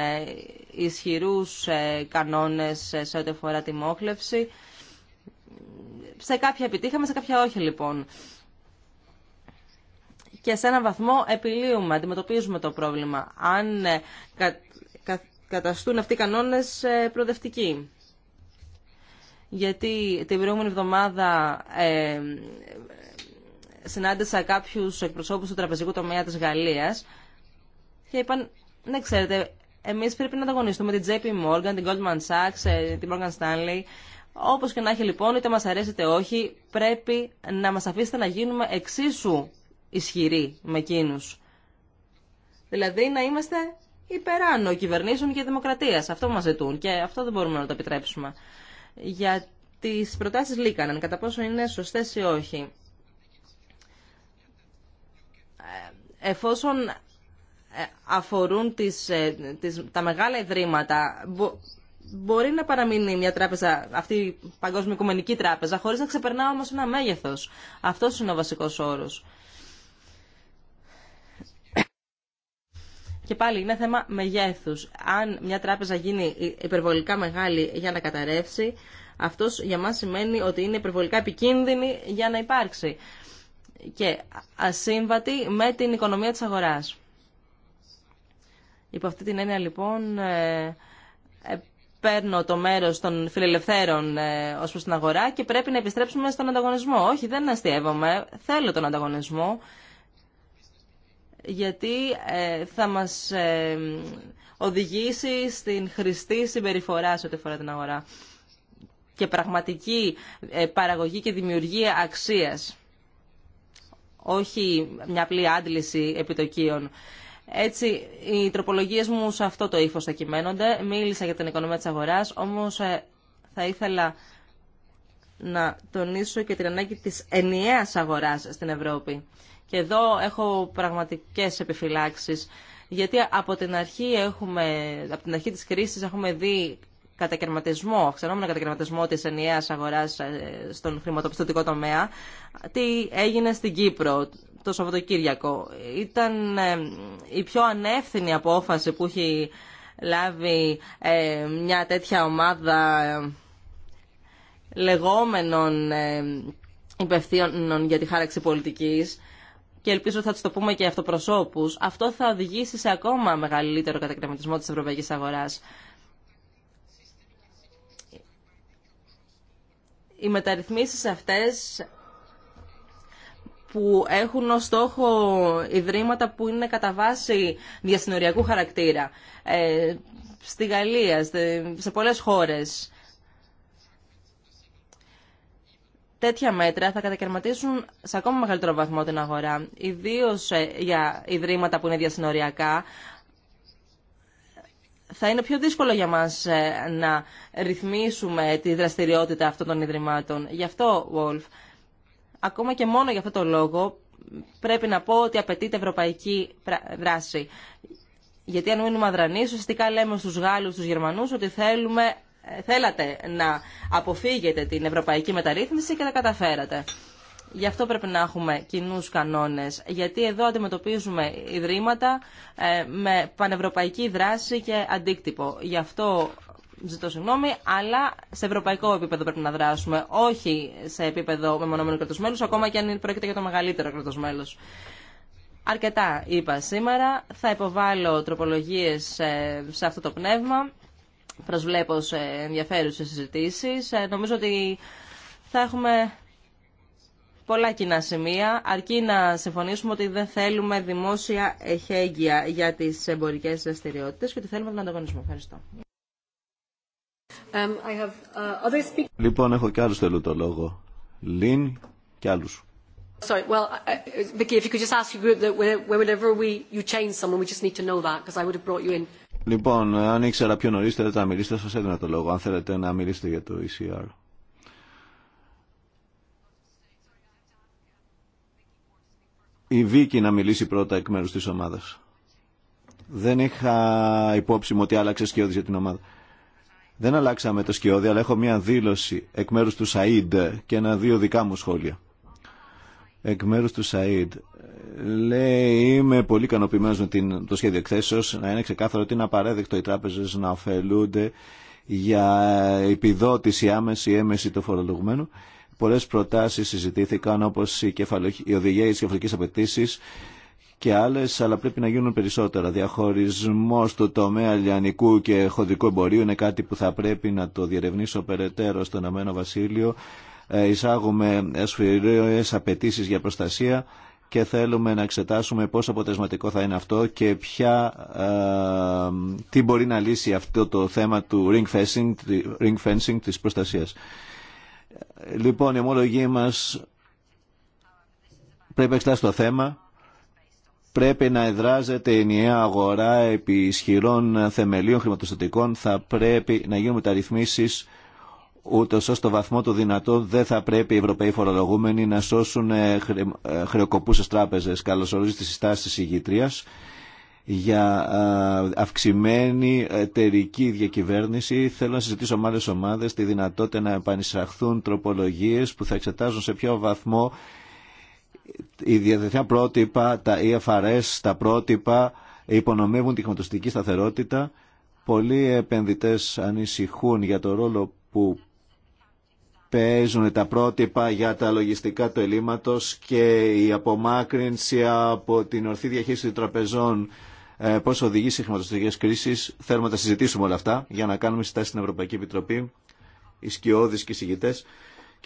ισχυρούς κανόνες σε ό,τι αφορά τη μόχλευση σε κάποια επιτύχαμε, σε κάποια όχι λοιπόν. Και σε έναν βαθμό επιλύουμε, αντιμετωπίζουμε το πρόβλημα. Αν ε, καταστούν αυτοί οι κανόνες ε, προοδευτικοί. Γιατί την προηγούμενη εβδομάδα ε, συνάντησα κάποιους εκπροσώπους του τραπεζικού τομέα της Γαλλίας και είπαν, ναι ξέρετε, εμείς πρέπει να ανταγωνιστούμε την JP Morgan, την Goldman Sachs, ε, την Morgan Stanley όπως και να έχει λοιπόν, είτε μας αρέσει είτε όχι, πρέπει να μας αφήσετε να γίνουμε εξίσου ισχυροί με εκείνου. Δηλαδή να είμαστε υπεράνω κυβερνήσεων και δημοκρατίας. Αυτό μας ζητούν και αυτό δεν μπορούμε να το επιτρέψουμε. Για τις προτάσεις Λίκαναν, κατά πόσο είναι σωστές ή όχι. Ε, εφόσον ε, αφορούν τις, ε, τις, τα μεγάλα ιδρύματα, μπορεί να παραμείνει μια τράπεζα, αυτή η παγκόσμια οικουμενική τράπεζα, χωρίς να ξεπερνά όμως ένα μέγεθος. Αυτός είναι ο βασικός όρος. Και πάλι είναι θέμα μεγέθους. Αν μια τράπεζα γίνει υπερβολικά μεγάλη για να καταρρεύσει, αυτός για μας σημαίνει ότι είναι υπερβολικά επικίνδυνη για να υπάρξει και ασύμβατη με την οικονομία της αγοράς. Υπό αυτή την έννοια λοιπόν ε, παίρνω το μέρο των φιλελευθέρων ε, ω προ την αγορά και πρέπει να επιστρέψουμε στον ανταγωνισμό. Όχι, δεν αστείευομαι. Θέλω τον ανταγωνισμό γιατί ε, θα μας ε, οδηγήσει στην χρηστή συμπεριφορά σε ό,τι αφορά την αγορά και πραγματική παραγωγή και δημιουργία αξίας. Όχι μια απλή άντληση επιτοκίων. Έτσι, οι τροπολογίε μου σε αυτό το ύφο θα κυμαίνονται. Μίλησα για την οικονομία της αγοράς, όμως ε, θα ήθελα να τονίσω και την ανάγκη της ενιαίας αγοράς στην Ευρώπη. Και εδώ έχω πραγματικές επιφυλάξεις, γιατί από την αρχή, έχουμε, από την αρχή της κρίσης έχουμε δει κατακαιρματισμό, αυξανόμενο κατακαιρματισμό της ενιαίας αγοράς ε, στον χρηματοπιστωτικό τομέα, τι έγινε στην Κύπρο, το Σαββατοκύριακο. Ήταν ε, η πιο ανεύθυνη απόφαση που έχει λάβει ε, μια τέτοια ομάδα ε, λεγόμενων υπευθύνων για τη χάραξη πολιτικής και ελπίζω θα του το πούμε και αυτοπροσώπους, αυτό θα οδηγήσει σε ακόμα μεγαλύτερο κατακρεματισμό της ευρωπαϊκής αγοράς. Οι μεταρρυθμίσεις αυτές που έχουν ως στόχο ιδρύματα που είναι κατά βάση διασυνοριακού χαρακτήρα. Ε, στη Γαλλία, σε πολλές χώρες. Τέτοια μέτρα θα κατακαιρματίσουν σε ακόμα μεγαλύτερο βαθμό την αγορά, ιδίως ε, για ιδρύματα που είναι διασυνοριακά, θα είναι πιο δύσκολο για μας ε, να ρυθμίσουμε τη δραστηριότητα αυτών των ιδρυμάτων. Γι' αυτό, Wolf, Ακόμα και μόνο για αυτό το λόγο πρέπει να πω ότι απαιτείται ευρωπαϊκή δράση. Γιατί αν μείνουμε αδρανεί, ουσιαστικά λέμε στου Γάλλους, στους Γερμανούς ότι θέλουμε, ε, θέλατε να αποφύγετε την ευρωπαϊκή μεταρρύθμιση και τα καταφέρατε. Γι' αυτό πρέπει να έχουμε κοινού κανόνε. Γιατί εδώ αντιμετωπίζουμε ιδρύματα ε, με πανευρωπαϊκή δράση και αντίκτυπο. Γι' αυτό ζητώ συγγνώμη, αλλά σε ευρωπαϊκό επίπεδο πρέπει να δράσουμε, όχι σε επίπεδο μεμονωμένου κράτου μέλου, ακόμα και αν πρόκειται για το μεγαλύτερο κράτο Αρκετά είπα σήμερα. Θα υποβάλω τροπολογίε ε, σε αυτό το πνεύμα. Προσβλέπω σε ενδιαφέρουσε συζητήσει. Ε, νομίζω ότι θα έχουμε πολλά κοινά σημεία, αρκεί να συμφωνήσουμε ότι δεν θέλουμε δημόσια εχέγγυα για τις εμπορικές δραστηριότητες και ότι θέλουμε τον ανταγωνισμό. Ευχαριστώ. Um, I have uh, other speak- Λοιπόν, έχω και άλλους θέλω το λόγο. Λίν και άλλους. Sorry, well, Vicky, if you could just ask your group that whenever we, you change someone, we just need to know that, because I would have brought you in. Λοιπόν, αν ήξερα πιο νωρίς θέλετε να μιλήσετε, σας έδινα το λόγο, αν θέλετε να μιλήσετε για το ECR. Η Βίκη να μιλήσει πρώτα εκ μέρους της ομάδας. Δεν είχα υπόψη μου ότι άλλαξε σκιώδης για την ομάδα. Δεν αλλάξαμε το σκιώδη, αλλά έχω μια δήλωση εκ μέρου του Σαΐντ και ένα-δύο δικά μου σχόλια. Εκ μέρου του Σαΐντ. Λέει, είμαι πολύ ικανοποιημένο με την, το σχέδιο εκθέσεω. να είναι ξεκάθαρο ότι είναι απαραίτητο οι τράπεζε να ωφελούνται για επιδότηση άμεση ή έμεση του φορολογουμένου. Πολλέ προτάσεις συζητήθηκαν όπως η, οι οδηγία της κεφαλικής και άλλε αλλά πρέπει να γίνουν περισσότερα. Διαχωρισμό του τομέα λιανικού και χωδικού εμπορίου είναι κάτι που θα πρέπει να το διερευνήσω περαιτέρω στον Αμένο Βασίλειο. Ε, εισάγουμε σφυρίε απαιτήσει για προστασία και θέλουμε να εξετάσουμε πόσο αποτελεσματικό θα είναι αυτό και ποια, ε, τι μπορεί να λύσει αυτό το θέμα του ring fencing, ring fencing της προστασίας. Λοιπόν, η ομολογία μας πρέπει να εξετάσει το θέμα πρέπει να εδράζεται η ενιαία αγορά επί ισχυρών θεμελίων χρηματοστατικών, θα πρέπει να γίνουν μεταρρυθμίσει ούτω ώστε το βαθμό του δυνατό δεν θα πρέπει οι Ευρωπαίοι φορολογούμενοι να σώσουν ε, ε, χρεοκοπούσε τράπεζε. ορίζει τι συστάσει τη ηγητρία για ε, αυξημένη εταιρική διακυβέρνηση. Θέλω να συζητήσω με άλλε ομάδε τη δυνατότητα να επανεισαχθούν τροπολογίε που θα εξετάζουν σε ποιο βαθμό οι διαδεθειά πρότυπα, τα EFRS, τα πρότυπα υπονομεύουν τη χρηματοστική σταθερότητα. Πολλοί επενδυτές ανησυχούν για το ρόλο που παίζουν τα πρότυπα για τα λογιστικά του ελλείμματος και η απομάκρυνση από την ορθή διαχείριση των τραπεζών ε, πώς οδηγεί σε χρηματοστοιχείες κρίσεις. Θέλουμε να τα συζητήσουμε όλα αυτά για να κάνουμε συστάσεις στην Ευρωπαϊκή Επιτροπή, οι σκιώδεις και οι συγητές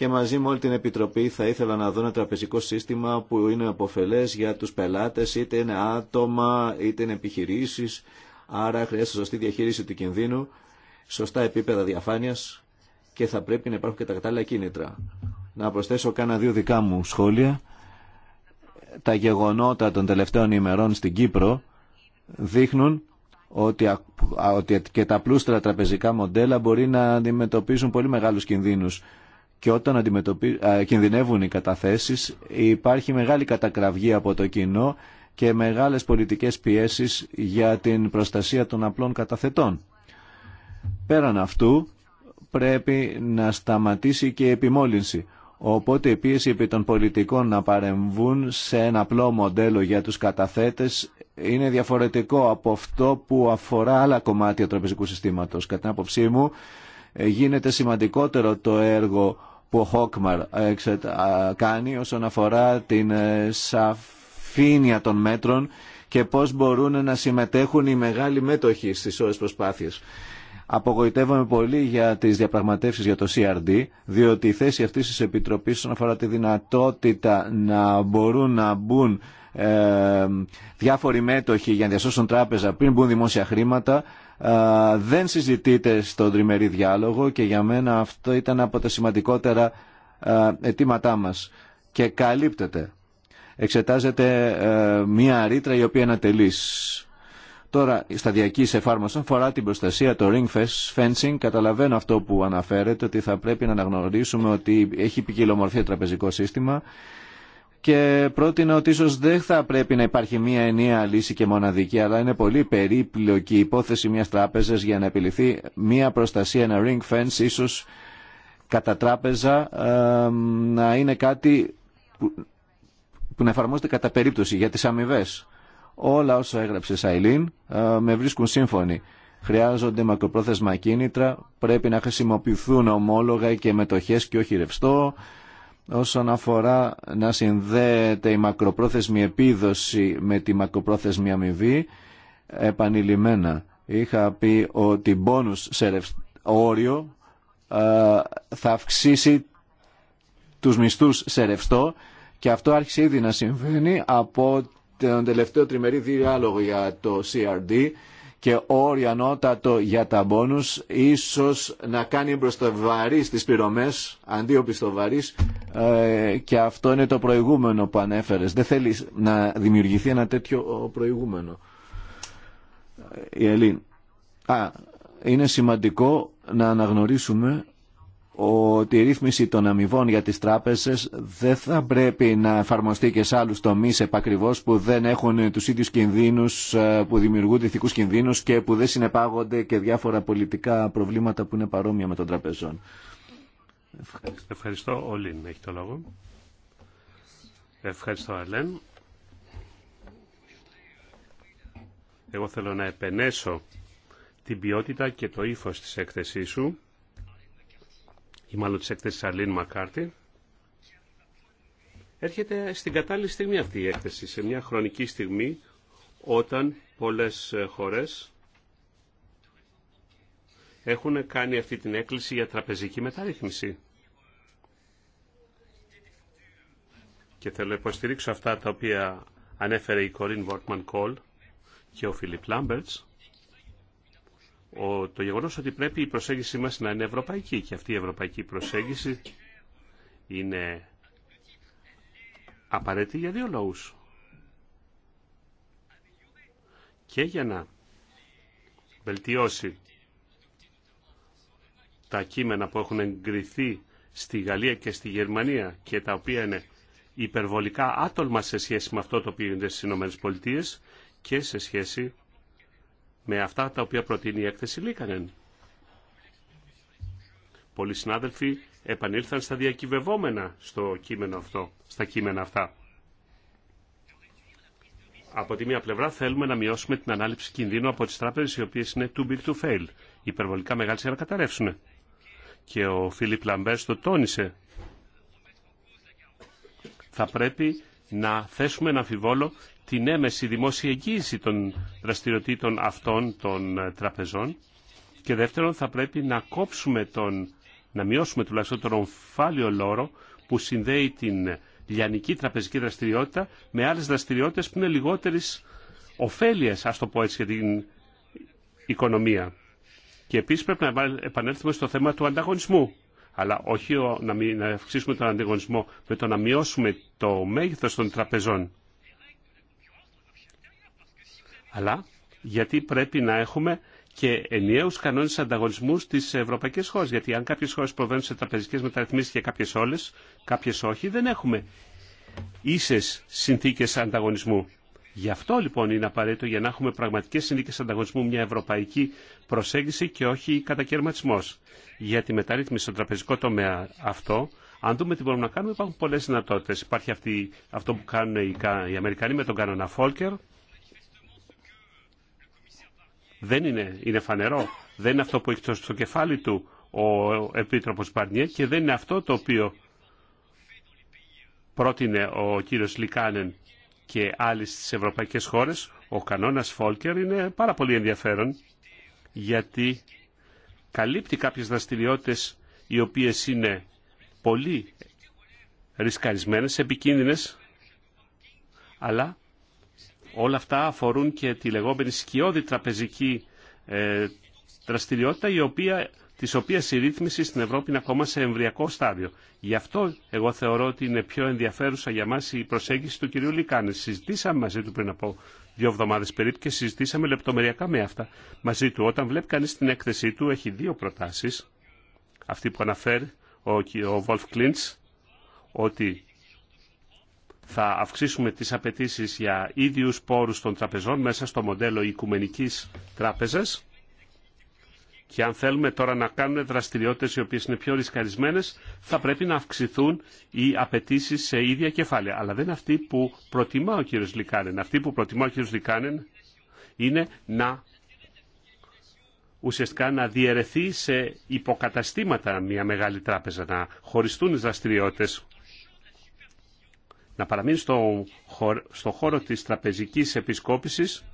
και μαζί με όλη την Επιτροπή θα ήθελα να δω ένα τραπεζικό σύστημα που είναι αποφελές για τους πελάτες, είτε είναι άτομα, είτε είναι επιχειρήσεις, άρα χρειάζεται σωστή διαχείριση του κινδύνου, σωστά επίπεδα διαφάνειας και θα πρέπει να υπάρχουν και τα κατάλληλα κίνητρα. Να προσθέσω κάνα δύο δικά μου σχόλια. Τα γεγονότα των τελευταίων ημερών στην Κύπρο δείχνουν ότι και τα πλούστρα τραπεζικά μοντέλα μπορεί να αντιμετωπίσουν πολύ μεγάλους κινδύνους και όταν αντιμετωπι... κινδυνεύουν οι καταθέσεις υπάρχει μεγάλη κατακραυγή από το κοινό και μεγάλες πολιτικές πιέσεις για την προστασία των απλών καταθετών. Πέραν αυτού πρέπει να σταματήσει και η επιμόλυνση. Οπότε η πίεση επί των πολιτικών να παρεμβούν σε ένα απλό μοντέλο για τους καταθέτες είναι διαφορετικό από αυτό που αφορά άλλα κομμάτια τραπεζικού συστήματος. Κατά την άποψή μου ε, γίνεται σημαντικότερο το έργο που ο Χόκμαρ ε, κάνει όσον αφορά την ε, σαφήνεια των μέτρων και πώς μπορούν να συμμετέχουν οι μεγάλοι μέτοχοι στις όλες προσπάθειες. Απογοητεύομαι πολύ για τις διαπραγματεύσεις για το CRD, διότι η θέση αυτής της Επιτροπής όσον αφορά τη δυνατότητα να μπορούν να μπουν ε, διάφοροι μέτοχοι για να διασώσουν τράπεζα πριν μπουν δημόσια χρήματα, δεν συζητείται στον τριμερή διάλογο και για μένα αυτό ήταν από τα σημαντικότερα αιτήματά μας και καλύπτεται. Εξετάζεται μία ρήτρα η οποία είναι Τώρα, η σταδιακή εφάρμοση φορά την προστασία, το ring fencing. Καταλαβαίνω αυτό που αναφέρεται, ότι θα πρέπει να αναγνωρίσουμε ότι έχει ποικιλομορφία τραπεζικό σύστημα και πρότεινα ότι ίσως δεν θα πρέπει να υπάρχει μία ενιαία λύση και μοναδική, αλλά είναι πολύ περίπλοκη η υπόθεση μιας τράπεζας για να επιληθεί μία προστασία, ένα ring fence ίσως κατά τράπεζα να είναι κάτι που, να εφαρμόζεται κατά περίπτωση για τις αμοιβέ. Όλα όσα έγραψε Αιλίν ε, με βρίσκουν σύμφωνοι. Χρειάζονται μακροπρόθεσμα κίνητρα, πρέπει να χρησιμοποιηθούν ομόλογα και μετοχές και όχι ρευστό όσον αφορά να συνδέεται η μακροπρόθεσμη επίδοση με τη μακροπρόθεσμη αμοιβή επανειλημμένα. Είχα πει ότι μπόνους σε όριο ε, θα αυξήσει τους μισθούς σε ρευστό και αυτό άρχισε ήδη να συμβαίνει από τον τελευταίο τριμερή διάλογο για το CRD και όρια ανώτατο για τα μπόνους ίσως να κάνει βαρύ στις πληρωμές αντί ο πιστοβαρής ε, και αυτό είναι το προηγούμενο που ανέφερες. Δεν θέλει να δημιουργηθεί ένα τέτοιο προηγούμενο. Ε, η Ελίν. Α, είναι σημαντικό να αναγνωρίσουμε ότι η ρύθμιση των αμοιβών για τις τράπεζες δεν θα πρέπει να εφαρμοστεί και σε άλλους τομείς επακριβώς που δεν έχουν τους ίδιους κινδύνους, ε, που δημιουργούνται ηθικούς κινδύνους και που δεν συνεπάγονται και διάφορα πολιτικά προβλήματα που είναι παρόμοια με τον τραπεζών. Ευχαριστώ. Ευχαριστώ. Ο έχει το λόγο. Ευχαριστώ, Αλέν. Εγώ θέλω να επενέσω την ποιότητα και το ύφος της έκθεσής σου ή μάλλον της έκθεσης Αρλίν Μακάρτη. Έρχεται στην κατάλληλη στιγμή αυτή η έκθεση, σε μια χρονική στιγμή όταν πολλές χώρες έχουν κάνει αυτή την έκκληση για τραπεζική μεταρρύθμιση. Και θέλω να υποστηρίξω αυτά τα οποία ανέφερε η Κορίν Βόρτμαν Κόλ και ο Φιλιπ Λάμπερτς το γεγονός ότι πρέπει η προσέγγιση μας να είναι ευρωπαϊκή και αυτή η ευρωπαϊκή προσέγγιση είναι απαραίτητη για δύο λόγους. Και για να βελτιώσει τα κείμενα που έχουν εγκριθεί στη Γαλλία και στη Γερμανία και τα οποία είναι υπερβολικά άτολμα σε σχέση με αυτό το οποίο είναι στις ΗΠΑ και σε σχέση με αυτά τα οποία προτείνει η έκθεση Λίκανεν. Πολλοί συνάδελφοι επανήλθαν στα διακυβευόμενα στο κείμενο αυτό, στα κείμενα αυτά. Από τη μία πλευρά θέλουμε να μειώσουμε την ανάληψη κινδύνου από τις τράπεζες οι οποίες είναι too big to fail, υπερβολικά μεγάλες για να καταρρεύσουν. Και ο Φίλιπ Λαμπέρς το τόνισε. Θα πρέπει να θέσουμε ένα αμφιβόλο την έμεση δημόσια εγγύηση των δραστηριοτήτων αυτών των ε, τραπεζών και δεύτερον θα πρέπει να κόψουμε τον, να μειώσουμε τουλάχιστον τον ομφάλιο λόρο που συνδέει την λιανική τραπεζική δραστηριότητα με άλλες δραστηριότητες που είναι λιγότερης ωφέλειας, ας το πω έτσι, για την οικονομία. Και επίσης πρέπει να επανέλθουμε στο θέμα του ανταγωνισμού. Αλλά όχι να, αυξήσουμε τον ανταγωνισμό με το να μειώσουμε το μέγεθος των τραπεζών αλλά γιατί πρέπει να έχουμε και ενιαίου κανόνε ανταγωνισμού στι ευρωπαϊκέ χώρε. Γιατί αν κάποιε χώρε προβαίνουν σε τραπεζικέ μεταρρυθμίσει και κάποιε όλε, κάποιε όχι, δεν έχουμε ίσε συνθήκε ανταγωνισμού. Γι' αυτό λοιπόν είναι απαραίτητο για να έχουμε πραγματικές συνθήκες ανταγωνισμού μια ευρωπαϊκή προσέγγιση και όχι κατακαιρματισμός. Για τη μεταρρύθμιση στον τραπεζικό τομέα αυτό, αν δούμε τι μπορούμε να κάνουμε, υπάρχουν πολλές δυνατότητε. Υπάρχει αυτή, αυτό που κάνουν οι, οι Αμερικανοί με τον κανόνα Φόλκερ, δεν είναι, είναι φανερό. Δεν είναι αυτό που έχει στο κεφάλι του ο Επίτροπος Μπαρνιέ και δεν είναι αυτό το οποίο πρότεινε ο κύριος Λικάνεν και άλλοι στις ευρωπαϊκές χώρες. Ο κανόνας Φόλκερ είναι πάρα πολύ ενδιαφέρον γιατί καλύπτει κάποιες δραστηριότητες οι οποίες είναι πολύ ρισκαρισμένες, επικίνδυνες αλλά Όλα αυτά αφορούν και τη λεγόμενη σκιώδη τραπεζική ε, δραστηριότητα η οποία, της οποίας η ρύθμιση στην Ευρώπη είναι ακόμα σε εμβριακό στάδιο. Γι' αυτό εγώ θεωρώ ότι είναι πιο ενδιαφέρουσα για μας η προσέγγιση του κυρίου Λικάνη. Συζητήσαμε μαζί του πριν από δύο εβδομάδες περίπου και συζητήσαμε λεπτομεριακά με αυτά μαζί του. Όταν βλέπει κανείς την έκθεσή του, έχει δύο προτάσεις. Αυτή που αναφέρει ο, ο Βολφ Κλίντ, ότι θα αυξήσουμε τις απαιτήσει για ίδιους πόρους των τραπεζών μέσα στο μοντέλο οικουμενικής τράπεζας και αν θέλουμε τώρα να κάνουμε δραστηριότητες οι οποίες είναι πιο ρισκαρισμένες θα πρέπει να αυξηθούν οι απαιτήσει σε ίδια κεφάλαια. Αλλά δεν αυτή που προτιμά ο κ. Λικάνεν. Αυτή που προτιμά ο κ. Λικάνεν είναι να ουσιαστικά να διαιρεθεί σε υποκαταστήματα μια μεγάλη τράπεζα, να χωριστούν οι δραστηριότητες να παραμείνει στο χώρο, της τραπεζικής επισκόπησης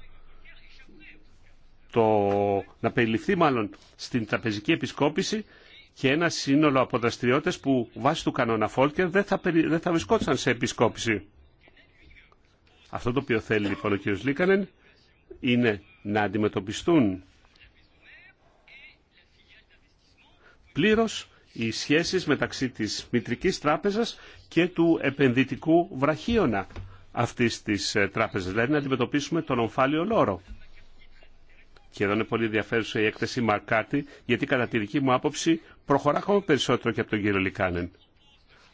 το, να περιληφθεί μάλλον στην τραπεζική επισκόπηση και ένα σύνολο από δραστηριότητε που βάσει του κανόνα Φόλκερ δεν θα, δεν θα βρισκόταν σε επισκόπηση. Αυτό το οποίο θέλει λοιπόν ο κ. Λίκανεν είναι να αντιμετωπιστούν πλήρως οι σχέσεις μεταξύ της Μητρικής Τράπεζας και του επενδυτικού βραχίωνα αυτής της ε, τράπεζας, δηλαδή να αντιμετωπίσουμε τον ομφάλιο λόρο. Και εδώ είναι πολύ ενδιαφέρουσα η έκθεση Μαρκάτη, γιατί κατά τη δική μου άποψη προχωρά ακόμα περισσότερο και από τον κύριο Λικάνεν.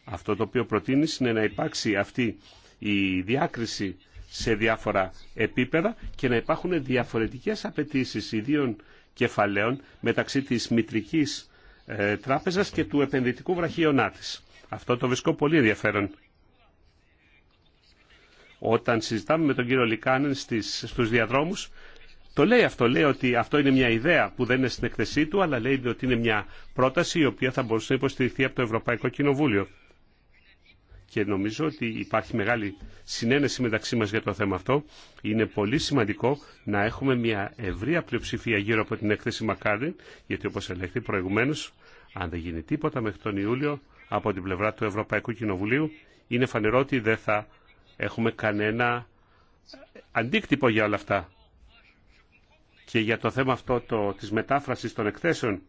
Αυτό το οποίο προτείνει είναι να υπάρξει αυτή η διάκριση σε διάφορα επίπεδα και να υπάρχουν διαφορετικές απαιτήσει ιδίων κεφαλαίων μεταξύ της μητρικής ε, τράπεζας και του επενδυτικού βραχίωνά της. Αυτό το βρισκό πολύ ενδιαφέρον. Όταν συζητάμε με τον κύριο Λικάνεν στις, στους διαδρόμους, το λέει αυτό, λέει ότι αυτό είναι μια ιδέα που δεν είναι στην εκθεσή του, αλλά λέει ότι είναι μια πρόταση η οποία θα μπορούσε να υποστηριχθεί από το Ευρωπαϊκό Κοινοβούλιο. Και νομίζω ότι υπάρχει μεγάλη συνένεση μεταξύ μας για το θέμα αυτό. Είναι πολύ σημαντικό να έχουμε μια ευρεία πλειοψηφία γύρω από την έκθεση Μακάρδιν, γιατί όπως ελέγχθη προηγουμένως, αν δεν γίνει τίποτα μέχρι τον Ιούλιο από την πλευρά του Ευρωπαϊκού Κοινοβουλίου, είναι φανερό ότι δεν θα έχουμε κανένα αντίκτυπο για όλα αυτά. Και για το θέμα αυτό το, της μετάφρασης των εκθέσεων,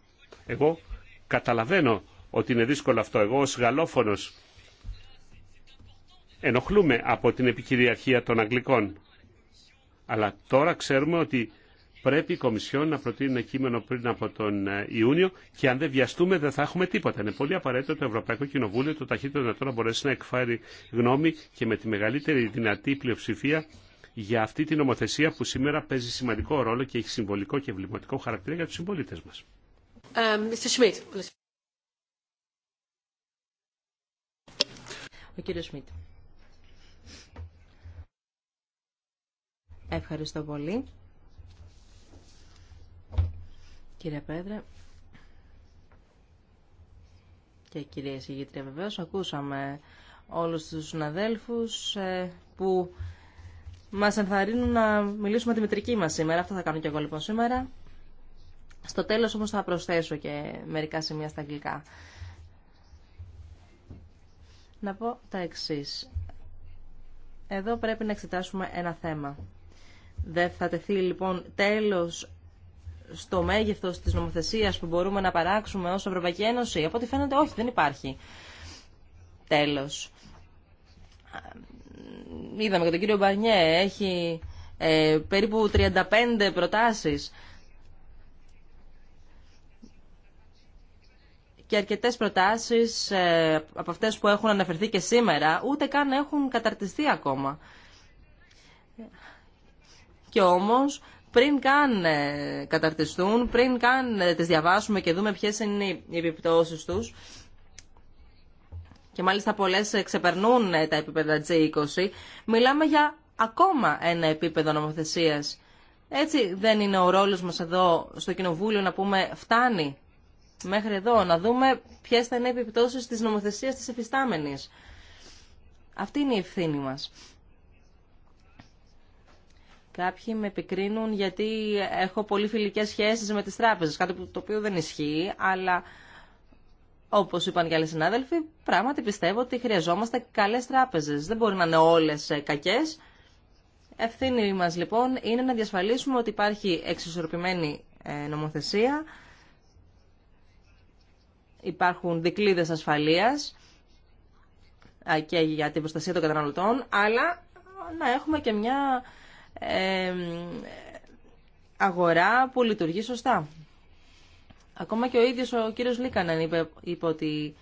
εγώ καταλαβαίνω ότι είναι δύσκολο αυτό. Εγώ ως γαλλόφωνος ενοχλούμε από την επικυριαρχία των Αγγλικών. Αλλά τώρα ξέρουμε ότι πρέπει η Κομισιόν να προτείνει ένα κείμενο πριν από τον ε, Ιούνιο και αν δεν βιαστούμε δεν θα έχουμε τίποτα. Είναι πολύ απαραίτητο το Ευρωπαϊκό Κοινοβούλιο το ταχύτερο δυνατόν να μπορέσει να εκφέρει γνώμη και με τη μεγαλύτερη δυνατή πλειοψηφία για αυτή την νομοθεσία που σήμερα παίζει σημαντικό ρόλο και έχει συμβολικό και εμβληματικό χαρακτήρα για τους συμπολίτες μας. Ε, Ευχαριστώ πολύ. Κύριε Πέτρε και κυρία Συγγήτρια βεβαίως, ακούσαμε όλους τους συναδέλφους ε, που μας ενθαρρύνουν να μιλήσουμε τη μετρική μας σήμερα. Αυτό θα κάνω και εγώ λοιπόν σήμερα. Στο τέλος όμως θα προσθέσω και μερικά σημεία στα αγγλικά. Να πω τα εξής. Εδώ πρέπει να εξετάσουμε ένα θέμα. Δεν θα τεθεί λοιπόν τέλος στο μέγεθο τη νομοθεσία που μπορούμε να παράξουμε ω Ευρωπαϊκή Ένωση. Από ό,τι φαίνεται όχι, δεν υπάρχει. Τέλος. Είδαμε και τον κύριο Μπαρνιέ, έχει ε, περίπου 35 προτάσεις και αρκετέ προτάσει ε, από αυτέ που έχουν αναφερθεί και σήμερα ούτε καν έχουν καταρτιστεί ακόμα. Και όμως πριν καν ε, καταρτιστούν, πριν καν ε, τις διαβάσουμε και δούμε ποιες είναι οι επιπτώσεις τους. Και μάλιστα πολλές ε, ξεπερνούν τα επίπεδα G20. Μιλάμε για ακόμα ένα επίπεδο νομοθεσίας. Έτσι δεν είναι ο ρόλος μας εδώ στο Κοινοβούλιο να πούμε φτάνει μέχρι εδώ, να δούμε ποιες θα είναι οι επιπτώσεις της νομοθεσίας της εφιστάμενης. Αυτή είναι η ευθύνη μας. Κάποιοι με επικρίνουν γιατί έχω πολύ φιλικές σχέσεις με τις τράπεζες, κάτι το οποίο δεν ισχύει, αλλά όπως είπαν και άλλοι συνάδελφοι, πράγματι πιστεύω ότι χρειαζόμαστε καλές τράπεζες. Δεν μπορεί να είναι όλες ε, κακές. Ευθύνη μας λοιπόν είναι να διασφαλίσουμε ότι υπάρχει εξισορροπημένη ε, νομοθεσία, υπάρχουν δικλείδες ασφαλείας ε, και για την προστασία των καταναλωτών, αλλά να έχουμε και μια αγορά που λειτουργεί σωστά. Ακόμα και ο ίδιος ο κύριος Λίκαναν είπε, είπε ότι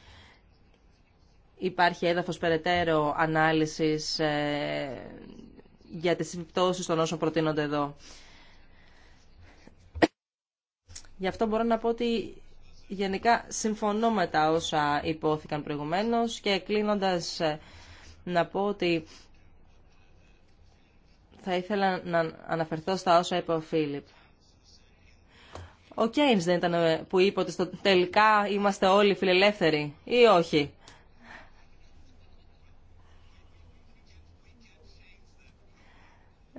υπάρχει έδαφος περαιτέρω ανάλυσης ε, για τις επιπτώσεις των όσων προτείνονται εδώ. Γι' αυτό μπορώ να πω ότι γενικά συμφωνώ με τα όσα υπόθηκαν προηγουμένως και κλείνοντας ε, να πω ότι θα ήθελα να αναφερθώ στα όσα είπε ο Φίλιπ. Ο Κέινς δεν ήταν ε, που είπε ότι τελικά είμαστε όλοι φιλελεύθεροι ή όχι.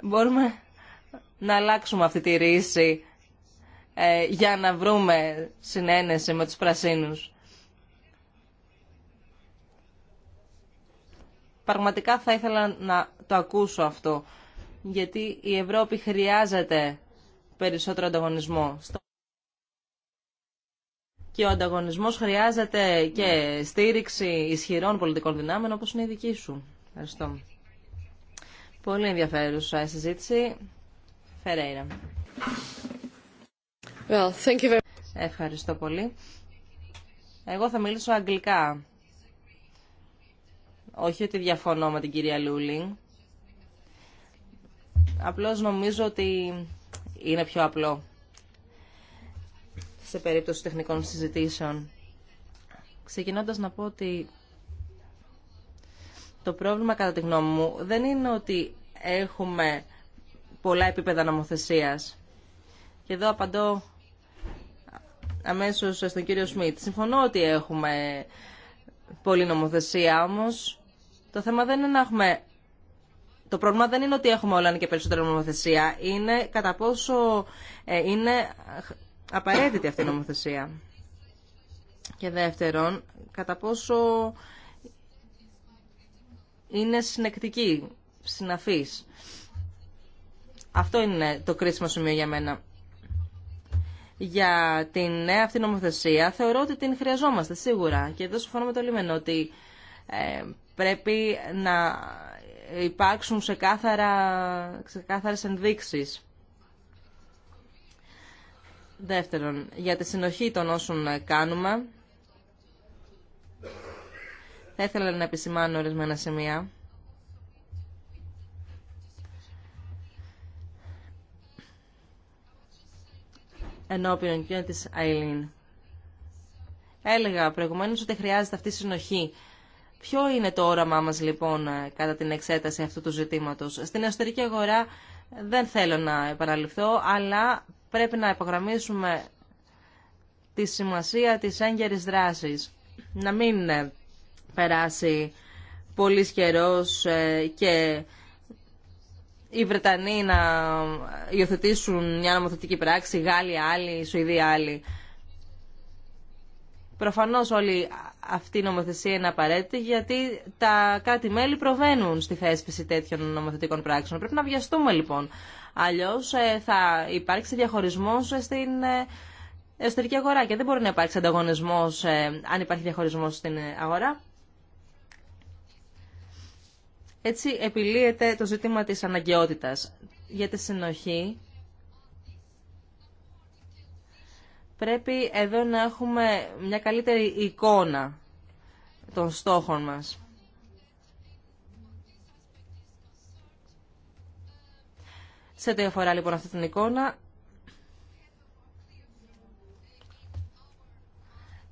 Μπορούμε να αλλάξουμε αυτή τη ρίση ε, για να βρούμε συνένεση με τους πρασίνους. Πραγματικά θα ήθελα να το ακούσω αυτό γιατί η Ευρώπη χρειάζεται περισσότερο ανταγωνισμό. Και ο ανταγωνισμός χρειάζεται και στήριξη ισχυρών πολιτικών δυνάμεων όπως είναι η δική σου. Ευχαριστώ. Πολύ ενδιαφέρουσα η συζήτηση. Φερέιρα. Well, Ευχαριστώ πολύ. Εγώ θα μιλήσω αγγλικά. Όχι ότι διαφωνώ με την κυρία Λούλινγκ. Απλώς νομίζω ότι είναι πιο απλό σε περίπτωση τεχνικών συζητήσεων. Ξεκινώντας να πω ότι το πρόβλημα κατά τη γνώμη μου δεν είναι ότι έχουμε πολλά επίπεδα νομοθεσίας. Και εδώ απαντώ αμέσως στον κύριο Σμιτ. Συμφωνώ ότι έχουμε πολλή νομοθεσία, όμως το θέμα δεν είναι να έχουμε το πρόβλημα δεν είναι ότι έχουμε όλα και περισσότερη νομοθεσία. Είναι κατά πόσο ε, είναι απαραίτητη αυτή η νομοθεσία. Και δεύτερον, κατά πόσο είναι συνεκτική, συναφής. Αυτό είναι το κρίσιμο σημείο για μένα. Για την νέα αυτή νομοθεσία θεωρώ ότι την χρειαζόμαστε σίγουρα. Και εδώ συμφωνώ με το λίμενο ότι ε, πρέπει να υπάρξουν σε ξεκάθαρες ενδείξεις. Δεύτερον, για τη συνοχή των όσων κάνουμε, θα ήθελα να επισημάνω ορισμένα σημεία. Ενώπιον και της Αιλίν. Έλεγα προηγουμένως ότι χρειάζεται αυτή η συνοχή Ποιο είναι το όραμά μας λοιπόν ε, κατά την εξέταση αυτού του ζητήματος. Στην εσωτερική αγορά ε, δεν θέλω να επαναληφθώ, αλλά πρέπει να υπογραμμίσουμε τη σημασία της έγκαιρης δράσης. Να μην ε, περάσει πολύ καιρό και οι Βρετανοί να υιοθετήσουν μια νομοθετική πράξη, οι Γάλλοι άλλοι, οι Σουηδοί άλλοι. Προφανώς όλοι αυτή η νομοθεσία είναι απαραίτητη γιατί τα κράτη-μέλη προβαίνουν στη θέσπιση τέτοιων νομοθετικών πράξεων. Πρέπει να βιαστούμε λοιπόν. Αλλιώς ε, θα υπάρξει διαχωρισμός ε, στην ε, εσωτερική αγορά και δεν μπορεί να υπάρξει ανταγωνισμός αν υπάρχει διαχωρισμός στην αγορά. Έτσι επιλύεται το ζήτημα της αναγκαιότητας για τη συνοχή πρέπει εδώ να έχουμε μια καλύτερη εικόνα των στόχων μας. Σε ό,τι αφορά λοιπόν αυτή την εικόνα,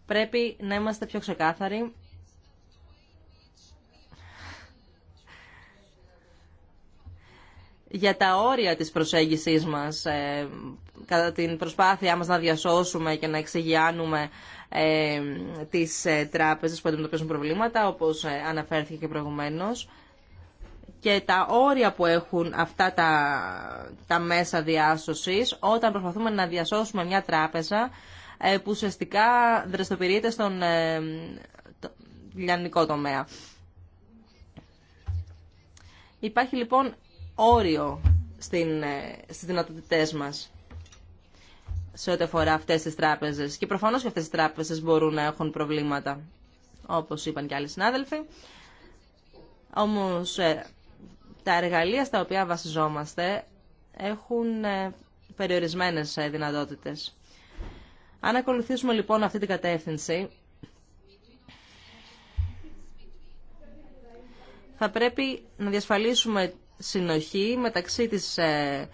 πρέπει να είμαστε πιο ξεκάθαροι για τα όρια της προσέγγισής μας ε, κατά την προσπάθειά μας να διασώσουμε και να εξηγειάνουμε ε, τις ε, τράπεζες που αντιμετωπίζουν προβλήματα όπως ε, αναφέρθηκε και προηγουμένως και τα όρια που έχουν αυτά τα, τα μέσα διάσωσης όταν προσπαθούμε να διασώσουμε μια τράπεζα που ουσιαστικά δραστηριοποιείται στον το, λιανικό τομέα. Υπάρχει λοιπόν όριο στην, ε, στις δυνατότητές μας σε ό,τι αφορά αυτές τις τράπεζες. Και προφανώς και αυτές τις τράπεζες μπορούν να έχουν προβλήματα, όπως είπαν και άλλοι συνάδελφοι. Όμως ε, τα εργαλεία στα οποία βασιζόμαστε έχουν ε, περιορισμένες δυνατότητες. Αν ακολουθήσουμε λοιπόν αυτή την κατεύθυνση, θα πρέπει να διασφαλίσουμε συνοχή μεταξύ της ε,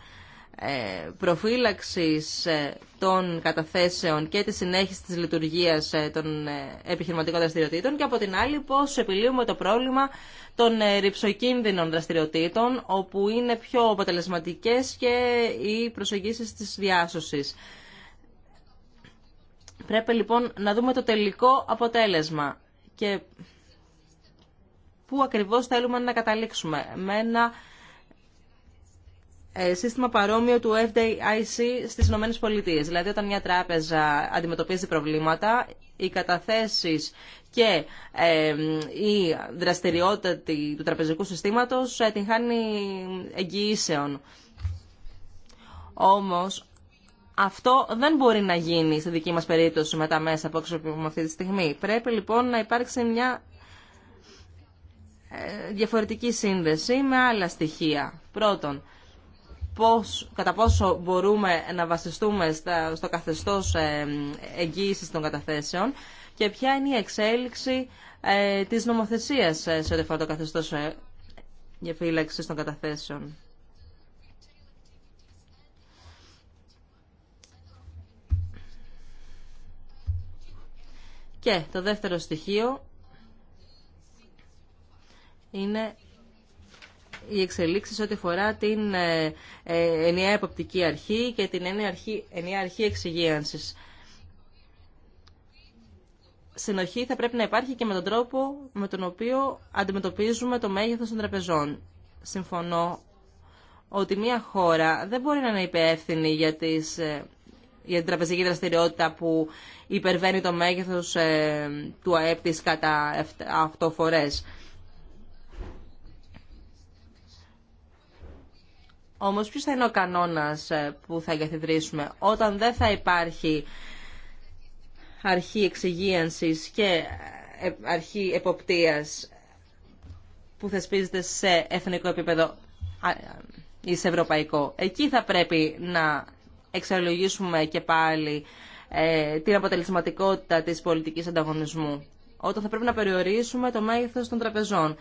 ε, προφύλαξης ε, των καταθέσεων και της συνέχισης της λειτουργίας των επιχειρηματικών δραστηριοτήτων και από την άλλη πώς επιλύουμε το πρόβλημα των ρηψοκίνδυνων δραστηριοτήτων όπου είναι πιο αποτελεσματικές και οι προσεγγίσεις της διάσωσης. Πρέπει λοιπόν να δούμε το τελικό αποτέλεσμα και πού ακριβώς θέλουμε να καταλήξουμε με ένα ε, σύστημα παρόμοιο του FDIC στις ΗΠΑ. Πολιτείες. Δηλαδή όταν μια τράπεζα αντιμετωπίζει προβλήματα, οι καταθέσει και ε, η δραστηριότητα του τραπεζικού συστήματος ε, την εγγυήσεων. Όμως, αυτό δεν μπορεί να γίνει στη δική μα περίπτωση με τα μέσα που αξιοποιούμε αυτή τη στιγμή. Πρέπει λοιπόν να υπάρξει μια διαφορετική σύνδεση με άλλα στοιχεία. Πρώτον, πώς, κατά πόσο μπορούμε να βασιστούμε στο καθεστώς ε, εγγύησης των καταθέσεων και ποια είναι η εξέλιξη ε, της νομοθεσίας ε, σε ό,τι το καθεστώς φύλαξη των καταθέσεων. Και το δεύτερο στοιχείο είναι οι εξελίξεις ό,τι αφορά την ε, ε, ενιαία εποπτική αρχή και την ενιαία αρχή, ενιαία αρχή εξυγίανσης. Συνοχή θα πρέπει να υπάρχει και με τον τρόπο με τον οποίο αντιμετωπίζουμε το μέγεθος των τραπεζών. Συμφωνώ ότι μια χώρα δεν μπορεί να είναι υπεύθυνη για, τις, ε, για την τραπεζική δραστηριότητα που υπερβαίνει το μέγεθος του ΑΕΠ της κατά 8 φορές. Όμω ποιο θα είναι ο κανόνας ε, που θα εγκαθιδρύσουμε όταν δεν θα υπάρχει αρχή εξυγίανση και ε, αρχή εποπτείας που θεσπίζεται σε εθνικό επίπεδο ε, ή σε ευρωπαϊκό. Εκεί θα πρέπει να εξαλογίσουμε και πάλι την αποτελεσματικότητα της πολιτικής ανταγωνισμού. Όταν θα πρέπει να περιορίσουμε το μέγεθος των τραπεζών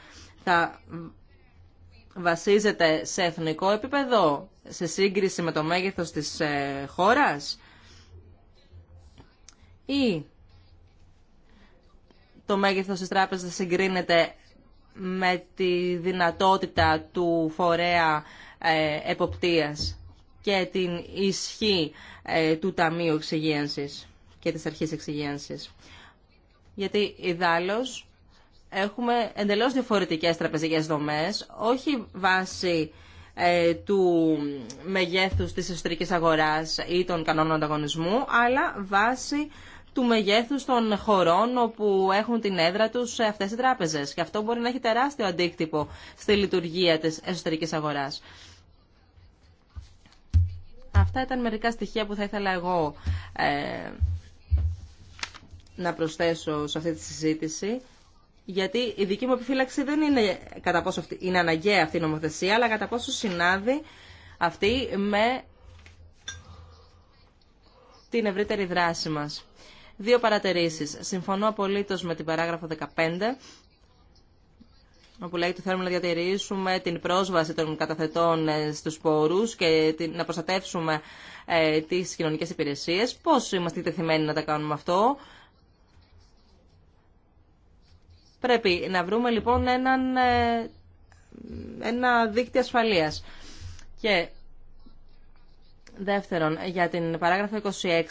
βασίζεται σε εθνικό επίπεδο, σε σύγκριση με το μέγεθος της ε, χώρας ή το μέγεθος της τράπεζας συγκρίνεται με τη δυνατότητα του φορέα ε, εποπτείας και την ισχύ ε, του Ταμείου Εξυγένσης και της Αρχής Εξυγένσης. Γιατί ιδάλλως έχουμε εντελώς διαφορετικές τραπεζικές δομές, όχι βάσει ε, του μεγέθους της εσωτερικής αγοράς ή των κανόνων ανταγωνισμού, αλλά βάσει του μεγέθους των χωρών όπου έχουν την έδρα τους σε αυτές οι τράπεζες. Και αυτό μπορεί να έχει τεράστιο αντίκτυπο στη λειτουργία της εσωτερικής αγοράς. Αυτά ήταν μερικά στοιχεία που θα ήθελα εγώ ε, να προσθέσω σε αυτή τη συζήτηση γιατί η δική μου επιφύλαξη δεν είναι κατά πόσο αυτή, είναι αναγκαία αυτή η νομοθεσία, αλλά κατά πόσο συνάδει αυτή με την ευρύτερη δράση μας. Δύο παρατηρήσεις. Συμφωνώ απολύτως με την παράγραφο 15, όπου λέει ότι θέλουμε να διατηρήσουμε την πρόσβαση των καταθετών ε, στους πόρους και να προστατεύσουμε ε, τις κοινωνικές υπηρεσίες. Πώς είμαστε τεθειμένοι να τα κάνουμε αυτό Πρέπει να βρούμε λοιπόν έναν, ε, ένα δίκτυο ασφαλείας. Και δεύτερον, για την παράγραφο 26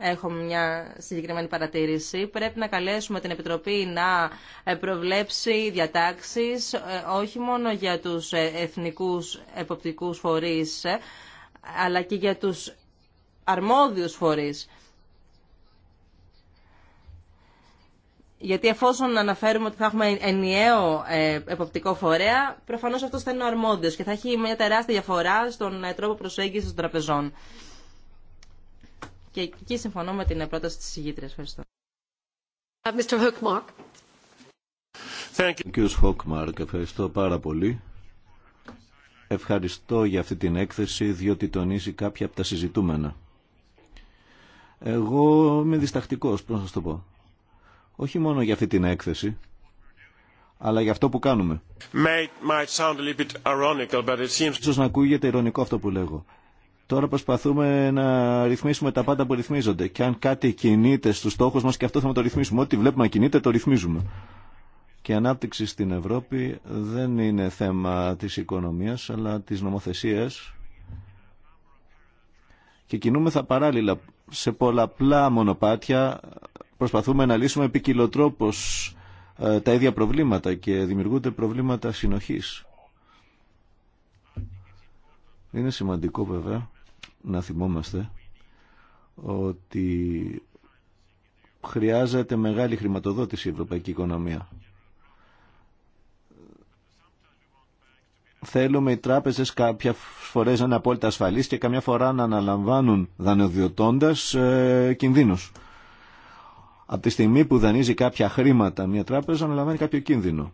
έχω μια συγκεκριμένη παρατήρηση. Πρέπει να καλέσουμε την Επιτροπή να ε, προβλέψει διατάξεις ε, όχι μόνο για τους εθνικούς εποπτικούς φορείς, αλλά και για τους αρμόδιους φορείς. Γιατί εφόσον αναφέρουμε ότι θα έχουμε ενιαίο ε, εποπτικό φορέα, προφανώ αυτό θα είναι ο αρμόδιο και θα έχει μια τεράστια διαφορά στον ε, τρόπο προσέγγιση των τραπεζών. Και εκεί συμφωνώ με την ε, πρόταση τη συγγήτρια. Ευχαριστώ. Χόκμαρκ, uh, ευχαριστώ πάρα πολύ. Ευχαριστώ για αυτή την έκθεση, διότι τονίζει κάποια από τα συζητούμενα. Εγώ είμαι διστακτικός, πώς να σας το πω όχι μόνο για αυτή την έκθεση, αλλά για αυτό που κάνουμε. Ίσως να ακούγεται ηρωνικό αυτό που λέγω. Τώρα προσπαθούμε να ρυθμίσουμε τα πάντα που ρυθμίζονται. Και αν κάτι κινείται στους στόχους μας και αυτό θα το ρυθμίσουμε. Ό,τι βλέπουμε να κινείται το ρυθμίζουμε. Και η ανάπτυξη στην Ευρώπη δεν είναι θέμα της οικονομίας αλλά της νομοθεσίας. Και κινούμεθα παράλληλα σε πολλαπλά μονοπάτια προσπαθούμε να λύσουμε ε, τα ίδια προβλήματα και δημιουργούνται προβλήματα συνοχής. Είναι σημαντικό βέβαια να θυμόμαστε ότι χρειάζεται μεγάλη χρηματοδότηση η ευρωπαϊκή οικονομία. Θέλουμε οι τράπεζες κάποια φορές να είναι απόλυτα ασφαλείς και καμιά φορά να αναλαμβάνουν δανειοδιωτώντας ε, κινδύνους. Από τη στιγμή που δανείζει κάποια χρήματα μια τράπεζα, αναλαμβάνει κάποιο κίνδυνο.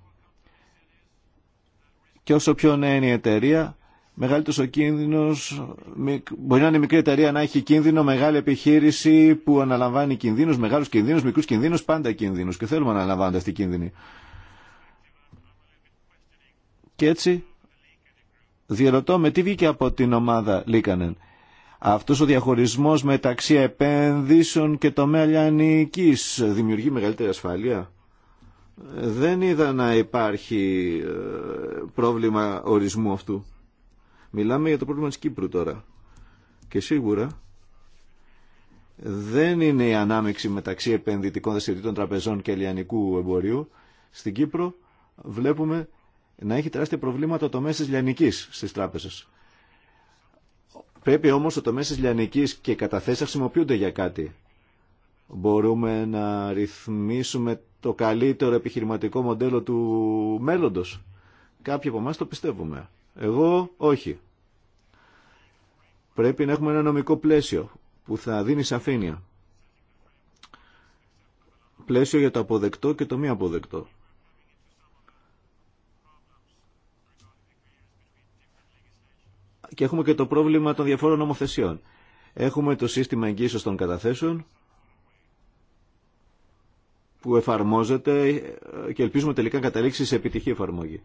Και όσο πιο νέα είναι η εταιρεία, μεγαλύτερο ο κίνδυνο. Μπορεί να είναι μικρή εταιρεία να έχει κίνδυνο, μεγάλη επιχείρηση που αναλαμβάνει κινδύνου, μεγάλου κινδύνου, μικρού κινδύνου, πάντα κινδύνου. Και θέλουμε να αναλαμβάνονται αυτοί οι κίνδυνοι. Και έτσι διαρωτώ με τι βγήκε από την ομάδα Λίκανεν. Αυτός ο διαχωρισμός μεταξύ επένδυσεων και τομέα λιανικής δημιουργεί μεγαλύτερη ασφάλεια. Δεν είδα να υπάρχει ε, πρόβλημα ορισμού αυτού. Μιλάμε για το πρόβλημα της Κύπρου τώρα. Και σίγουρα δεν είναι η ανάμεξη μεταξύ επενδυτικών δραστηριοτήτων τραπεζών και λιανικού εμπορίου. Στην Κύπρο βλέπουμε να έχει τεράστια προβλήματα το μέσο της λιανικής στις τράπεζες. Πρέπει όμως το τομέα της λιανικής και καταθέσει καταθέσεις να χρησιμοποιούνται για κάτι. Μπορούμε να ρυθμίσουμε το καλύτερο επιχειρηματικό μοντέλο του μέλλοντος. Κάποιοι από εμά το πιστεύουμε. Εγώ όχι. Πρέπει να έχουμε ένα νομικό πλαίσιο που θα δίνει σαφήνεια. Πλαίσιο για το αποδεκτό και το μη αποδεκτό. και έχουμε και το πρόβλημα των διαφόρων νομοθεσιών. Έχουμε το σύστημα εγγύσεως των καταθέσεων που εφαρμόζεται ε, και ελπίζουμε τελικά καταλήξει σε επιτυχή εφαρμογή.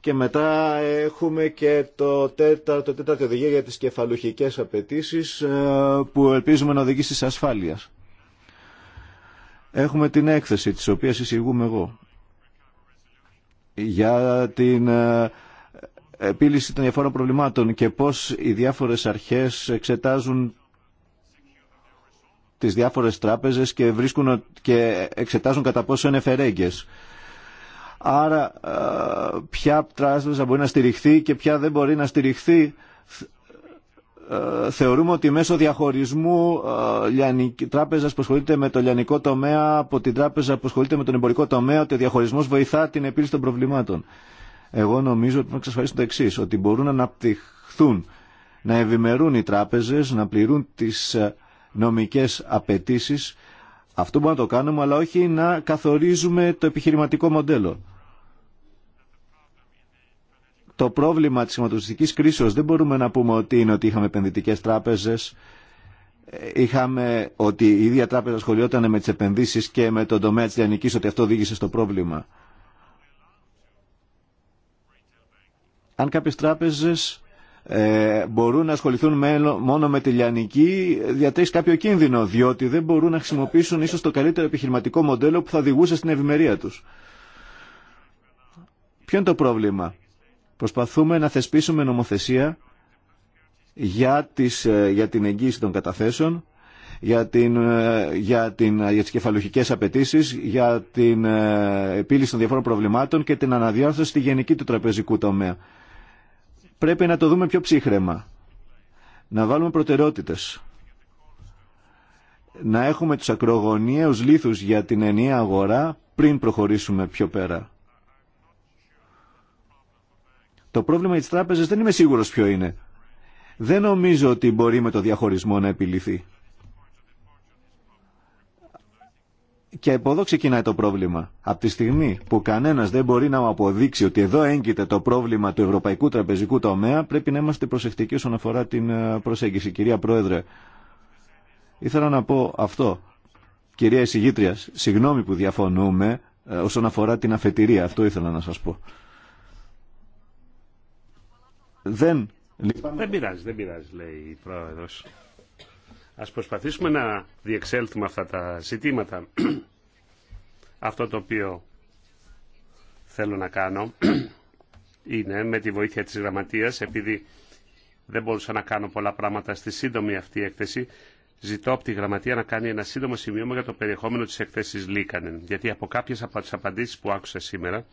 Και μετά έχουμε και το τέταρτο, τέταρτο οδηγία για τις κεφαλουχικές απαιτήσει ε, που ελπίζουμε να οδηγήσει σε ασφάλεια. Έχουμε την έκθεση της οποίας εισηγούμε εγώ για την ε, επίλυση των διαφόρων προβλημάτων και πώς οι διάφορες αρχές εξετάζουν τις διάφορες τράπεζες και, βρίσκουν, και εξετάζουν κατά πόσο είναι φερέγγες. Άρα ε, ποια τράπεζα μπορεί να στηριχθεί και ποια δεν μπορεί να στηριχθεί. Ε, θεωρούμε ότι μέσω διαχωρισμού ε, τράπεζα που ασχολείται με το λιανικό τομέα από την τράπεζα που ασχολείται με τον εμπορικό τομέα ότι ο διαχωρισμός βοηθά την επίλυση των προβλημάτων. Εγώ νομίζω ότι πρέπει να εξασφαλίσουν το εξή, ότι μπορούν να αναπτυχθούν, να ευημερούν οι τράπεζε, να πληρούν τι ε, νομικέ απαιτήσει. Αυτό μπορούμε να το κάνουμε, αλλά όχι να καθορίζουμε το επιχειρηματικό μοντέλο. Το πρόβλημα της χρηματοδοτικής κρίσεως δεν μπορούμε να πούμε ότι είναι ότι είχαμε επενδυτικές τράπεζες, ε, είχαμε ότι η ίδια τράπεζα ασχολιόταν με τις επενδύσεις και με τον τομέα της λιανικής, ότι αυτό οδήγησε στο πρόβλημα. αν κάποιες τράπεζες ε, μπορούν να ασχοληθούν μόνο με τη λιανική διατρέχει κάποιο κίνδυνο διότι δεν μπορούν να χρησιμοποιήσουν ίσως το καλύτερο επιχειρηματικό μοντέλο που θα οδηγούσε στην ευημερία τους. Ποιο είναι το πρόβλημα. Προσπαθούμε να θεσπίσουμε νομοθεσία για, τις, ε, για την εγγύηση των καταθέσεων για, την, ε, για, την, ε, για τις κεφαλουχικές απαιτήσεις, για την επίλυση των διαφόρων προβλημάτων και την αναδιάρθρωση στη γενική του τραπεζικού τομέα πρέπει να το δούμε πιο ψύχρεμα. Να βάλουμε προτεραιότητες. Να έχουμε τους ακρογωνιαίους λίθους για την ενιαία αγορά πριν προχωρήσουμε πιο πέρα. Το πρόβλημα της τράπεζας δεν είμαι σίγουρος ποιο είναι. Δεν νομίζω ότι μπορεί με το διαχωρισμό να επιληθεί. Και από εδώ ξεκινάει το πρόβλημα. Από τη στιγμή που κανένα δεν μπορεί να μου αποδείξει ότι εδώ έγκυται το πρόβλημα του ευρωπαϊκού τραπεζικού τομέα, πρέπει να είμαστε προσεκτικοί όσον αφορά την ε, προσέγγιση. Κυρία Πρόεδρε, ήθελα να πω αυτό. Κυρία Εισηγήτρια, συγγνώμη που διαφωνούμε ε, όσον αφορά την αφετηρία. Αυτό ήθελα να σα πω. Δεν. Δεν πειράζει, δεν πειράζει, λέει η Πρόεδρος. Ας προσπαθήσουμε να διεξέλθουμε αυτά τα ζητήματα. Αυτό το οποίο θέλω να κάνω είναι με τη βοήθεια της γραμματείας, επειδή δεν μπορούσα να κάνω πολλά πράγματα στη σύντομη αυτή έκθεση, ζητώ από τη γραμματεία να κάνει ένα σύντομο σημείο για το περιεχόμενο της έκθεσης Λίκανεν. Γιατί από κάποιες από τις απαντήσεις που άκουσα σήμερα,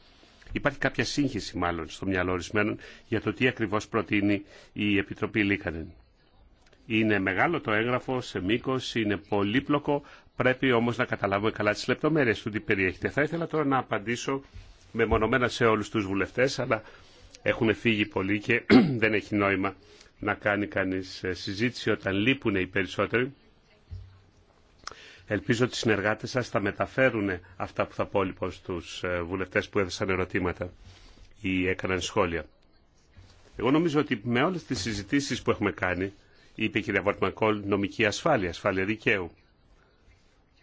υπάρχει κάποια σύγχυση μάλλον στο μυαλό ορισμένων για το τι ακριβώς προτείνει η Επιτροπή Λίκανεν. Είναι μεγάλο το έγγραφο σε μήκο, είναι πολύπλοκο, πρέπει όμω να καταλάβουμε καλά τι λεπτομέρειε του τι περιέχεται. Θα ήθελα τώρα να απαντήσω μεμονωμένα σε όλου του βουλευτέ, αλλά έχουν φύγει πολλοί και δεν έχει νόημα να κάνει κανεί ε, συζήτηση όταν λείπουν οι περισσότεροι. Ελπίζω ότι οι συνεργάτες σας θα μεταφέρουν αυτά που θα πω λοιπόν στους ε, βουλευτές που έδωσαν ερωτήματα ή έκαναν σχόλια. Εγώ νομίζω ότι με όλες τις συζητήσεις που έχουμε κάνει είπε η κυρία Βορτμακόλ, νομική ασφάλεια, ασφάλεια δικαίου.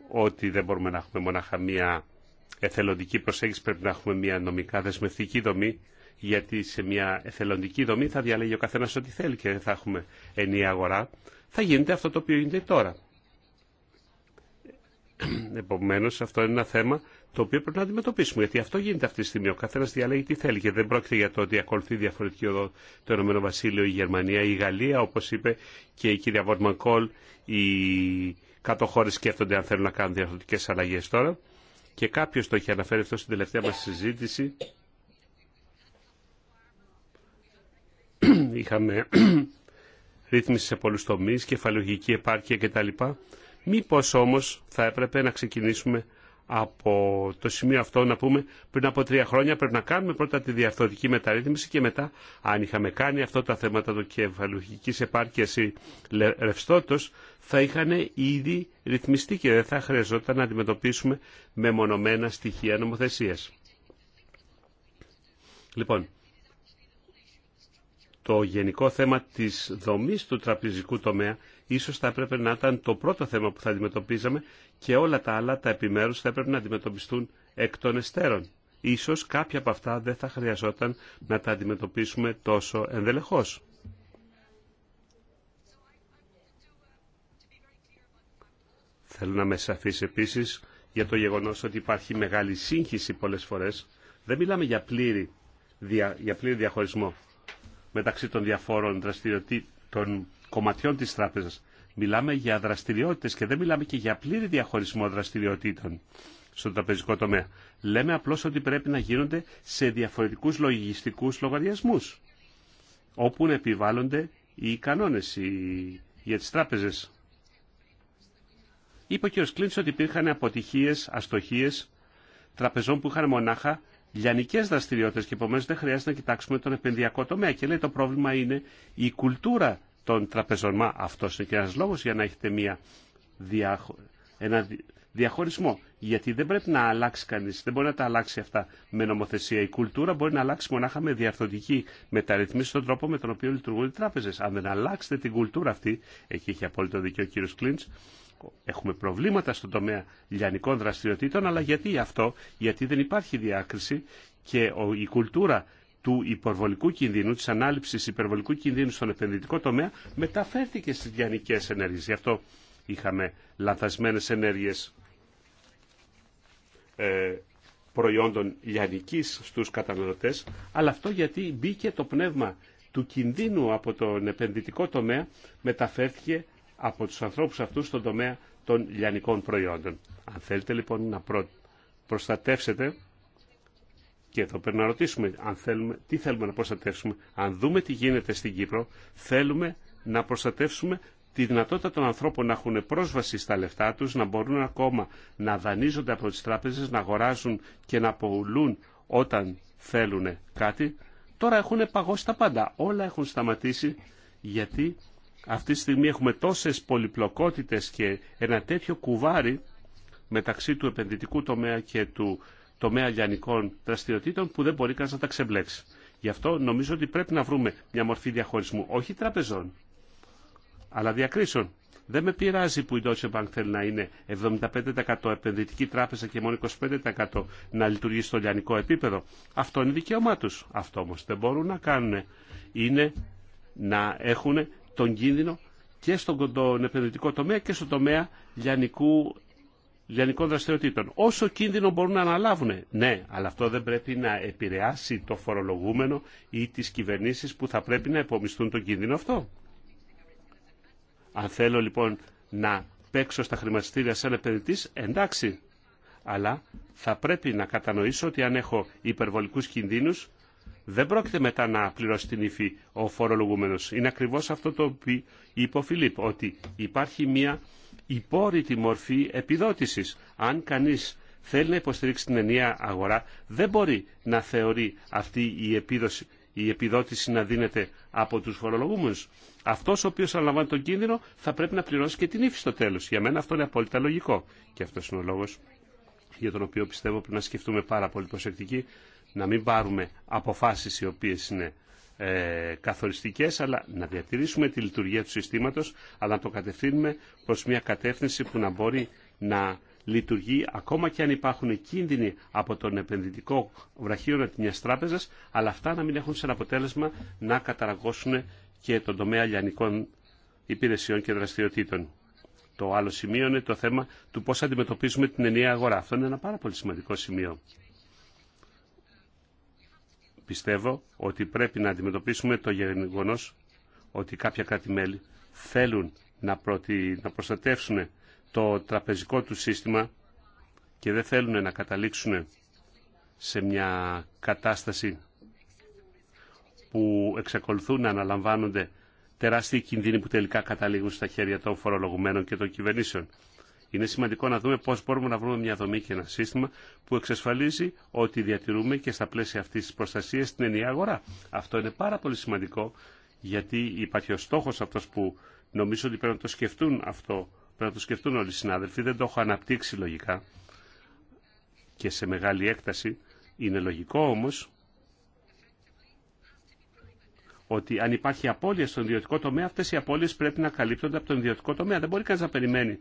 Ότι δεν μπορούμε να έχουμε μονάχα μία εθελοντική προσέγγιση, πρέπει να έχουμε μία νομικά δεσμευτική δομή, γιατί σε μία εθελοντική δομή θα διαλέγει ο καθένα ό,τι θέλει και δεν θα έχουμε ενία αγορά. Θα γίνεται αυτό το οποίο γίνεται τώρα. Επομένω, αυτό είναι ένα θέμα το οποίο πρέπει να αντιμετωπίσουμε. Γιατί αυτό γίνεται αυτή τη στιγμή. Ο καθένα διαλέγει τι θέλει και δεν πρόκειται για το ότι ακολουθεί διαφορετική οδό το Ηνωμένο Βασίλειο, η Γερμανία, η Γαλλία, όπω είπε και η κυρία Βόρμαν Κόλ. Οι κάτω χώρε σκέφτονται αν θέλουν να κάνουν διαφορετικέ αλλαγέ τώρα. Και κάποιο το έχει αναφέρει αυτό στην τελευταία μα συζήτηση. Είχαμε ρύθμιση σε πολλού τομεί, κεφαλογική επάρκεια κτλ. Μήπως όμως θα έπρεπε να ξεκινήσουμε από το σημείο αυτό να πούμε πριν από τρία χρόνια πρέπει να κάνουμε πρώτα τη διαρθρωτική μεταρρύθμιση και μετά αν είχαμε κάνει αυτό τα θέματα του κεφαλουχικής επάρκειας ή ρευστότητας θα είχαν ήδη ρυθμιστεί και δεν θα χρειαζόταν να αντιμετωπίσουμε μεμονωμένα στοιχεία νομοθεσίας. Λοιπόν, το γενικό θέμα της δομής του τραπεζικού τομέα ίσως θα έπρεπε να ήταν το πρώτο θέμα που θα αντιμετωπίζαμε και όλα τα άλλα τα επιμέρους θα έπρεπε να αντιμετωπιστούν εκ των εστέρων. Ίσως κάποια από αυτά δεν θα χρειαζόταν να τα αντιμετωπίσουμε τόσο ενδελεχώς. Θέλω να με σαφείς επίσης για το γεγονός ότι υπάρχει μεγάλη σύγχυση πολλές φορές. Δεν μιλάμε για πλήρη, για πλήρη διαχωρισμό μεταξύ των διαφόρων δραστηριοτήτων των κομματιών της τράπεζας. Μιλάμε για δραστηριότητες και δεν μιλάμε και για πλήρη διαχωρισμό δραστηριοτήτων στον τραπεζικό τομέα. Λέμε απλώς ότι πρέπει να γίνονται σε διαφορετικούς λογιστικούς λογαριασμούς, όπου επιβάλλονται οι κανόνες για τις τράπεζες. Είπε ο κ. Κλίντς ότι υπήρχαν αποτυχίες, αστοχίες τραπεζών που είχαν μονάχα λιανικέ δραστηριότητε και επομένω δεν χρειάζεται να κοιτάξουμε τον επενδυακό τομέα. Και λέει το πρόβλημα είναι η κουλτούρα των τραπεζών. Μα αυτό είναι και ένα λόγο για να έχετε μια ένα διαχωρισμό γιατί δεν πρέπει να αλλάξει κανείς, δεν μπορεί να τα αλλάξει αυτά με νομοθεσία. Η κουλτούρα μπορεί να αλλάξει μονάχα με διαρθωτική μεταρρυθμίση στον τρόπο με τον οποίο λειτουργούν οι τράπεζες. Αν δεν αλλάξετε την κουλτούρα αυτή, εκεί έχει απόλυτο δίκιο ο κύριος Κλίντς, έχουμε προβλήματα στον τομέα λιανικών δραστηριοτήτων, αλλά γιατί αυτό, γιατί δεν υπάρχει διάκριση και η κουλτούρα του υπερβολικού κινδύνου, της ανάληψης υπερβολικού κινδύνου στον επενδυτικό τομέα, μεταφέρθηκε στις λιανικές ενέργειες. Γι' αυτό είχαμε λανθασμένες ενέργειες ε, προϊόντων λιανικής στους καταναλωτές, αλλά αυτό γιατί μπήκε το πνεύμα του κινδύνου από τον επενδυτικό τομέα μεταφέρθηκε από τους ανθρώπους αυτούς στον τομέα των λιανικών προϊόντων. Αν θέλετε λοιπόν να προ... προστατεύσετε, και εδώ πρέπει να ρωτήσουμε αν θέλουμε, τι θέλουμε να προστατεύσουμε, αν δούμε τι γίνεται στην Κύπρο, θέλουμε να προστατεύσουμε τη δυνατότητα των ανθρώπων να έχουν πρόσβαση στα λεφτά τους, να μπορούν ακόμα να δανείζονται από τις τράπεζες, να αγοράζουν και να πουλούν όταν θέλουν κάτι, τώρα έχουν παγώσει τα πάντα. Όλα έχουν σταματήσει γιατί αυτή τη στιγμή έχουμε τόσες πολυπλοκότητες και ένα τέτοιο κουβάρι μεταξύ του επενδυτικού τομέα και του τομέα λιανικών δραστηριοτήτων που δεν μπορεί κανείς να τα ξεμπλέξει. Γι' αυτό νομίζω ότι πρέπει να βρούμε μια μορφή διαχωρισμού, όχι τραπεζών, αλλά διακρίσεων. Δεν με πειράζει που η Deutsche Bank θέλει να είναι 75% επενδυτική τράπεζα και μόνο 25% να λειτουργεί στο λιανικό επίπεδο. Αυτό είναι δικαίωμά του. Αυτό όμω δεν μπορούν να κάνουν. Είναι να έχουν τον κίνδυνο και στον επενδυτικό τομέα και στον τομέα λιανικού, λιανικών δραστηριοτήτων. Όσο κίνδυνο μπορούν να αναλάβουν, ναι, αλλά αυτό δεν πρέπει να επηρεάσει το φορολογούμενο ή τις κυβερνήσεις που θα πρέπει να υπομισθούν τον κίνδυνο αυτό. Αν θέλω λοιπόν να παίξω στα χρηματιστήρια σαν επενδυτής, εντάξει. Αλλά θα πρέπει να κατανοήσω ότι αν έχω υπερβολικούς κινδύνους, δεν πρόκειται μετά να πληρώσει την ύφη ο φορολογούμενος. Είναι ακριβώς αυτό το οποίο είπε ο Φιλίπ, ότι υπάρχει μια υπόρρητη μορφή επιδότησης. Αν κανείς θέλει να υποστηρίξει την ενιαία αγορά, δεν μπορεί να θεωρεί αυτή η επίδοση η επιδότηση να δίνεται από τους φορολογούμενους. Αυτός ο οποίος αναλαμβάνει τον κίνδυνο θα πρέπει να πληρώσει και την ύφη στο τέλος. Για μένα αυτό είναι απόλυτα λογικό. Και αυτός είναι ο λόγος για τον οποίο πιστεύω πρέπει να σκεφτούμε πάρα πολύ προσεκτική, να μην πάρουμε αποφάσεις οι οποίες είναι ε, καθοριστικές, αλλά να διατηρήσουμε τη λειτουργία του συστήματος, αλλά να το κατευθύνουμε προς μια κατεύθυνση που να μπορεί να λειτουργεί ακόμα και αν υπάρχουν κίνδυνοι από τον επενδυτικό βραχίωνα τη μια τράπεζα, αλλά αυτά να μην έχουν σαν αποτέλεσμα να καταραγώσουν και τον τομέα λιανικών υπηρεσιών και δραστηριοτήτων. Το άλλο σημείο είναι το θέμα του πώς αντιμετωπίζουμε την ενιαία αγορά. Αυτό είναι ένα πάρα πολύ σημαντικό σημείο. Πιστεύω ότι πρέπει να αντιμετωπίσουμε το γεγονό ότι κάποια κράτη-μέλη θέλουν να, προστατεύσουν το τραπεζικό του σύστημα και δεν θέλουν να καταλήξουν σε μια κατάσταση που εξακολουθούν να αναλαμβάνονται τεράστιοι κινδύνοι που τελικά καταλήγουν στα χέρια των φορολογουμένων και των κυβερνήσεων. Είναι σημαντικό να δούμε πώς μπορούμε να βρούμε μια δομή και ένα σύστημα που εξασφαλίζει ότι διατηρούμε και στα πλαίσια αυτής της προστασίας την ενιαία αγορά. Αυτό είναι πάρα πολύ σημαντικό γιατί υπάρχει ο στόχος αυτός που νομίζω ότι πρέπει να το σκεφτούν αυτό Πρέπει να το σκεφτούν όλοι οι συνάδελφοι. Δεν το έχω αναπτύξει λογικά και σε μεγάλη έκταση. Είναι λογικό όμως ότι αν υπάρχει απώλεια στον ιδιωτικό τομέα, αυτές οι απώλειες πρέπει να καλύπτονται από τον ιδιωτικό τομέα. Δεν μπορεί κανείς να περιμένει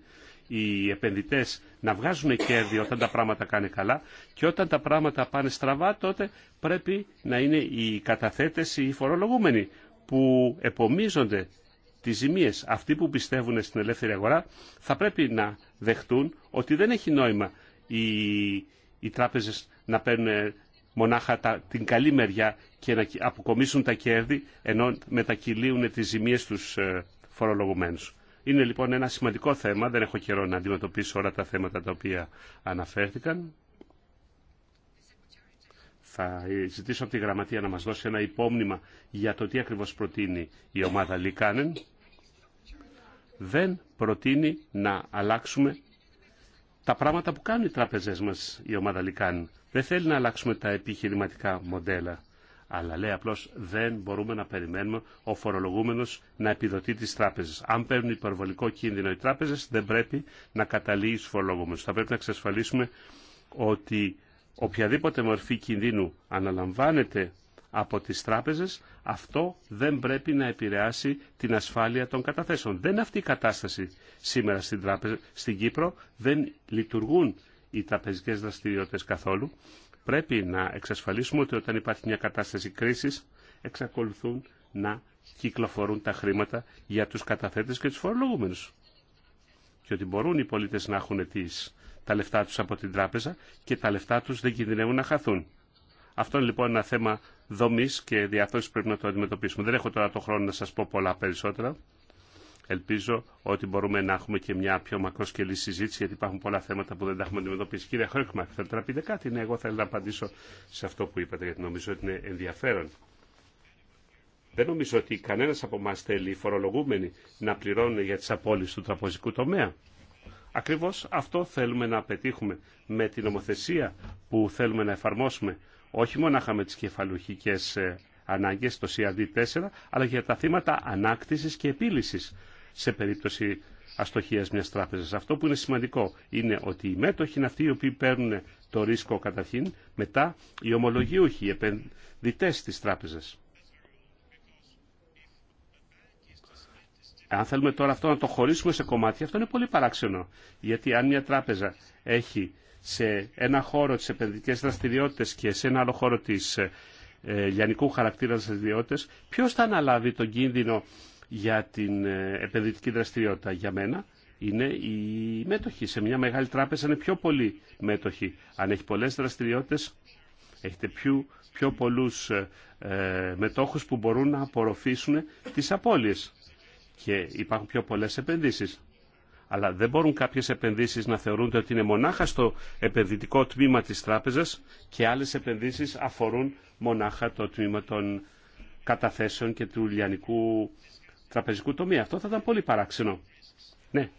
οι επενδυτές να βγάζουν κέρδη όταν τα πράγματα κάνει καλά και όταν τα πράγματα πάνε στραβά τότε πρέπει να είναι οι καταθέτες, οι φορολογούμενοι που επομίζονται τις ζημίες. Αυτοί που πιστεύουν στην ελεύθερη αγορά θα πρέπει να δεχτούν ότι δεν έχει νόημα οι, οι τράπεζες να παίρνουν μονάχα την καλή μεριά και να αποκομίσουν τα κέρδη ενώ μετακυλίουν τις ζημίες τους ε, φορολογουμένους. Είναι λοιπόν ένα σημαντικό θέμα, δεν έχω καιρό να αντιμετωπίσω όλα τα θέματα τα οποία αναφέρθηκαν. Θα ζητήσω από τη Γραμματεία να μας δώσει ένα υπόμνημα για το τι ακριβώς προτείνει η ομάδα Λικάνεν δεν προτείνει να αλλάξουμε τα πράγματα που κάνουν οι τράπεζές μας η ομάδα Λικάνη. Δεν θέλει να αλλάξουμε τα επιχειρηματικά μοντέλα. Αλλά λέει απλώς δεν μπορούμε να περιμένουμε ο φορολογούμενος να επιδοτεί τις τράπεζες. Αν παίρνουν υπερβολικό κίνδυνο οι τράπεζες δεν πρέπει να καταλύει στους φορολογούμενους. Θα πρέπει να εξασφαλίσουμε ότι οποιαδήποτε μορφή κινδύνου αναλαμβάνεται από τις τράπεζες, αυτό δεν πρέπει να επηρεάσει την ασφάλεια των καταθέσεων. Δεν είναι αυτή η κατάσταση σήμερα στην, τράπεζα, στην Κύπρο. Δεν λειτουργούν οι τραπεζικές δραστηριότητες καθόλου. Πρέπει να εξασφαλίσουμε ότι όταν υπάρχει μια κατάσταση κρίσης, εξακολουθούν να κυκλοφορούν τα χρήματα για τους καταθέτες και τους φορολογούμενους. Και ότι μπορούν οι πολίτες να έχουν τις, τα λεφτά τους από την τράπεζα και τα λεφτά τους δεν κινδυνεύουν να χαθούν. Αυτό είναι λοιπόν ένα θέμα Δομή και διαθέσεως πρέπει να το αντιμετωπίσουμε. Δεν έχω τώρα το χρόνο να σα πω πολλά περισσότερα. Ελπίζω ότι μπορούμε να έχουμε και μια πιο μακροσκελή συζήτηση, γιατί υπάρχουν πολλά θέματα που δεν τα έχουμε αντιμετωπίσει. Κύριε Χρόκμαρ, θέλετε να πείτε κάτι. Ναι, εγώ θέλω να απαντήσω σε αυτό που είπατε, γιατί νομίζω ότι είναι ενδιαφέρον. Δεν νομίζω ότι κανένα από εμά θέλει οι φορολογούμενοι να πληρώνουν για τι απόλυσεις του τραπεζικού τομέα. Ακριβώ αυτό θέλουμε να πετύχουμε με την νομοθεσία που θέλουμε να εφαρμόσουμε όχι μονάχα είχαμε τις κεφαλουχικές ε, ανάγκες, το CRD4, αλλά για τα θύματα ανάκτησης και επίλυσης σε περίπτωση αστοχίας μιας τράπεζας. Αυτό που είναι σημαντικό είναι ότι οι μέτοχοι είναι αυτοί οι οποίοι παίρνουν το ρίσκο καταρχήν, μετά οι ομολογίουχοι, οι επενδυτές της τράπεζας. Αν θέλουμε τώρα αυτό να το χωρίσουμε σε κομμάτια, αυτό είναι πολύ παράξενο. Γιατί αν μια τράπεζα έχει σε ένα χώρο τις επενδυτικές δραστηριότητες και σε ένα άλλο χώρο της ε, λιανικού χαρακτήρα δραστηριότητες, ποιος θα αναλάβει τον κίνδυνο για την ε, επενδυτική δραστηριότητα για μένα, είναι η μέτοχοι. Σε μια μεγάλη τράπεζα είναι πιο πολλοί μέτοχοι. Αν έχει πολλές δραστηριότητες, έχετε πιο, πιο πολλούς ε, ε, μετόχους που μπορούν να απορροφήσουν τις απώλειες. Και υπάρχουν πιο πολλές επενδύσεις. Αλλά δεν μπορούν κάποιες επενδύσεις να θεωρούνται ότι είναι μονάχα στο επενδυτικό τμήμα της τράπεζας και άλλες επενδύσεις αφορούν μονάχα το τμήμα των καταθέσεων και του λιανικού τραπεζικού τομέα. Αυτό θα ήταν πολύ παράξενο. Ναι,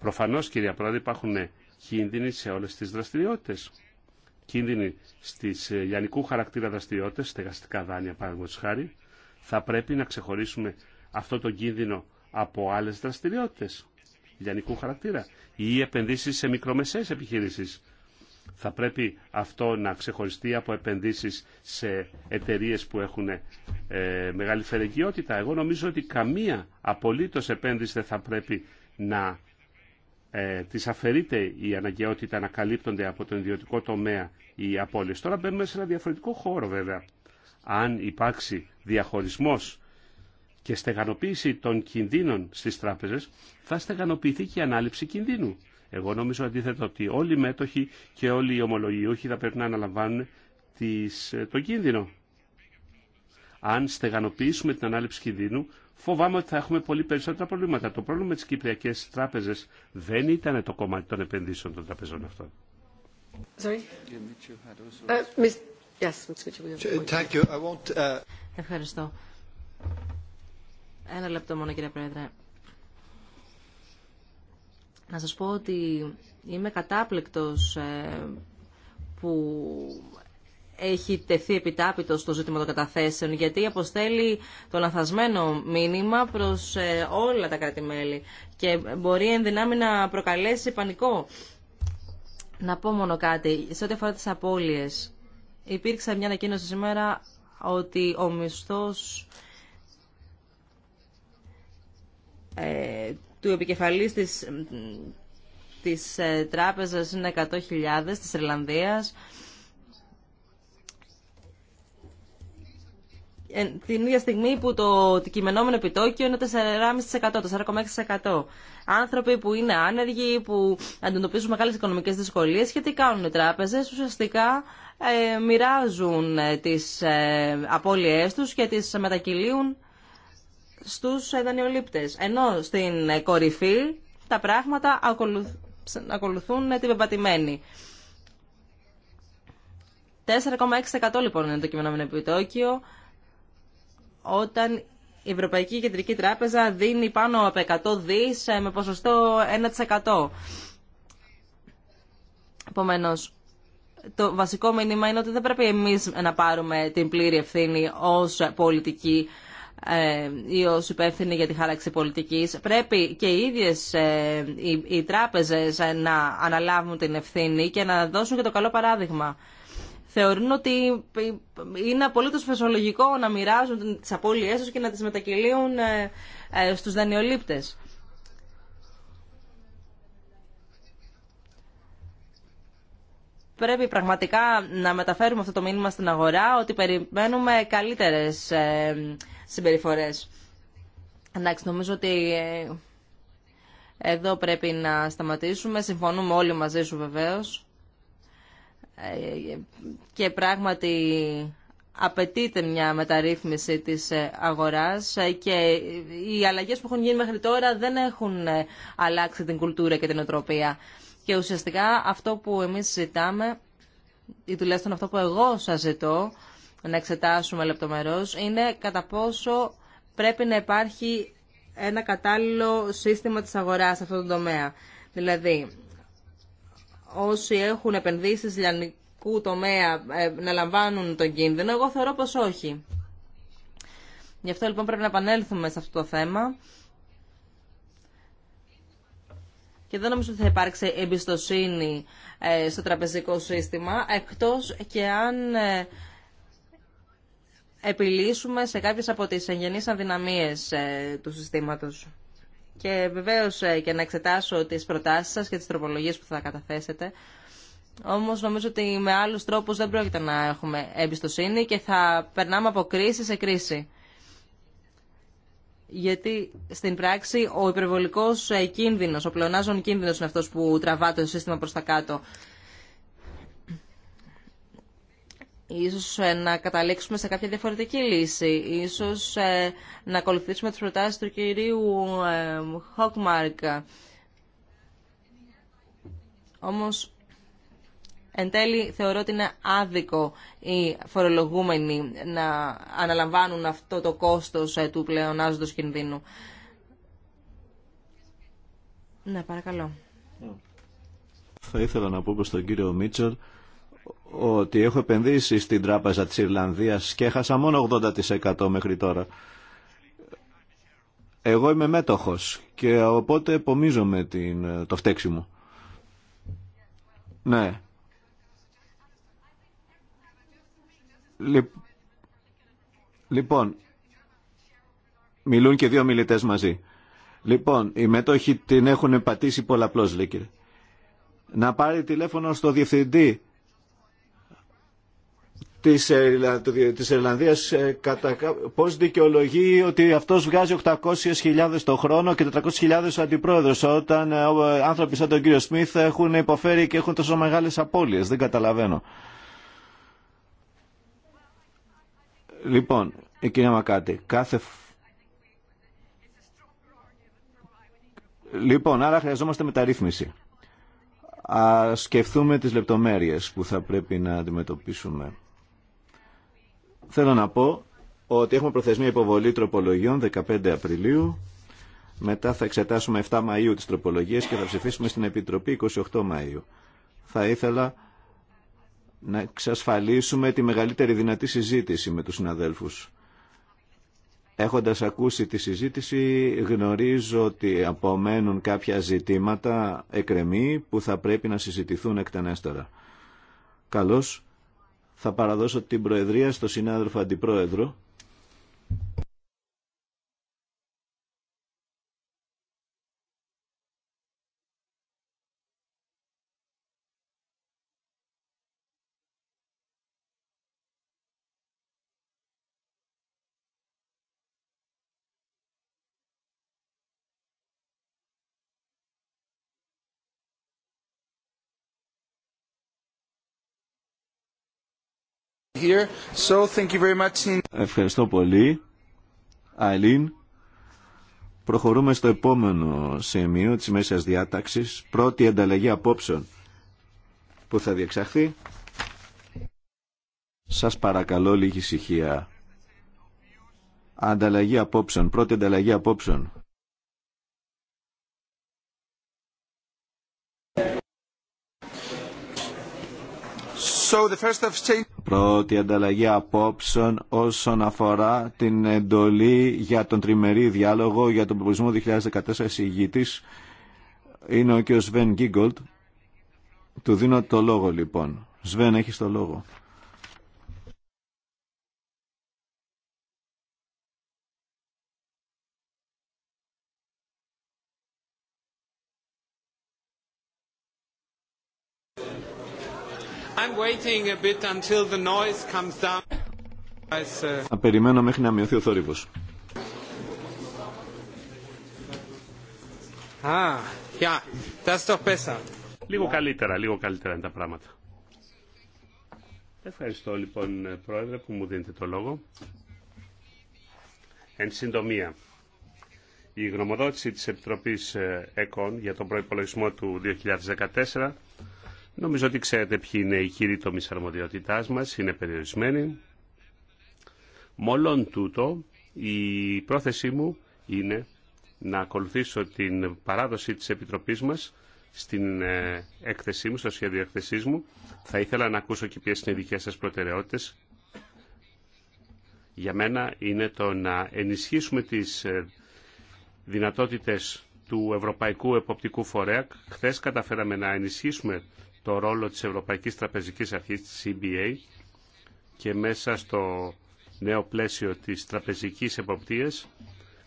προφανώς κυρία Πρόεδρε υπάρχουν κίνδυνοι σε όλες τις δραστηριότητες. Κίνδυνοι στις ε, λιανικού χαρακτήρα δραστηριότητες, στεγαστικά δάνεια παραδείγματος χάρη, θα πρέπει να ξεχωρίσουμε αυτό το κίνδυνο από άλλες δραστηριότητες λιανικού χαρακτήρα ή επενδύσεις σε μικρομεσαίες επιχειρήσεις. Θα πρέπει αυτό να ξεχωριστεί από επενδύσεις σε εταιρείες που έχουν ε, μεγάλη φερεγγιότητα. Εγώ νομίζω ότι καμία απολύτως επένδυση δεν θα πρέπει να ε, της αφαιρείται η αναγκαιότητα να καλύπτονται από τον ιδιωτικό τομέα οι απώλειες. Τώρα μπαίνουμε σε ένα διαφορετικό χώρο βέβαια. Αν υπάρξει διαχωρισμός και στεγανοποίηση των κινδύνων στις τράπεζες, θα στεγανοποιηθεί και η ανάληψη κινδύνου. Εγώ νομίζω αντίθετα ότι όλοι οι μέτοχοι και όλοι οι ομολογιούχοι θα πρέπει να αναλαμβάνουν τις, τον κίνδυνο. Αν στεγανοποιήσουμε την ανάληψη κινδύνου, φοβάμαι ότι θα έχουμε πολύ περισσότερα προβλήματα. Το πρόβλημα με τις κυπριακές τράπεζες δεν ήταν το κομμάτι των επενδύσεων των τραπεζών αυτών. Ευχαριστώ. Ένα λεπτό μόνο κύριε Πρόεδρε. Να σας πω ότι είμαι κατάπληκτος ε, που έχει τεθεί επιτάπητο στο ζήτημα των καταθέσεων, γιατί αποστέλει το λαθασμένο μήνυμα προς ε, όλα τα κρατη και μπορεί ενδυνάμει να προκαλέσει πανικό. Να πω μόνο κάτι. Σε ό,τι αφορά τις απώλειες, υπήρξε μια ανακοίνωση σήμερα ότι ο μισθός ε, του επικεφαλής της, της ε, τράπεζας είναι 100.000 της Ιρλανδίας. Ε, την ίδια στιγμή που το κειμενόμενο επιτόκιο είναι 4,5%, το 4,6%. Άνθρωποι που είναι άνεργοι, που αντιμετωπίζουν μεγάλες οικονομικές δυσκολίες και τι κάνουν οι τράπεζες, ουσιαστικά μοιράζουν τις ε, απώλειές τους και τις μετακυλίουν στους δανειολήπτε. Ενώ στην κορυφή τα πράγματα ακολουθούν την πεπατημένη. 4,6% λοιπόν είναι το κειμενόμενο επιτόκιο όταν η Ευρωπαϊκή Κεντρική Τράπεζα δίνει πάνω από 100 δις ε, με ποσοστό 1%. Επομένω, το βασικό μήνυμα είναι ότι δεν πρέπει εμείς να πάρουμε την πλήρη ευθύνη ως πολιτική ε, ή ω υπεύθυνοι για τη χάραξη πολιτικής. Πρέπει και οι ίδιες ε, οι τράπεζες ε, να αναλάβουν την ευθύνη και να δώσουν και το καλό παράδειγμα. Θεωρούν ότι είναι απολύτως φυσιολογικό να μοιράζουν τι απώλειέ του και να τις μετακυλίουν στους δανειολήπτε. Πρέπει πραγματικά να μεταφέρουμε αυτό το μήνυμα στην αγορά ότι περιμένουμε καλύτερες συμπεριφορές. Εντάξει, νομίζω ότι ε, εδώ πρέπει να σταματήσουμε. Συμφωνούμε όλοι μαζί σου βεβαίως. Ε, και πράγματι απαιτείται μια μεταρρύθμιση της ε, αγοράς και οι αλλαγές που έχουν γίνει μέχρι τώρα δεν έχουν αλλάξει την κουλτούρα και την οτροπία. Και ουσιαστικά αυτό που εμείς ζητάμε, ή τουλάχιστον αυτό που εγώ σας ζητώ, να εξετάσουμε λεπτομερώς είναι κατά πόσο πρέπει να υπάρχει ένα κατάλληλο σύστημα της αγοράς σε αυτό το τομέα. Δηλαδή, όσοι έχουν επενδύσει λιανικού τομέα ε, να λαμβάνουν τον κίνδυνο, εγώ θεωρώ πως όχι. Γι' αυτό λοιπόν πρέπει να επανέλθουμε σε αυτό το θέμα. Και δεν νομίζω ότι θα υπάρξει εμπιστοσύνη ε, στο τραπεζικό σύστημα, εκτός και αν ε, επιλύσουμε σε κάποιες από τις εγγενείς αδυναμίες ε, του συστήματος. Και βεβαίως ε, και να εξετάσω τις προτάσεις σας και τις τροπολογίες που θα καταθέσετε. Όμως νομίζω ότι με άλλους τρόπους δεν πρόκειται να έχουμε εμπιστοσύνη και θα περνάμε από κρίση σε κρίση. Γιατί στην πράξη ο υπερβολικός ε, κίνδυνος, ο πλεονάζων κίνδυνος είναι αυτός που τραβά το σύστημα προς τα κάτω. Ίσως ε, να καταλήξουμε σε κάποια διαφορετική λύση. Ίσως ε, να ακολουθήσουμε τις προτάσεις του κυρίου ε, Χόκμαρκα. Όμως, εν τέλει θεωρώ ότι είναι άδικο οι φορολογούμενοι να αναλαμβάνουν αυτό το κόστος του πλεονάζοντος κινδύνου. Ναι, παρακαλώ. Θα ήθελα να πω προς τον κύριο Μίτσελ ότι έχω επενδύσει στην τράπεζα της Ιρλανδίας και έχασα μόνο 80% μέχρι τώρα. Εγώ είμαι μέτοχος και οπότε επομίζομαι την, το φταίξι μου. Ναι. Λοιπόν, μιλούν και δύο μιλητές μαζί. Λοιπόν, οι μέτοχοι την έχουν πατήσει πολλαπλώς, λέει κύριε. Να πάρει τηλέφωνο στο διευθυντή της, ε, της Ιρλανδίας ε, πώς δικαιολογεί ότι αυτός βγάζει 800.000 το χρόνο και 400.000 ο αντιπρόεδρος όταν ε, άνθρωποι σαν τον κύριο Σμιθ έχουν υποφέρει και έχουν τόσο μεγάλες απώλειες. Δεν καταλαβαίνω. Λοιπόν, η κυρία Μακάτη, κάθε... Λοιπόν, άρα χρειαζόμαστε μεταρρύθμιση. Α σκεφτούμε τις λεπτομέρειες που θα πρέπει να αντιμετωπίσουμε Θέλω να πω ότι έχουμε προθεσμία υποβολή τροπολογιών 15 Απριλίου. Μετά θα εξετάσουμε 7 Μαΐου τις τροπολογίες και θα ψηφίσουμε στην Επιτροπή 28 Μαΐου. Θα ήθελα να εξασφαλίσουμε τη μεγαλύτερη δυνατή συζήτηση με τους συναδέλφους. Έχοντας ακούσει τη συζήτηση γνωρίζω ότι απομένουν κάποια ζητήματα εκρεμή που θα πρέπει να συζητηθούν εκτενέστερα. Καλώς. Θα παραδώσω την Προεδρία στο συνάδελφο Αντιπρόεδρο. Ευχαριστώ πολύ. Αιλίν. Προχωρούμε στο επόμενο σημείο της μέσας διάταξης. Πρώτη ανταλλαγή απόψεων που θα διεξαχθεί. Σας παρακαλώ λίγη ησυχία. Ανταλλαγή απόψεων. Πρώτη ανταλλαγή απόψεων. Πρώτη ανταλλαγή απόψεων όσον αφορά την εντολή για τον τριμερή διάλογο για τον προπολισμό 2014 ηγητής είναι ο κ. Σβέν Γκίγκολτ. Του δίνω το λόγο λοιπόν. Σβέν, έχεις το λόγο. Θα περιμένω μέχρι να μειωθεί ο θόρυβος. Ah, λίγο καλύτερα, λίγο καλύτερα είναι τα πράγματα. Ευχαριστώ λοιπόν Πρόεδρε που μου δίνετε το λόγο. Εν συντομία, η γνωμοδότηση της Επιτροπής ε, ΕΚΟΝ για τον προϋπολογισμό του 2014 Νομίζω ότι ξέρετε ποιοι είναι οι κύριοι τομεί αρμοδιότητάς μας, είναι περιορισμένοι. Μόλον τούτο, η πρόθεσή μου είναι να ακολουθήσω την παράδοση της Επιτροπής μας στην ε, έκθεσή μου, στο σχέδιο έκθεσή μου. Θα ήθελα να ακούσω και ποιες είναι οι δικές σας προτεραιότητες. Για μένα είναι το να ενισχύσουμε τις ε, δυνατότητες του Ευρωπαϊκού Εποπτικού Φορέα. Χθε καταφέραμε να ενισχύσουμε το ρόλο της Ευρωπαϊκής Τραπεζικής Αρχής της CBA, και μέσα στο νέο πλαίσιο της τραπεζικής εποπτείας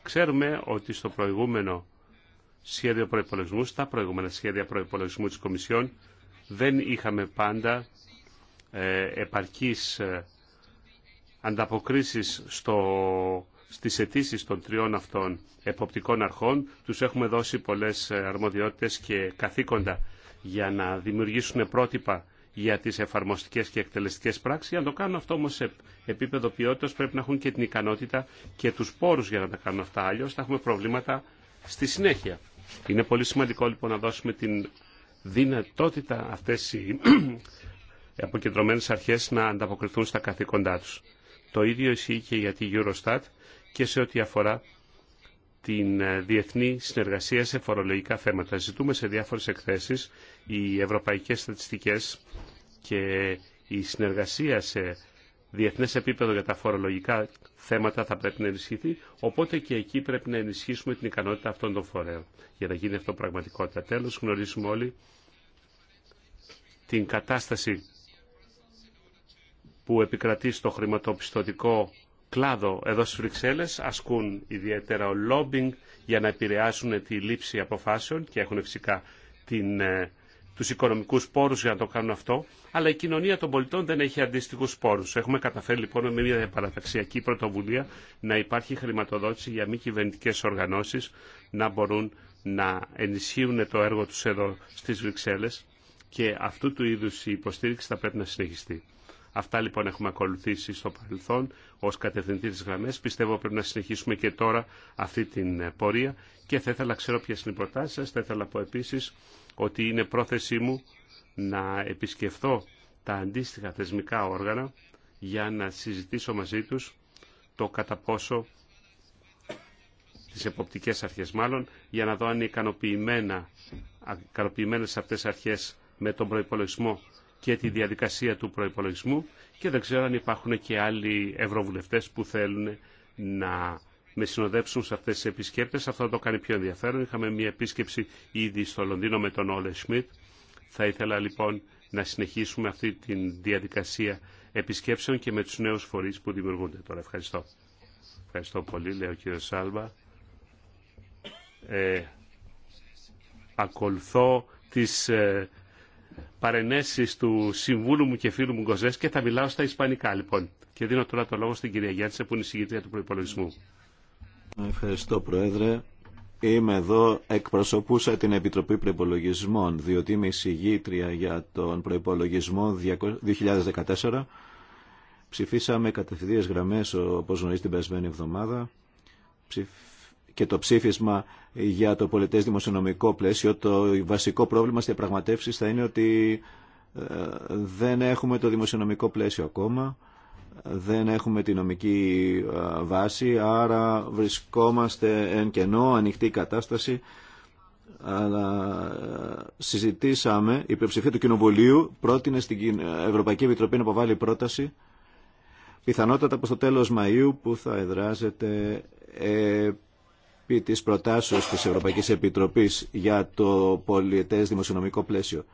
ξέρουμε ότι στο προηγούμενο σχέδιο προϋπολογισμού, στα προηγούμενα σχέδια προϋπολογισμού της Κομισιόν δεν είχαμε πάντα ε, επαρκής ε, ανταποκρίσεις στο, στις αιτήσει των τριών αυτών εποπτικών αρχών. Τους έχουμε δώσει πολλές ε, αρμοδιότητες και καθήκοντα για να δημιουργήσουν πρότυπα για τι εφαρμοστικέ και εκτελεστικέ πράξει. Αν το κάνουν αυτό όμω σε επίπεδο ποιότητα πρέπει να έχουν και την ικανότητα και του πόρου για να τα κάνουν αυτά. Αλλιώ θα έχουμε προβλήματα στη συνέχεια. Είναι πολύ σημαντικό λοιπόν να δώσουμε την δυνατότητα αυτέ οι αποκεντρωμένε αρχέ να ανταποκριθούν στα καθήκοντά του. Το ίδιο ισχύει και για τη Eurostat και σε ό,τι αφορά την ε, διεθνή συνεργασία σε φορολογικά θέματα. Ζητούμε σε διάφορες εκθέσεις οι ευρωπαϊκές στατιστικές και η συνεργασία σε διεθνές επίπεδο για τα φορολογικά θέματα θα πρέπει να ενισχυθεί, οπότε και εκεί πρέπει να ενισχύσουμε την ικανότητα αυτών των φορέων για να γίνει αυτό πραγματικότητα. Τέλος, γνωρίζουμε όλοι την κατάσταση που επικρατεί στο χρηματοπιστωτικό κλάδο εδώ στις Βρυξέλλες ασκούν ιδιαίτερα ο λόμπινγκ για να επηρεάσουν τη λήψη αποφάσεων και έχουν φυσικά την, ε, τους οικονομικούς πόρους για να το κάνουν αυτό, αλλά η κοινωνία των πολιτών δεν έχει αντίστοιχους πόρους. Έχουμε καταφέρει λοιπόν με μια παραταξιακή πρωτοβουλία να υπάρχει χρηματοδότηση για μη κυβερνητικέ οργανώσεις να μπορούν να ενισχύουν το έργο τους εδώ στις Βρυξέλλες και αυτού του είδους η υποστήριξη θα πρέπει να συνεχιστεί. Αυτά λοιπόν έχουμε ακολουθήσει στο παρελθόν ως της γραμμές. Πιστεύω πρέπει να συνεχίσουμε και τώρα αυτή την ε, πορεία και θα ήθελα να ξέρω ποιες είναι οι προτάσεις σας. Θα ήθελα να πω επίσης ότι είναι πρόθεσή μου να επισκεφθώ τα αντίστοιχα θεσμικά όργανα για να συζητήσω μαζί τους το κατά πόσο τις εποπτικές αρχές μάλλον, για να δω αν είναι ικανοποιημένα, ικανοποιημένες αυτές αρχές με τον προϋπολογισμό και τη διαδικασία του προϋπολογισμού και δεν ξέρω αν υπάρχουν και άλλοι ευρωβουλευτές που θέλουν να με συνοδεύσουν σε αυτές τις επισκέπτες. Αυτό θα το κάνει πιο ενδιαφέρον. Είχαμε μια επίσκεψη ήδη στο Λονδίνο με τον Όλε Σμιτ. Θα ήθελα λοιπόν να συνεχίσουμε αυτή τη διαδικασία επισκέψεων και με τους νέους φορείς που δημιουργούνται τώρα. Ευχαριστώ. Ευχαριστώ πολύ, λέει ο κύριος Σάλβα. Ε, ακολουθώ τις ε, παρενέσεις του συμβούλου μου και φίλου μου Γκοζές και θα μιλάω στα ισπανικά λοιπόν. Και δίνω τώρα το λόγο στην κυρία Γιάννησε που είναι η του προϋπολογισμού. Ευχαριστώ Πρόεδρε. Είμαι εδώ, εκπροσωπούσα την Επιτροπή Προϋπολογισμών, διότι είμαι εισηγήτρια για τον προϋπολογισμό 2014. Ψηφίσαμε κατευθυντήρες γραμμές, όπως γνωρίζετε την περασμένη εβδομάδα και το ψήφισμα για το πολιτές δημοσιονομικό πλαίσιο, το βασικό πρόβλημα στις διαπραγματεύσεις θα είναι ότι ε, δεν έχουμε το δημοσιονομικό πλαίσιο ακόμα, δεν έχουμε τη νομική ε, βάση, άρα βρισκόμαστε εν κενό, ανοιχτή κατάσταση, αλλά ε, συζητήσαμε, η πλειοψηφία του Κοινοβουλίου πρότεινε στην Ευρωπαϊκή Επιτροπή να αποβάλει πρόταση πιθανότατα από το τέλος Μαΐου που θα εδράζεται επί της προτάσεως της Ευρωπαϊκής Επιτροπής για το πολιτέ δημοσιονομικό πλαίσιο.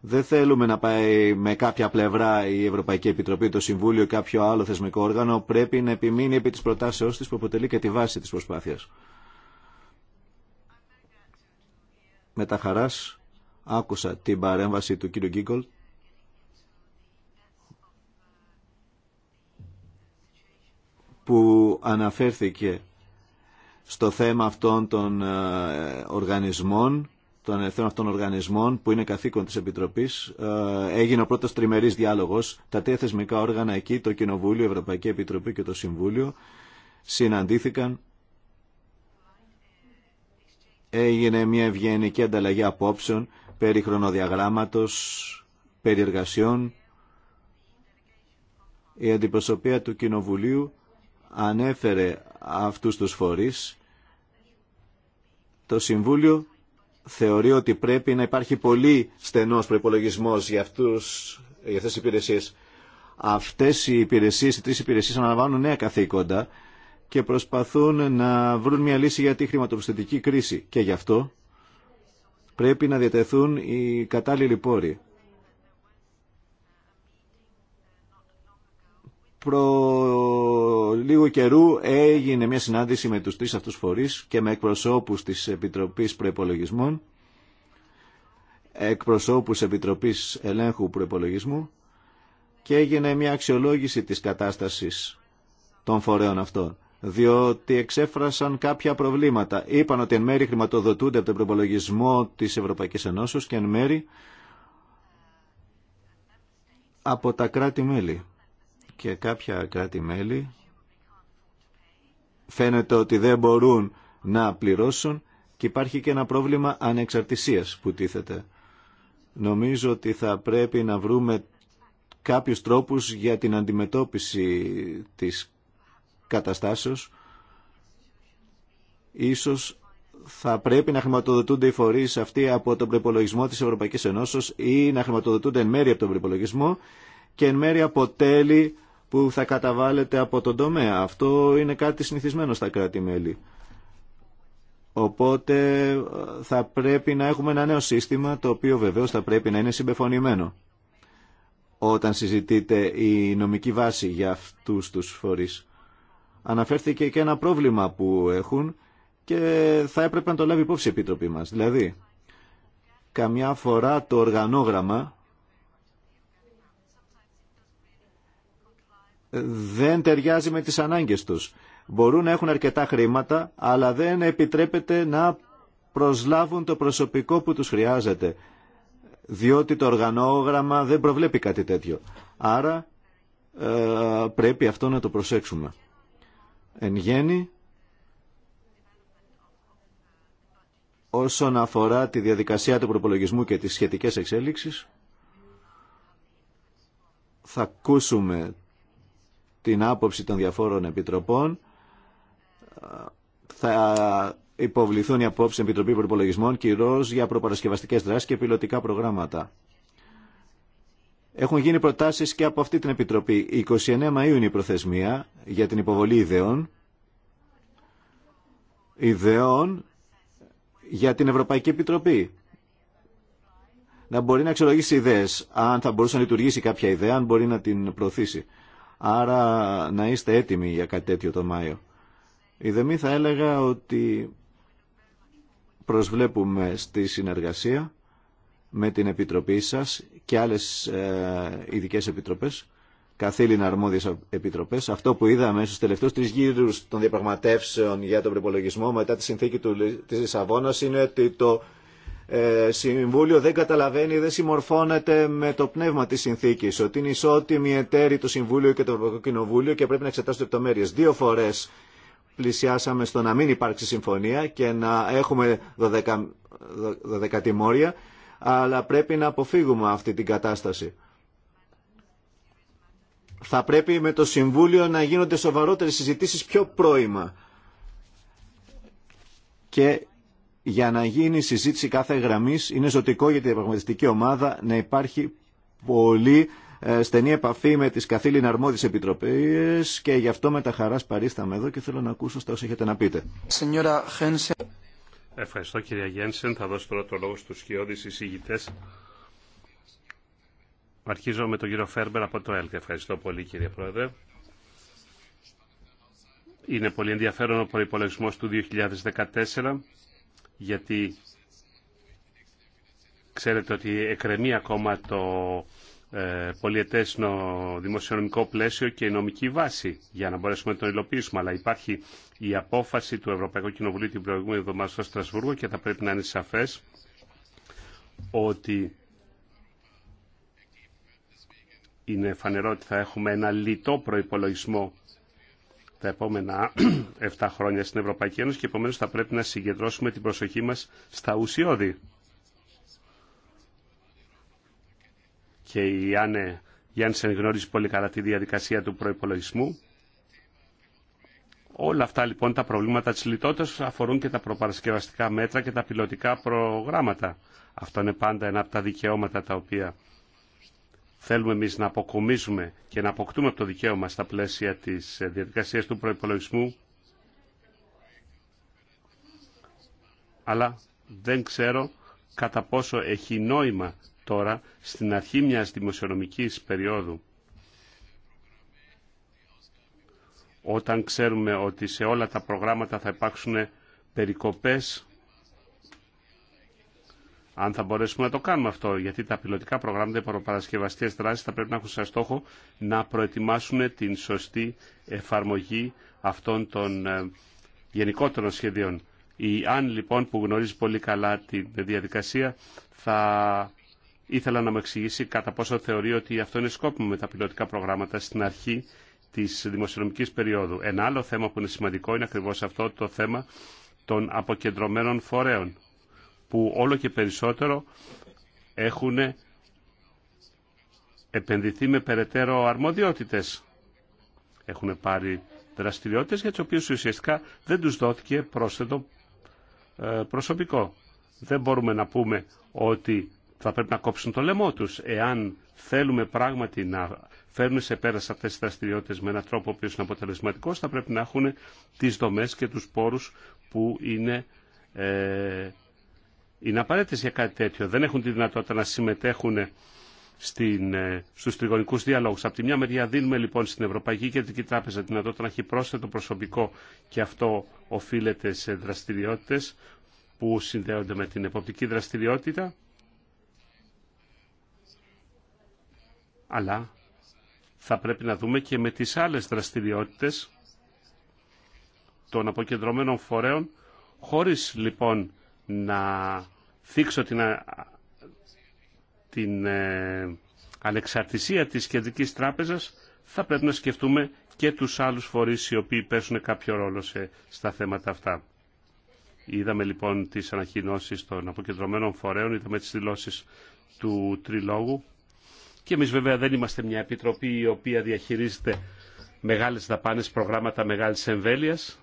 Δεν θέλουμε να πάει με κάποια πλευρά η Ευρωπαϊκή Επιτροπή, το Συμβούλιο ή κάποιο άλλο θεσμικό όργανο. Πρέπει να επιμείνει επί της προτάσεώς της που αποτελεί και τη βάση της προσπάθειας. Με τα χαράς άκουσα την παρέμβαση του κύριου Γκίγκολ. που αναφέρθηκε στο θέμα αυτών των ε, οργανισμών των ελευθέρων αυτών οργανισμών που είναι καθήκον της Επιτροπής ε, έγινε ο πρώτος τριμερής διάλογος τα τρία θεσμικά όργανα εκεί το Κοινοβούλιο, η Ευρωπαϊκή Επιτροπή και το Συμβούλιο συναντήθηκαν έγινε μια ευγενική ανταλλαγή απόψεων περί χρονοδιαγράμματος περί εργασιών η αντιπροσωπεία του Κοινοβουλίου ανέφερε αυτούς τους φορείς, το Συμβούλιο θεωρεί ότι πρέπει να υπάρχει πολύ στενός προϋπολογισμός για, αυτούς, για αυτές τις υπηρεσίες. Αυτές οι υπηρεσίες, οι τρεις υπηρεσίες αναλαμβάνουν νέα καθήκοντα και προσπαθούν να βρουν μια λύση για τη χρηματοπιστωτική κρίση. Και γι' αυτό πρέπει να διατεθούν οι κατάλληλοι πόροι λίγο καιρού έγινε μια συνάντηση με τους τρεις αυτούς φορείς και με εκπροσώπους της Επιτροπής Προϋπολογισμών, εκπροσώπους Επιτροπής Ελέγχου Προϋπολογισμού και έγινε μια αξιολόγηση της κατάστασης των φορέων αυτών διότι εξέφρασαν κάποια προβλήματα. Είπαν ότι εν μέρη χρηματοδοτούνται από τον προπολογισμό της Ευρωπαϊκής Ενώσεως και εν μέρη από τα κράτη-μέλη. Και κάποια κράτη-μέλη φαίνεται ότι δεν μπορούν να πληρώσουν και υπάρχει και ένα πρόβλημα ανεξαρτησίας που τίθεται. Νομίζω ότι θα πρέπει να βρούμε κάποιους τρόπους για την αντιμετώπιση της καταστάσεως. Ίσως θα πρέπει να χρηματοδοτούνται οι φορείς αυτοί από τον προπολογισμό της Ευρωπαϊκής Ενώσεως ή να χρηματοδοτούνται εν μέρει από τον προπολογισμό και εν μέρει από τέλη που θα καταβάλλεται από τον τομέα. Αυτό είναι κάτι συνηθισμένο στα κράτη-μέλη. Οπότε ε, θα πρέπει να έχουμε ένα νέο σύστημα το οποίο βεβαίως θα πρέπει να είναι συμπεφωνημένο όταν συζητείται η νομική βάση για αυτούς τους φορείς. Αναφέρθηκε και ένα πρόβλημα που έχουν και θα έπρεπε να το λάβει υπόψη η Επιτροπή μας. Δηλαδή, καμιά φορά το οργανόγραμμα δεν ταιριάζει με τις ανάγκες τους. Μπορούν να έχουν αρκετά χρήματα, αλλά δεν επιτρέπεται να προσλάβουν το προσωπικό που τους χρειάζεται, διότι το οργανόγραμμα δεν προβλέπει κάτι τέτοιο. Άρα ε, πρέπει αυτό να το προσέξουμε. Εν γέννη, όσον αφορά τη διαδικασία του προπολογισμού και τις σχετικές εξέλιξεις, θα ακούσουμε την άποψη των διαφόρων επιτροπών. Θα υποβληθούν οι απόψει Επιτροπή Προπολογισμών κυρίω για προπαρασκευαστικέ δράσει και πιλωτικά προγράμματα. Έχουν γίνει προτάσεις και από αυτή την Επιτροπή. 29 Μαΐου είναι η προθεσμία για την υποβολή ιδεών. Ιδεών για την Ευρωπαϊκή Επιτροπή. Να μπορεί να αξιολογήσει ιδέες, αν θα μπορούσε να λειτουργήσει κάποια ιδέα, αν μπορεί να την προωθήσει. Άρα να είστε έτοιμοι για κάτι τέτοιο το Μάιο. Η δεμή θα έλεγα ότι προσβλέπουμε στη συνεργασία με την Επιτροπή σας και άλλες ε, ειδικέ επιτροπές, καθήλυνα αρμόδιες επιτροπές. Αυτό που είδαμε στους τελευταίους τρεις γύρους των διαπραγματεύσεων για τον προπολογισμό μετά τη συνθήκη του, της Λισαβόνας είναι ότι το ε, Συμβούλιο δεν καταλαβαίνει, δεν συμμορφώνεται με το πνεύμα τη συνθήκη. Ότι είναι ισότιμη εταίροι το Συμβούλιο και το Ευρωπαϊκό Κοινοβούλιο και πρέπει να εξετάσουν λεπτομέρειε. Δύο φορέ πλησιάσαμε στο να μην υπάρξει συμφωνία και να έχουμε 12, τιμόρια, αλλά πρέπει να αποφύγουμε αυτή την κατάσταση. Θα πρέπει με το Συμβούλιο να γίνονται σοβαρότερες συζητήσεις πιο πρώιμα. Και για να γίνει συζήτηση κάθε γραμμή, είναι ζωτικό για την διαπραγματευτική ομάδα να υπάρχει πολύ ε, στενή επαφή με τι καθήλυνα αρμόδιες επιτροπές και γι' αυτό με τα χαρά παρίσταμε εδώ και θέλω να ακούσω στα όσα έχετε να πείτε. Ευχαριστώ κυρία Γένσεν. Θα δώσω τώρα το λόγο στους σκιώδεις εισηγητές. Αρχίζω με τον κύριο Φέρμπερ από το ΕΛΚ. Ευχαριστώ πολύ κύριε Πρόεδρε. Είναι πολύ ενδιαφέρον ο προπολογισμό του 2014 γιατί ξέρετε ότι εκρεμεί ακόμα το ε, δημοσιονομικό πλαίσιο και η νομική βάση για να μπορέσουμε να το υλοποιήσουμε. Αλλά υπάρχει η απόφαση του Ευρωπαϊκού Κοινοβουλίου την προηγούμενη εβδομάδα στο Στρασβούργο και θα πρέπει να είναι σαφές ότι είναι φανερό ότι θα έχουμε ένα λιτό προϋπολογισμό τα επόμενα 7 χρόνια στην Ευρωπαϊκή Ένωση και επομένως θα πρέπει να συγκεντρώσουμε την προσοχή μας στα ουσιώδη. Και η Άννε Γιάννησεν γνώριζε πολύ καλά τη διαδικασία του προϋπολογισμού. Όλα αυτά λοιπόν τα προβλήματα της λιτότητας αφορούν και τα προπαρασκευαστικά μέτρα και τα πιλωτικά προγράμματα. Αυτό είναι πάντα ένα από τα δικαιώματα τα οποία θέλουμε εμείς να αποκομίζουμε και να αποκτούμε από το δικαίωμα στα πλαίσια της ε, διαδικασίας του προϋπολογισμού. Αλλά δεν ξέρω κατά πόσο έχει νόημα τώρα στην αρχή μιας δημοσιονομικής περίοδου όταν ξέρουμε ότι σε όλα τα προγράμματα θα υπάρξουν περικοπές αν θα μπορέσουμε να το κάνουμε αυτό, γιατί τα πιλωτικά προγράμματα υποροπαρασκευαστικές δράσεις θα πρέπει να έχουν σαν στόχο να προετοιμάσουν την σωστή εφαρμογή αυτών των ε, γενικότερων σχεδίων. Η Αν λοιπόν που γνωρίζει πολύ καλά τη διαδικασία θα ήθελα να μου εξηγήσει κατά πόσο θεωρεί ότι αυτό είναι σκόπιμο με τα πιλωτικά προγράμματα στην αρχή της δημοσιονομικής περίοδου. Ένα άλλο θέμα που είναι σημαντικό είναι ακριβώς αυτό το θέμα των αποκεντρωμένων φορέων που όλο και περισσότερο έχουν επενδυθεί με περαιτέρω αρμοδιότητες. Έχουν πάρει δραστηριότητες για τις οποίες ουσιαστικά δεν τους δόθηκε πρόσθετο ε, προσωπικό. Δεν μπορούμε να πούμε ότι θα πρέπει να κόψουν το λαιμό τους εάν θέλουμε πράγματι να φέρνουν σε πέρα αυτές τις δραστηριότητες με έναν τρόπο ο είναι αποτελεσματικός θα πρέπει να έχουν τις δομές και τους πόρους που είναι ε, είναι απαραίτητες για κάτι τέτοιο. Δεν έχουν τη δυνατότητα να συμμετέχουν στου ε, στους τριγωνικούς διαλόγους. Από τη μια μεριά δίνουμε λοιπόν στην Ευρωπαϊκή Κεντρική Τράπεζα τη δυνατότητα να έχει πρόσθετο προσωπικό και αυτό οφείλεται σε δραστηριότητες που συνδέονται με την εποπτική δραστηριότητα. Αλλά θα πρέπει να δούμε και με τις άλλες δραστηριότητες των αποκεντρωμένων φορέων χωρίς λοιπόν να θίξω την, την ε, ανεξαρτησία της Κεντρικής Τράπεζας, θα πρέπει να σκεφτούμε και τους άλλους φορείς οι οποίοι παίζουν κάποιο ρόλο σε, στα θέματα αυτά. Είδαμε λοιπόν τις ανακοινώσεις των αποκεντρωμένων φορέων, είδαμε τις δηλώσεις του Τριλόγου και εμείς βέβαια δεν είμαστε μια επιτροπή η οποία διαχειρίζεται μεγάλες δαπάνες, προγράμματα μεγάλης εμβέλειας.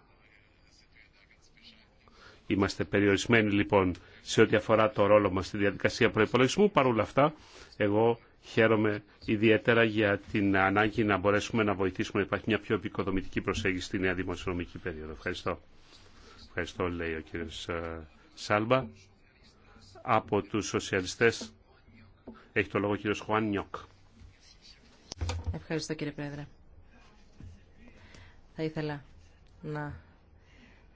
Είμαστε περιορισμένοι λοιπόν σε ό,τι αφορά το ρόλο μας στη διαδικασία προϋπολογισμού. Παρ' όλα αυτά, εγώ χαίρομαι ιδιαίτερα για την ανάγκη να μπορέσουμε να βοηθήσουμε να υπάρχει μια πιο επικοδομητική προσέγγιση στη νέα δημοσιονομική περίοδο. Ευχαριστώ. Ευχαριστώ, λέει ο κύριος ε, Σάλμπα. Από τους σοσιαλιστές έχει το λόγο ο κύριος Χουάν Νιόκ. Ευχαριστώ κύριε Πρόεδρε. Θα ήθελα να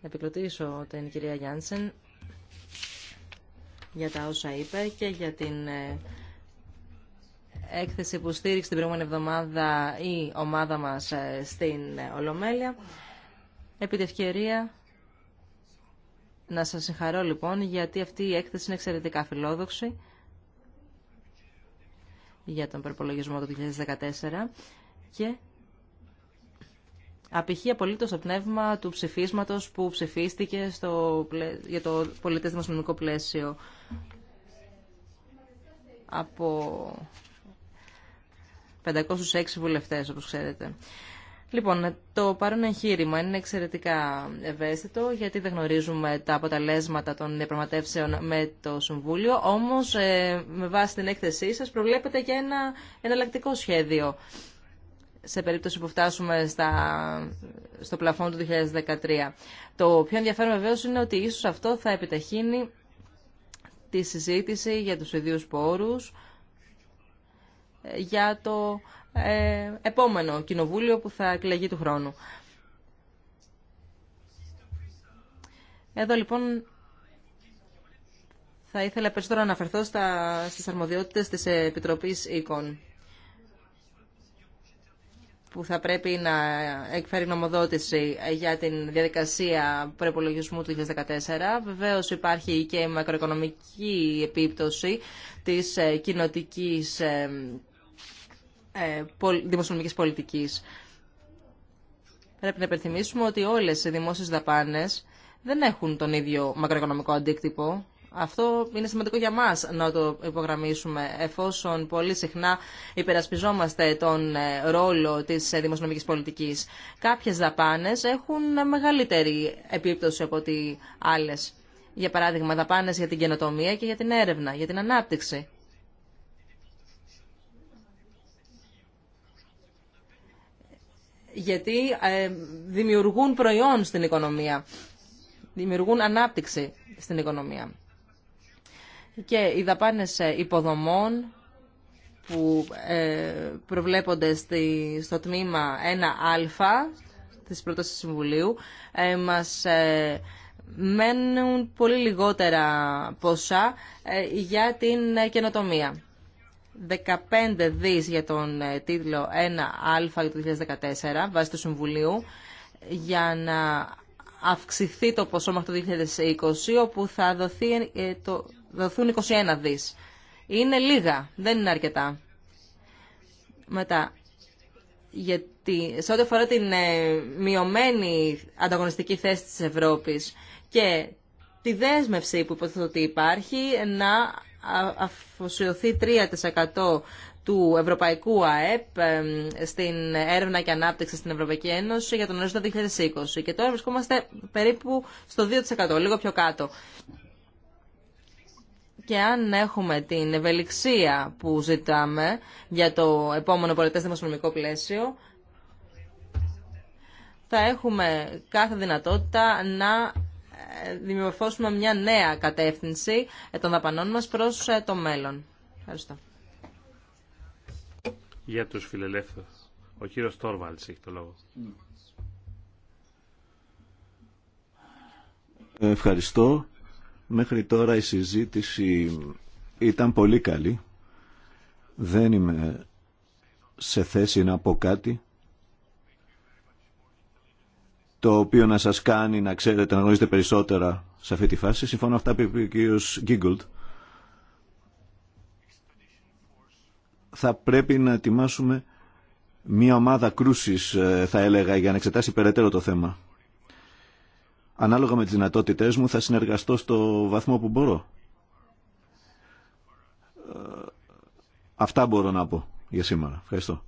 επικροτήσω την κυρία Γιάνσεν για τα όσα είπε και για την ε, έκθεση που στήριξε την προηγούμενη εβδομάδα η ομάδα μας ε, στην Ολομέλεια. Επί ευκαιρία να σας συγχαρώ λοιπόν γιατί αυτή η έκθεση είναι εξαιρετικά φιλόδοξη για τον προπολογισμό του 2014 και απηχεί απολύτω το πνεύμα του ψηφίσματο που ψηφίστηκε στο, για το πολιτέ δημοσιονομικό πλαίσιο από 506 βουλευτέ, όπως ξέρετε. Λοιπόν, το παρόν εγχείρημα είναι εξαιρετικά ευαίσθητο, γιατί δεν γνωρίζουμε τα αποτελέσματα των διαπραγματεύσεων με το Συμβούλιο, όμως ε, με βάση την έκθεσή σας προβλέπετε και ένα εναλλακτικό σχέδιο σε περίπτωση που φτάσουμε στο πλαφόν του 2013. Το πιο ενδιαφέρον βεβαίω είναι ότι ίσως αυτό θα επιταχύνει τη συζήτηση για τους ιδίους πόρους για το ε, επόμενο κοινοβούλιο που θα εκλεγεί του χρόνου. Εδώ λοιπόν θα ήθελα περισσότερο να αναφερθώ στα, στις αρμοδιότητες της Επιτροπής Οίκων που θα πρέπει να εκφέρει νομοδότηση για την διαδικασία προπολογισμού του 2014. Βεβαίω υπάρχει και η μακροοικονομική επίπτωση της ε, κοινοτική ε, ε, δημοσιονομικής πολιτικής. Πρέπει να υπενθυμίσουμε ότι όλες οι δημόσιες δαπάνες δεν έχουν τον ίδιο μακροοικονομικό αντίκτυπο αυτό είναι σημαντικό για μας να το υπογραμμίσουμε, εφόσον πολύ συχνά υπερασπιζόμαστε τον ε, ρόλο της ε, δημοσιονομικής πολιτικής. Κάποιες δαπάνες έχουν μεγαλύτερη επίπτωση από ότι άλλες. Για παράδειγμα, δαπάνες για την καινοτομία και για την έρευνα, για την ανάπτυξη. Γιατί ε, δημιουργούν προϊόν στην οικονομία, δημιουργούν ανάπτυξη στην οικονομία και οι δαπάνες ε, υποδομών που ε, προβλέπονται στη, στο τμήμα 1α της πρώτης του Συμβουλίου ε, μας μένουν πολύ λιγότερα ποσά για την καινοτομία. 15 δις για τον τίτλο 1α για 2014 βάσει του Συμβουλίου για να αυξηθεί το ποσό μέχρι το 2020 όπου θα δοθεί το δοθούν 21 δις. Είναι λίγα, δεν είναι αρκετά. Μετά, γιατί σε ό,τι αφορά την ε, μειωμένη ανταγωνιστική θέση της Ευρώπης και τη δέσμευση που υποθέτω ότι υπάρχει να αφοσιωθεί 3% του Ευρωπαϊκού ΑΕΠ ε, στην έρευνα και ανάπτυξη στην Ευρωπαϊκή Ένωση για τον ορίζοντα 2020. Και τώρα βρισκόμαστε περίπου στο 2%, λίγο πιο κάτω και αν έχουμε την ευελιξία που ζητάμε για το επόμενο πολιτές δημοσιονομικό πλαίσιο, θα έχουμε κάθε δυνατότητα να ε, δημιουργήσουμε μια νέα κατεύθυνση ε, των δαπανών μας προς ε, το μέλλον. Ευχαριστώ. Για τους φιλελεύθερους. Ο κύριος Τόρβαλτς έχει το λόγο. Ευχαριστώ. Μέχρι τώρα η συζήτηση ήταν πολύ καλή. Δεν είμαι σε θέση να πω κάτι το οποίο να σας κάνει να ξέρετε, να γνωρίζετε περισσότερα σε αυτή τη φάση. Συμφωνώ αυτά που είπε ο κύριος Γκίγκολτ. Θα πρέπει να ετοιμάσουμε μία ομάδα κρούσης, ε, θα έλεγα, για να εξετάσει περαιτέρω το θέμα. Ανάλογα με τις δυνατότητές μου θα συνεργαστώ στο βαθμό που μπορώ. Ε, αυτά μπορώ να πω για σήμερα. Ευχαριστώ.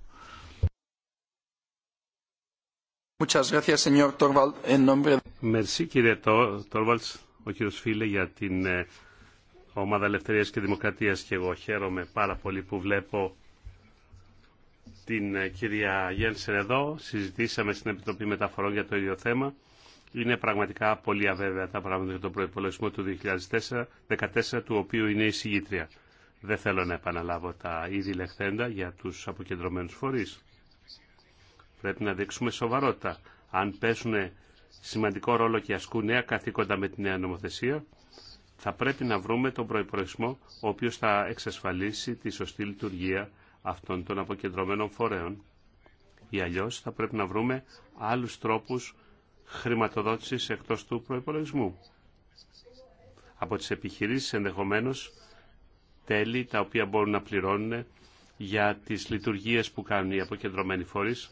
Μερσή κύριε Τόρβαλτς, ο κύριος Φίλε για την ε, Ομάδα Ελευθερίας και Δημοκρατίας και εγώ χαίρομαι πάρα πολύ που βλέπω την ε, κυρία Γένσεν εδώ. Συζητήσαμε στην Επιτροπή Μεταφορών για το ίδιο θέμα. Είναι πραγματικά πολύ αβέβαια τα πράγματα για τον προπολογισμό του 2014, του οποίου είναι η συγγήτρια. Δεν θέλω να επαναλάβω τα ήδη λεχθέντα για τους αποκεντρωμένους φορείς. Πρέπει να δείξουμε σοβαρότητα. Αν πέσουν σημαντικό ρόλο και ασκούν νέα καθήκοντα με τη νέα νομοθεσία, θα πρέπει να βρούμε τον προϋπολογισμό ο οποίος θα εξασφαλίσει τη σωστή λειτουργία αυτών των αποκεντρωμένων φορέων. Ή αλλιώ θα πρέπει να βρούμε άλλους τρόπους χρηματοδότησης εκτός του προϋπολογισμού. Από τις επιχειρήσεις ενδεχομένως τέλη τα οποία μπορούν να πληρώνουν για τις λειτουργίες που κάνουν οι αποκεντρωμένοι φορείς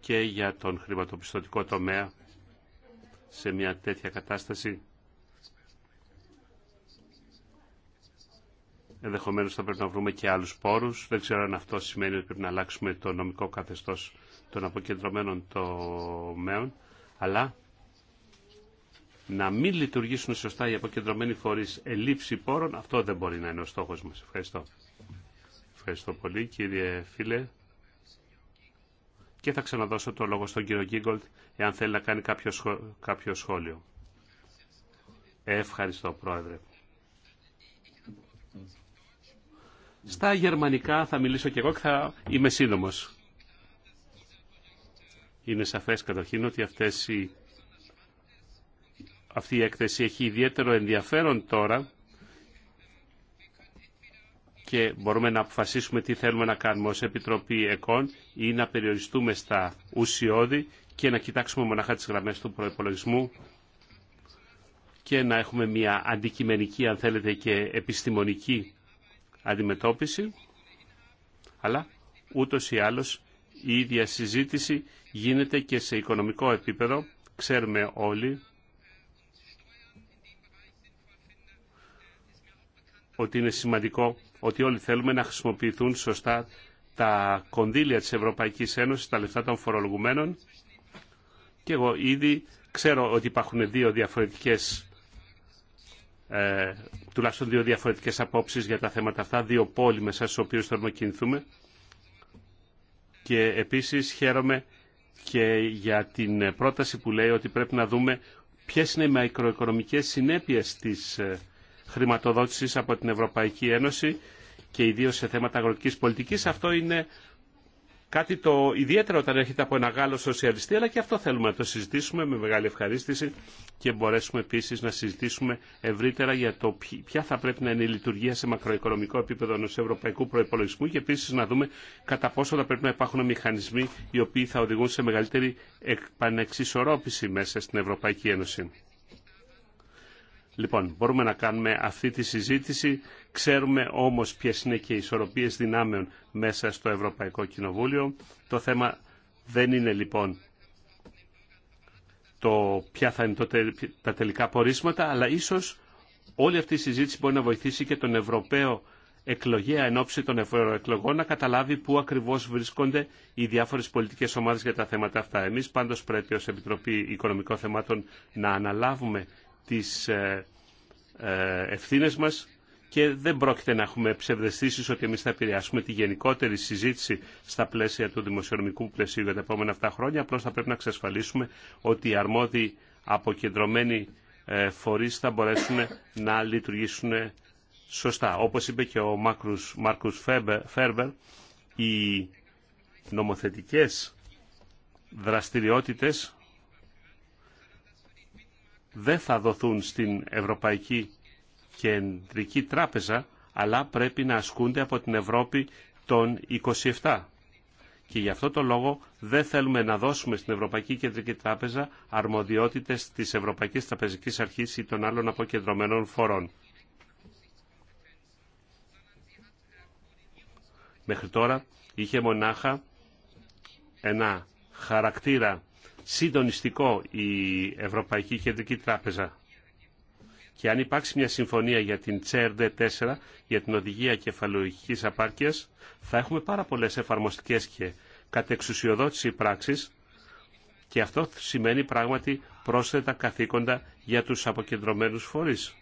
και για τον χρηματοπιστωτικό τομέα σε μια τέτοια κατάσταση. Ενδεχομένω θα πρέπει να βρούμε και άλλου πόρου. Δεν ξέρω αν αυτό σημαίνει ότι πρέπει να αλλάξουμε το νομικό καθεστώ των αποκεντρωμένων τομέων αλλά να μην λειτουργήσουν σωστά οι αποκεντρωμένοι φορείς ελλείψη πόρων, αυτό δεν μπορεί να είναι ο στόχος μας. Ευχαριστώ. Ευχαριστώ πολύ κύριε φίλε. Και θα ξαναδώσω το λόγο στον κύριο Γκίγκολτ, εάν θέλει να κάνει κάποιο, σχόλιο. κάποιο σχόλιο. Ευχαριστώ πρόεδρε. Στα γερμανικά θα μιλήσω και εγώ και θα είμαι σύντομος. Είναι σαφές καταρχήν ότι αυτές οι... αυτή η έκθεση έχει ιδιαίτερο ενδιαφέρον τώρα και μπορούμε να αποφασίσουμε τι θέλουμε να κάνουμε ως Επιτροπή ΕΚΟΝ ή να περιοριστούμε στα ουσιώδη και να κοιτάξουμε μοναχά τις γραμμές του προϋπολογισμού και να έχουμε μια αντικειμενική, αν θέλετε, και επιστημονική αντιμετώπιση, αλλά ούτως ή άλλως η ίδια συζήτηση γίνεται και σε οικονομικό επίπεδο. Ξέρουμε όλοι ότι είναι σημαντικό ότι όλοι θέλουμε να χρησιμοποιηθούν σωστά τα κονδύλια της Ευρωπαϊκής Ένωσης, τα λεφτά των φορολογουμένων. Και εγώ ήδη ξέρω ότι υπάρχουν δύο διαφορετικές, ε, τουλάχιστον δύο διαφορετικές απόψεις για τα θέματα αυτά, δύο πόλοι μέσα στους οποίους θέλουμε να κινηθούμε. Και επίσης χαίρομαι και για την πρόταση που λέει ότι πρέπει να δούμε ποιες είναι οι μακροοικονομικές συνέπειες της ε, χρηματοδότησης από την Ευρωπαϊκή Ένωση και ιδίως σε θέματα αγροτικής πολιτικής. Αυτό είναι Κάτι το ιδιαίτερο όταν έρχεται από ένα Γάλλο σοσιαλιστή, αλλά και αυτό θέλουμε να το συζητήσουμε με μεγάλη ευχαρίστηση και μπορέσουμε επίση να συζητήσουμε ευρύτερα για το ποια θα πρέπει να είναι η λειτουργία σε μακροοικονομικό επίπεδο ενό ευρωπαϊκού προπολογισμού και επίση να δούμε κατά πόσο θα πρέπει να υπάρχουν μηχανισμοί οι οποίοι θα οδηγούν σε μεγαλύτερη επανεξισορρόπηση μέσα στην Ευρωπαϊκή Ένωση. Λοιπόν, μπορούμε να κάνουμε αυτή τη συζήτηση Ξέρουμε όμως ποιες είναι και οι ισορροπίες δυνάμεων μέσα στο Ευρωπαϊκό Κοινοβούλιο. Το θέμα δεν είναι λοιπόν το ποια θα είναι τα τελικά πορίσματα, αλλά ίσως όλη αυτή η συζήτηση μπορεί να βοηθήσει και τον Ευρωπαίο εκλογέα εν ώψη των ευρωεκλογών να καταλάβει πού ακριβώς βρίσκονται οι διάφορες πολιτικές ομάδες για τα θέματα αυτά. Εμείς πάντως πρέπει ως Επιτροπή Οικονομικών Θεμάτων να αναλάβουμε τις ε, ε, ευθύνες μας και δεν πρόκειται να έχουμε ψευδεστήσεις ότι εμείς θα επηρεάσουμε τη γενικότερη συζήτηση στα πλαίσια του δημοσιονομικού πλαισίου για τα επόμενα αυτά χρόνια. Απλώς θα πρέπει να εξασφαλίσουμε ότι οι αρμόδιοι αποκεντρωμένοι ε, φορείς θα μπορέσουν να λειτουργήσουν σωστά. Όπως είπε και ο Μάρκους, Φέρβερ, οι νομοθετικές δραστηριότητες δεν θα δοθούν στην Ευρωπαϊκή κεντρική τράπεζα, αλλά πρέπει να ασκούνται από την Ευρώπη των 27. Και γι' αυτό το λόγο δεν θέλουμε να δώσουμε στην Ευρωπαϊκή Κεντρική Τράπεζα αρμοδιότητες της Ευρωπαϊκής Τραπεζικής Αρχής ή των άλλων αποκεντρωμένων φορών. Μέχρι τώρα είχε μονάχα ένα χαρακτήρα συντονιστικό η Ευρωπαϊκή Κεντρική Τράπεζα. Και αν υπάρξει μια συμφωνία για την CRD4, για την οδηγία κεφαλογικής απάρκειας, θα έχουμε πάρα πολλές εφαρμοστικές και κατεξουσιοδότηση πράξεις και αυτό σημαίνει πράγματι πρόσθετα καθήκοντα για τους αποκεντρωμένους φορείς.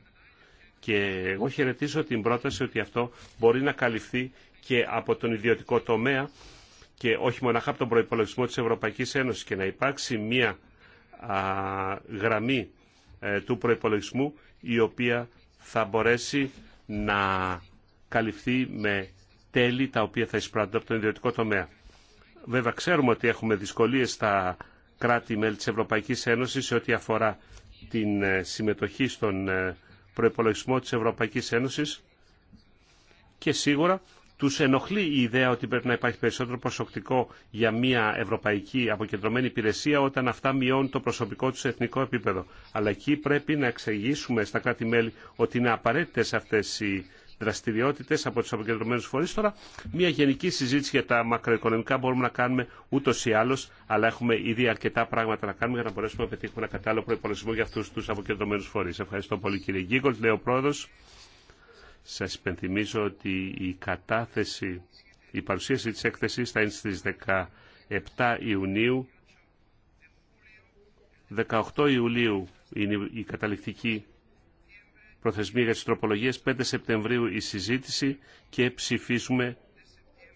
Και εγώ χαιρετίζω την πρόταση ότι αυτό μπορεί να καλυφθεί και από τον ιδιωτικό τομέα και όχι μοναχά από τον προϋπολογισμό της Ευρωπαϊκής Ένωσης και να υπάρξει μια γραμμή ε, του προϋπολογισμού η οποία θα μπορέσει να καλυφθεί με τέλη τα οποία θα εισπράττουν από τον ιδιωτικό τομέα. Βέβαια ξέρουμε ότι έχουμε δυσκολίες στα κράτη-μέλη της Ευρωπαϊκής Ένωσης σε ό,τι αφορά την ε, συμμετοχή στον ε, προϋπολογισμό της Ευρωπαϊκής Ένωσης και σίγουρα του ενοχλεί η ιδέα ότι πρέπει να υπάρχει περισσότερο προσωπικό για μια ευρωπαϊκή αποκεντρωμένη υπηρεσία όταν αυτά μειώνουν το προσωπικό του εθνικό επίπεδο. Αλλά εκεί πρέπει να εξηγήσουμε στα κράτη-μέλη ότι είναι απαραίτητε αυτέ οι δραστηριότητε από του αποκεντρωμένου φορεί. Τώρα, μια γενική συζήτηση για τα μακροοικονομικά μπορούμε να κάνουμε ούτω ή άλλω, αλλά έχουμε ήδη αρκετά πράγματα να κάνουμε για να μπορέσουμε να πετύχουμε ένα κατάλληλο προπολογισμό για αυτού του αποκεντρωμένου φορεί. Ευχαριστώ πολύ, κύριε Γκίγκολτ, λέει ο πρόεδρο. Σας υπενθυμίζω ότι η κατάθεση, η παρουσίαση της έκθεσης θα είναι στις 17 Ιουνίου. 18 Ιουλίου είναι η καταληκτική προθεσμία για τις τροπολογίες, 5 Σεπτεμβρίου η συζήτηση και ψηφίσουμε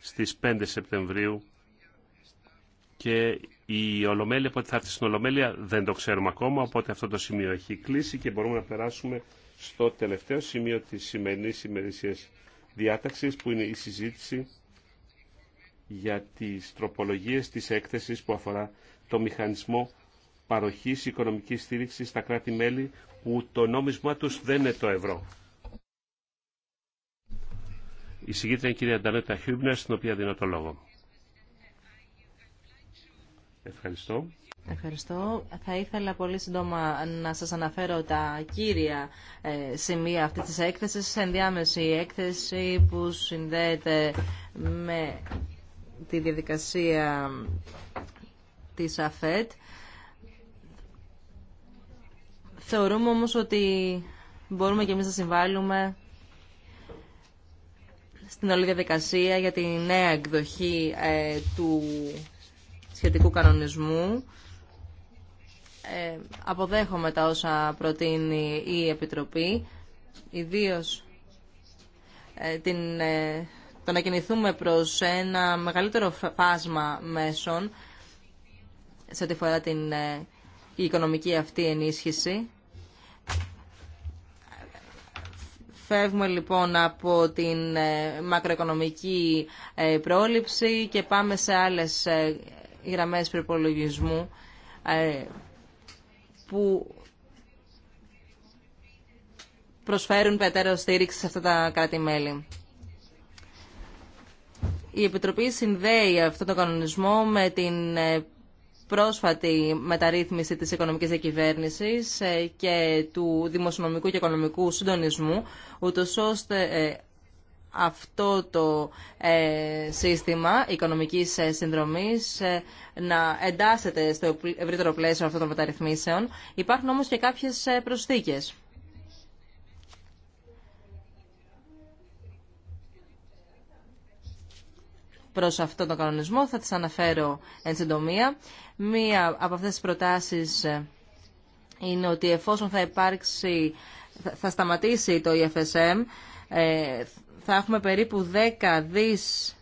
στις 5 Σεπτεμβρίου και η Ολομέλεια, πότε θα έρθει στην Ολομέλεια δεν το ξέρουμε ακόμα, οπότε αυτό το σημείο έχει κλείσει και μπορούμε να περάσουμε στο τελευταίο σημείο της σημερινής ημερησίας διάταξης που είναι η συζήτηση για τις τροπολογίες της έκθεσης που αφορά το μηχανισμό παροχής οικονομικής στήριξης στα κράτη-μέλη που το νόμισμα τους δεν είναι το ευρώ. Η συγκίτρια είναι η κυρία Ντανέτα Χιούμπνερ, στην οποία δίνω το λόγο. Ευχαριστώ. Ευχαριστώ. Θα ήθελα πολύ σύντομα να σας αναφέρω τα κύρια ε, σημεία αυτή της έκθεσης. Ενδιάμεση έκθεση που συνδέεται με τη διαδικασία της ΑΦΕΤ. Θεωρούμε όμως ότι μπορούμε και εμείς να συμβάλλουμε στην όλη διαδικασία για τη νέα εκδοχή ε, του σχετικού κανονισμού ε, αποδέχομαι τα όσα προτείνει η Επιτροπή, ιδίως ε, την, ε, το να κινηθούμε προς ένα μεγαλύτερο φάσμα μέσων σε ό,τι φορά την οικονομική αυτή ενίσχυση. Φεύγουμε λοιπόν από την μακροοικονομική πρόληψη και πάμε σε άλλες γραμμές προπολογισμού που προσφέρουν περαιτέρω στήριξη σε αυτά τα κράτη-μέλη. Η Επιτροπή συνδέει αυτό τον κανονισμό με την ε, πρόσφατη μεταρρύθμιση της οικονομικής διακυβέρνησης ε, και του δημοσιονομικού και οικονομικού συντονισμού, ούτως ώστε ε, αυτό το ε, σύστημα οικονομικής ε, συνδρομής ε, να εντάσσεται στο ευρύτερο πλαίσιο αυτών των μεταρρυθμίσεων. Υπάρχουν όμως και κάποιες προσθήκες. προς αυτόν τον κανονισμό. Θα τις αναφέρω εν συντομία. Μία από αυτές τις προτάσεις είναι ότι εφόσον θα υπάρξει, θα σταματήσει το EFSM, θα έχουμε περίπου 10 δις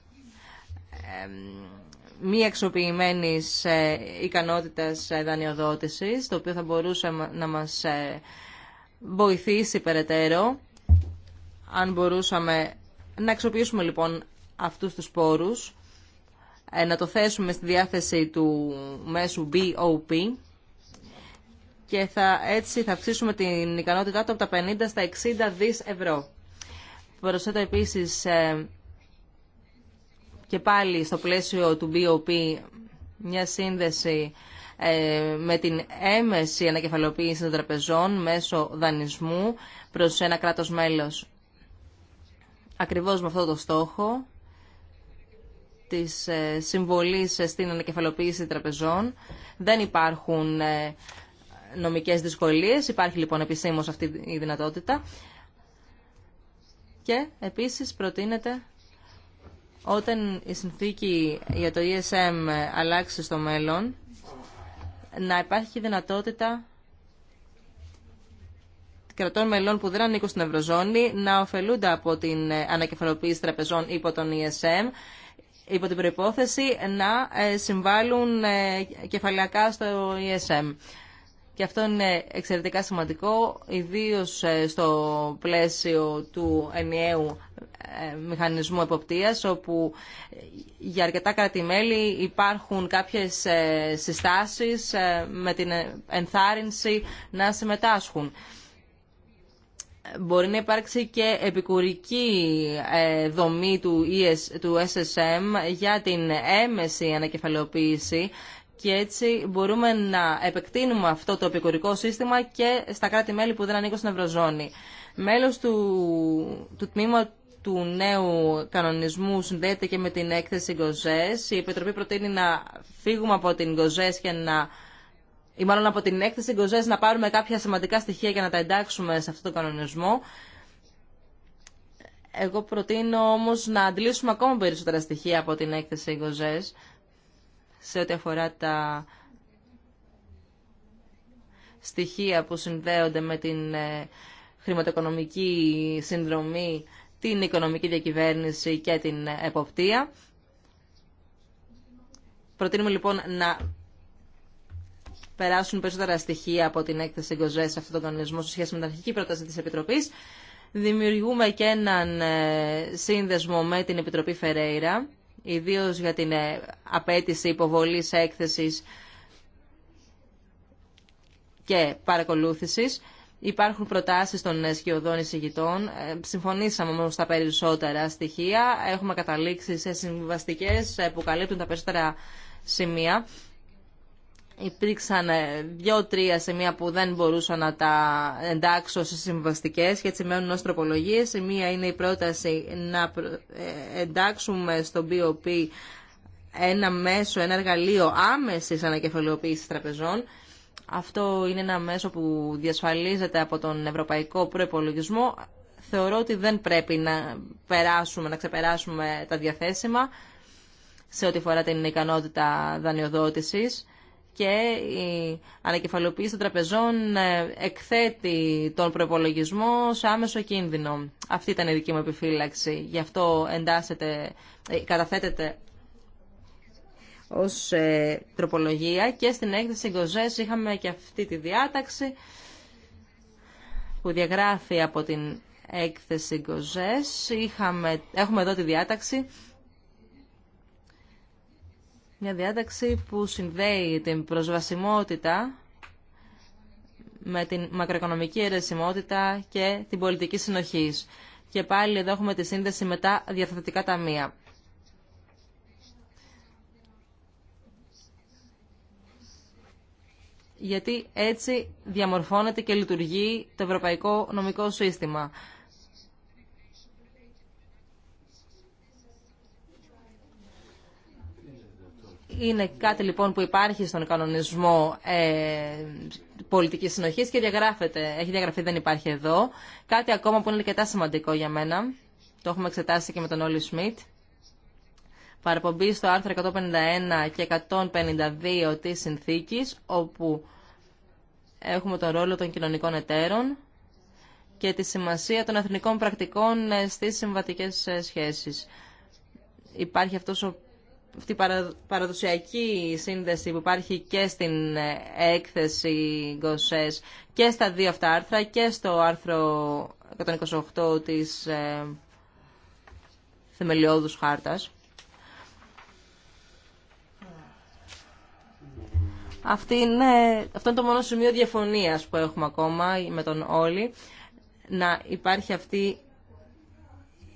μη εξοποιημένης ε, ικανότητας δανειοδότησης, το οποίο θα μπορούσε να μας ε, βοηθήσει περαιτέρω, αν μπορούσαμε να εξοποιήσουμε λοιπόν αυτούς τους πόρους, ε, να το θέσουμε στη διάθεση του μέσου BOP και θα, έτσι θα αυξήσουμε την ικανότητά του από τα 50 στα 60 δις ευρώ προσθέτω επίσης ε, και πάλι στο πλαίσιο του BOP μια σύνδεση ε, με την έμεση ανακεφαλοποίηση των τραπεζών μέσω δανεισμού προς ένα κράτος μέλος. Ακριβώς με αυτό το στόχο της ε, συμβολής στην ανακεφαλοποίηση τραπεζών δεν υπάρχουν νομικές δυσκολίες. Υπάρχει λοιπόν επισήμως αυτή η δυνατότητα. Και επίσης προτείνεται όταν η συνθήκη για το ESM αλλάξει στο μέλλον να υπάρχει δυνατότητα κρατών μελών που δεν ανήκουν στην Ευρωζώνη να ωφελούνται από την ανακεφαλοποίηση τραπεζών υπό τον ESM υπό την προϋπόθεση να ε, συμβάλλουν ε, κεφαλαιακά στο ESM. Και αυτό είναι εξαιρετικά σημαντικό, ιδίως ε, στο πλαίσιο του ενιαίου ε, μηχανισμού εποπτείας, όπου ε, για αρκετά κράτη-μέλη υπάρχουν κάποιες συστάσεις με την ενθάρρυνση να συμμετάσχουν. Μπορεί να υπάρξει και επικουρική δομή του e SSM για την έμεση ανακεφαλαιοποίηση και έτσι μπορούμε να επεκτείνουμε αυτό το επικουρικό σύστημα και στα κράτη-μέλη που δεν ανήκουν στην Ευρωζώνη. Μέλος του, του τμήμα του νέου κανονισμού συνδέεται και με την έκθεση Γκοζές. Η Επιτροπή προτείνει να φύγουμε από την Γκοζές και να ή μάλλον από την έκθεση Γκοζές να πάρουμε κάποια σημαντικά στοιχεία για να τα εντάξουμε σε αυτό το κανονισμό. Εγώ προτείνω όμως να αντλήσουμε ακόμα περισσότερα στοιχεία από την έκθεση Γκοζές σε ό,τι αφορά τα στοιχεία που συνδέονται με την ε, χρηματοοικονομική συνδρομή, την οικονομική διακυβέρνηση και την εποπτεία. Προτείνουμε λοιπόν να περάσουν περισσότερα στοιχεία από την έκθεση Γκοζέ σε αυτόν τον κανονισμό σε σχέση με την αρχική πρόταση της Επιτροπής. Δημιουργούμε και έναν ε, σύνδεσμο με την Επιτροπή Φερέιρα ιδίως για την ε, απέτηση υποβολής έκθεσης και παρακολούθησης. Υπάρχουν προτάσεις των ε, σκιωδών εισηγητών. Ε, συμφωνήσαμε όμω στα περισσότερα στοιχεία. Έχουμε καταλήξει σε συμβαστικές που καλύπτουν τα περισσότερα σημεία. Υπήρξαν ε, δύο-τρία σημεία που δεν μπορούσα να τα εντάξω σε συμβαστικέ και έτσι μένουν ω τροπολογίε. Η μία είναι η πρόταση να ε, εντάξουμε στο BOP ένα μέσο, ένα εργαλείο άμεση ανακεφαλαιοποίηση τραπεζών. Αυτό είναι ένα μέσο που διασφαλίζεται από τον Ευρωπαϊκό προπολογισμό. Θεωρώ ότι δεν πρέπει να περάσουμε, να ξεπεράσουμε τα διαθέσιμα σε ό,τι φορά την ικανότητα δανειοδότησης και η ανακεφαλοποίηση των τραπεζών ε, εκθέτει τον προπολογισμό σε άμεσο κίνδυνο. Αυτή ήταν η δική μου επιφύλαξη. Γι' αυτό εντάσσεται, ε, καταθέτεται ως ε, τροπολογία και στην έκθεση Γκοζές είχαμε και αυτή τη διάταξη που διαγράφει από την έκθεση Γκοζές. Είχαμε, έχουμε εδώ τη διάταξη μια διάταξη που συνδέει την προσβασιμότητα με την μακροοικονομική αιρεσιμότητα και την πολιτική συνοχής. Και πάλι εδώ έχουμε τη σύνδεση με τα διαθετικά ταμεία. Γιατί έτσι διαμορφώνεται και λειτουργεί το ευρωπαϊκό νομικό σύστημα. Είναι κάτι λοιπόν που υπάρχει στον κανονισμό ε, πολιτικής συνοχής και διαγράφεται. Έχει διαγραφεί, δεν υπάρχει εδώ. Κάτι ακόμα που είναι αρκετά σημαντικό για μένα. Το έχουμε εξετάσει και με τον Όλι Σμιτ. Παραπομπή στο άρθρο 151 και 152 της συνθήκης, όπου έχουμε τον ρόλο των κοινωνικών εταίρων και τη σημασία των εθνικών πρακτικών ε, στις συμβατικές ε, σχέσεις. Υπάρχει αυτός ο αυτή η παραδοσιακή σύνδεση που υπάρχει και στην ε, έκθεση Γκοσές και στα δύο αυτά άρθρα και στο άρθρο 128 της ε, Θεμελιώδους Χάρτας. Αυτή είναι, αυτό είναι το μόνο σημείο διαφωνίας που έχουμε ακόμα με τον Όλη. Να υπάρχει αυτή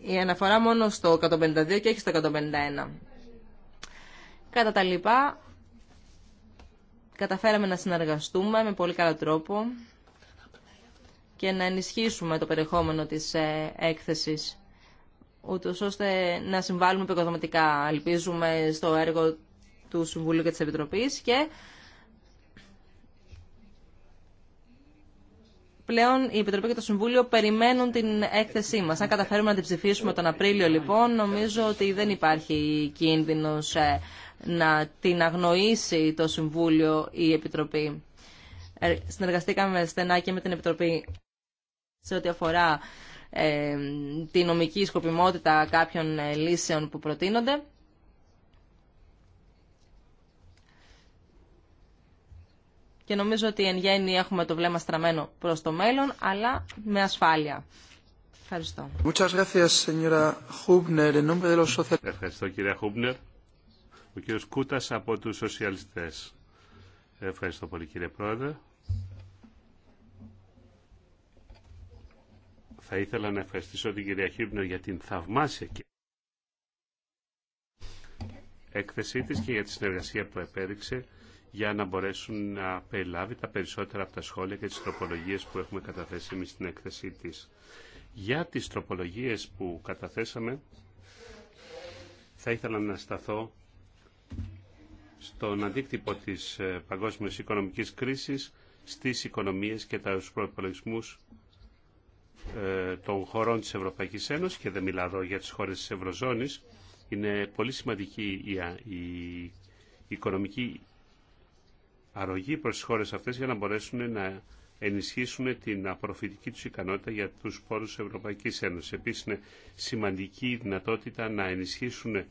η αναφορά μόνο στο 152 και όχι στο 151. Κατά τα λοιπά, καταφέραμε να συνεργαστούμε με πολύ καλό τρόπο και να ενισχύσουμε το περιεχόμενο της ε, έκθεσης, ούτως ώστε να συμβάλλουμε επικοδοματικά, ελπίζουμε, στο έργο του Συμβουλίου και της Επιτροπής και πλέον η Επιτροπή και το Συμβούλιο περιμένουν την έκθεσή μας. Αν καταφέρουμε να την ψηφίσουμε τον Απρίλιο λοιπόν, νομίζω ότι δεν υπάρχει κίνδυνος ε, να την αγνοήσει το Συμβούλιο ή η Επιτροπή. Ε, συνεργαστήκαμε στενά και με την Επιτροπή σε ό,τι αφορά ε, τη νομική σκοπιμότητα κάποιων ε, λύσεων που προτείνονται. Και νομίζω ότι εν γέννη έχουμε το βλέμμα στραμμένο προς το μέλλον, αλλά με ασφάλεια. Ευχαριστώ. Ευχαριστώ ο κύριος Κούτας από τους Σοσιαλιστές. Ευχαριστώ πολύ κύριε Πρόεδρε. Θα ήθελα να ευχαριστήσω την κυρία Χίμπνο για την θαυμάσια έκθεσή της και για τη συνεργασία που επέδειξε για να μπορέσουν να περιλάβει τα περισσότερα από τα σχόλια και τις τροπολογίες που έχουμε καταθέσει εμείς στην έκθεσή της. Για τις τροπολογίες που καταθέσαμε θα ήθελα να σταθώ στον αντίκτυπο της ε, παγκόσμιας οικονομικής κρίσης στις οικονομίες και τα προπολογισμού ε, των χωρών της Ευρωπαϊκής Ένωσης και δεν μιλάω εδώ για τις χώρες της Ευρωζώνης. Είναι πολύ σημαντική η οικονομική αρρωγή προς τις χώρες αυτές για να μπορέσουν να ενισχύσουν την απορροφητική τους ικανότητα για τους πόρους της Ευρωπαϊκής Ένωσης. Επίσης είναι σημαντική η δυνατότητα να ενισχύσουν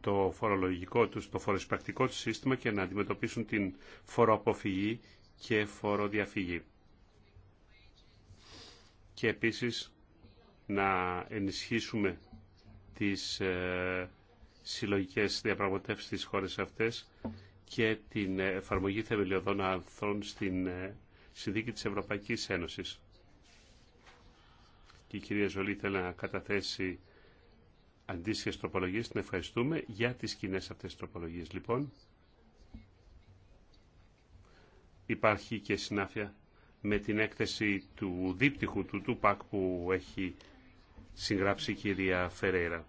το φορολογικό τους, το φοροεισπρακτικό του σύστημα και να αντιμετωπίσουν την φοροαποφυγή και φοροδιαφυγή. Και επίσης να ενισχύσουμε τις ε, συλλογικές διαπραγματεύσεις στις χώρες αυτές και την ε, εφαρμογή θεμελιωδών ανθών στην ε, Συνδίκη της Ευρωπαϊκής Ένωσης. Και η κυρία Ζολή θέλει να καταθέσει αντίστοιχε τροπολογίε. Την ευχαριστούμε για τι κοινέ αυτέ τροπολογίε. Λοιπόν, υπάρχει και συνάφεια με την έκθεση του δίπτυχου του Τούπακ που έχει συγγράψει η κυρία Φερέρα.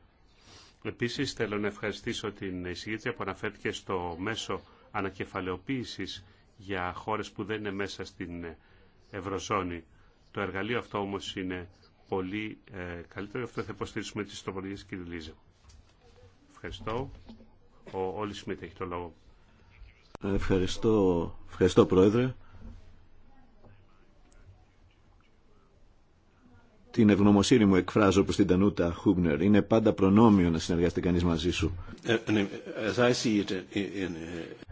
Επίσης θέλω να ευχαριστήσω την εισηγήτρια που αναφέρθηκε στο μέσο ανακεφαλαιοποίησης για χώρες που δεν είναι μέσα στην Ευρωζώνη. Το εργαλείο αυτό όμως είναι πολύ ε, καλύτερο. Αυτό θα υποστηρίξουμε τις τροπολογίες κύριε Λίζε. Ευχαριστώ. Ο Όλη Σμίτ έχει το λόγο. Ευχαριστώ, ευχαριστώ Πρόεδρε. Την ευγνωμοσύνη μου εκφράζω προ την Τανούτα Χούμπνερ. Είναι πάντα προνόμιο να συνεργαστεί κανείς μαζί σου. Ε, ναι, ε,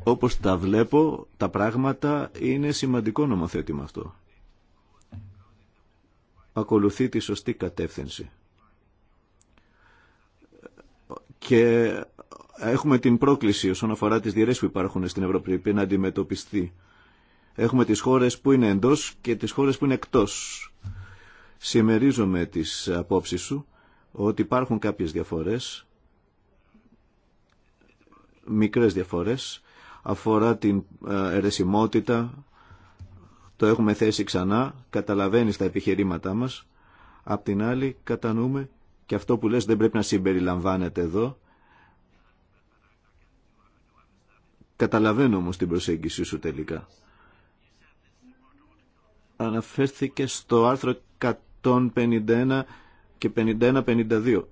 Όπω τα βλέπω, τα πράγματα είναι σημαντικό νομοθέτημα αυτό ακολουθεί τη σωστή κατεύθυνση. Και έχουμε την πρόκληση όσον αφορά τις διαιρέσεις που υπάρχουν στην Ευρωπαϊκή να αντιμετωπιστεί. Έχουμε τις χώρες που είναι εντός και τις χώρες που είναι εκτός. Σημερίζομαι τις απόψεις σου ότι υπάρχουν κάποιες διαφορές, μικρές διαφορές, αφορά την ε, αιρεσιμότητα, το έχουμε θέσει ξανά, καταλαβαίνει τα επιχειρήματά μας. Απ' την άλλη κατανοούμε και αυτό που λες δεν πρέπει να συμπεριλαμβάνεται εδώ. Καταλαβαίνω όμως την προσέγγιση σου τελικά. Αναφέρθηκε στο άρθρο 151 και 51-52.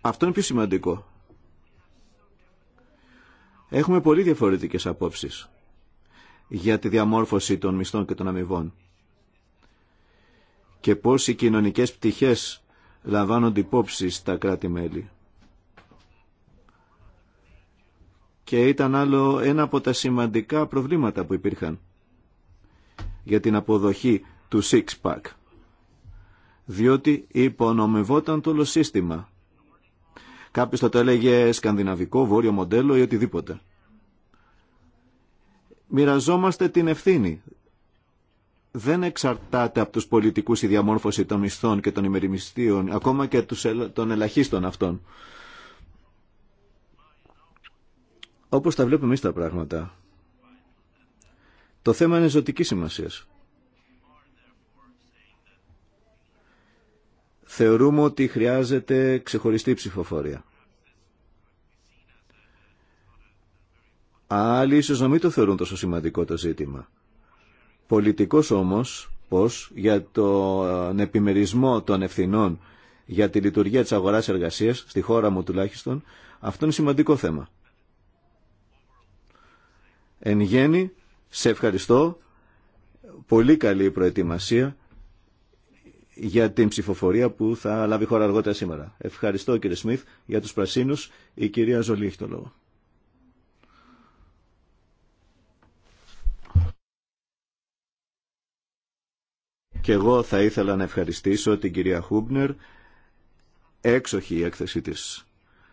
Αυτό είναι πιο σημαντικό. Έχουμε πολύ διαφορετικές απόψεις για τη διαμόρφωση των μισθών και των αμοιβών και πώς οι κοινωνικές πτυχές λαμβάνονται υπόψη στα κράτη-μέλη. Και ήταν άλλο ένα από τα σημαντικά προβλήματα που υπήρχαν για την αποδοχή του six-pack, διότι υπονομευόταν το όλο σύστημα Κάποιος θα το έλεγε σκανδιναβικό, βόρειο μοντέλο ή οτιδήποτε. Μοιραζόμαστε την ευθύνη. Δεν εξαρτάται από τους πολιτικούς η διαμόρφωση των μισθών και των ημερημιστίων, ακόμα και των ελαχίστων αυτών. Όπως τα βλέπουμε εμείς τα πράγματα. Το θέμα είναι ζωτική σημασίας. θεωρούμε ότι χρειάζεται ξεχωριστή ψηφοφορία. Άλλοι ίσως να μην το θεωρούν τόσο σημαντικό το ζήτημα. Πολιτικός όμως, πως για τον επιμερισμό των ευθυνών για τη λειτουργία της αγοράς εργασίας, στη χώρα μου τουλάχιστον, αυτό είναι σημαντικό θέμα. Εν γέννη, σε ευχαριστώ. Πολύ καλή προετοιμασία για την ψηφοφορία που θα λάβει χώρα αργότερα σήμερα. Ευχαριστώ κύριε Σμιθ για τους πρασίνους. Η κυρία Ζολή έχει το λόγο. Και εγώ θα ήθελα να ευχαριστήσω την κυρία Χούμπνερ έξοχη η έκθεσή της.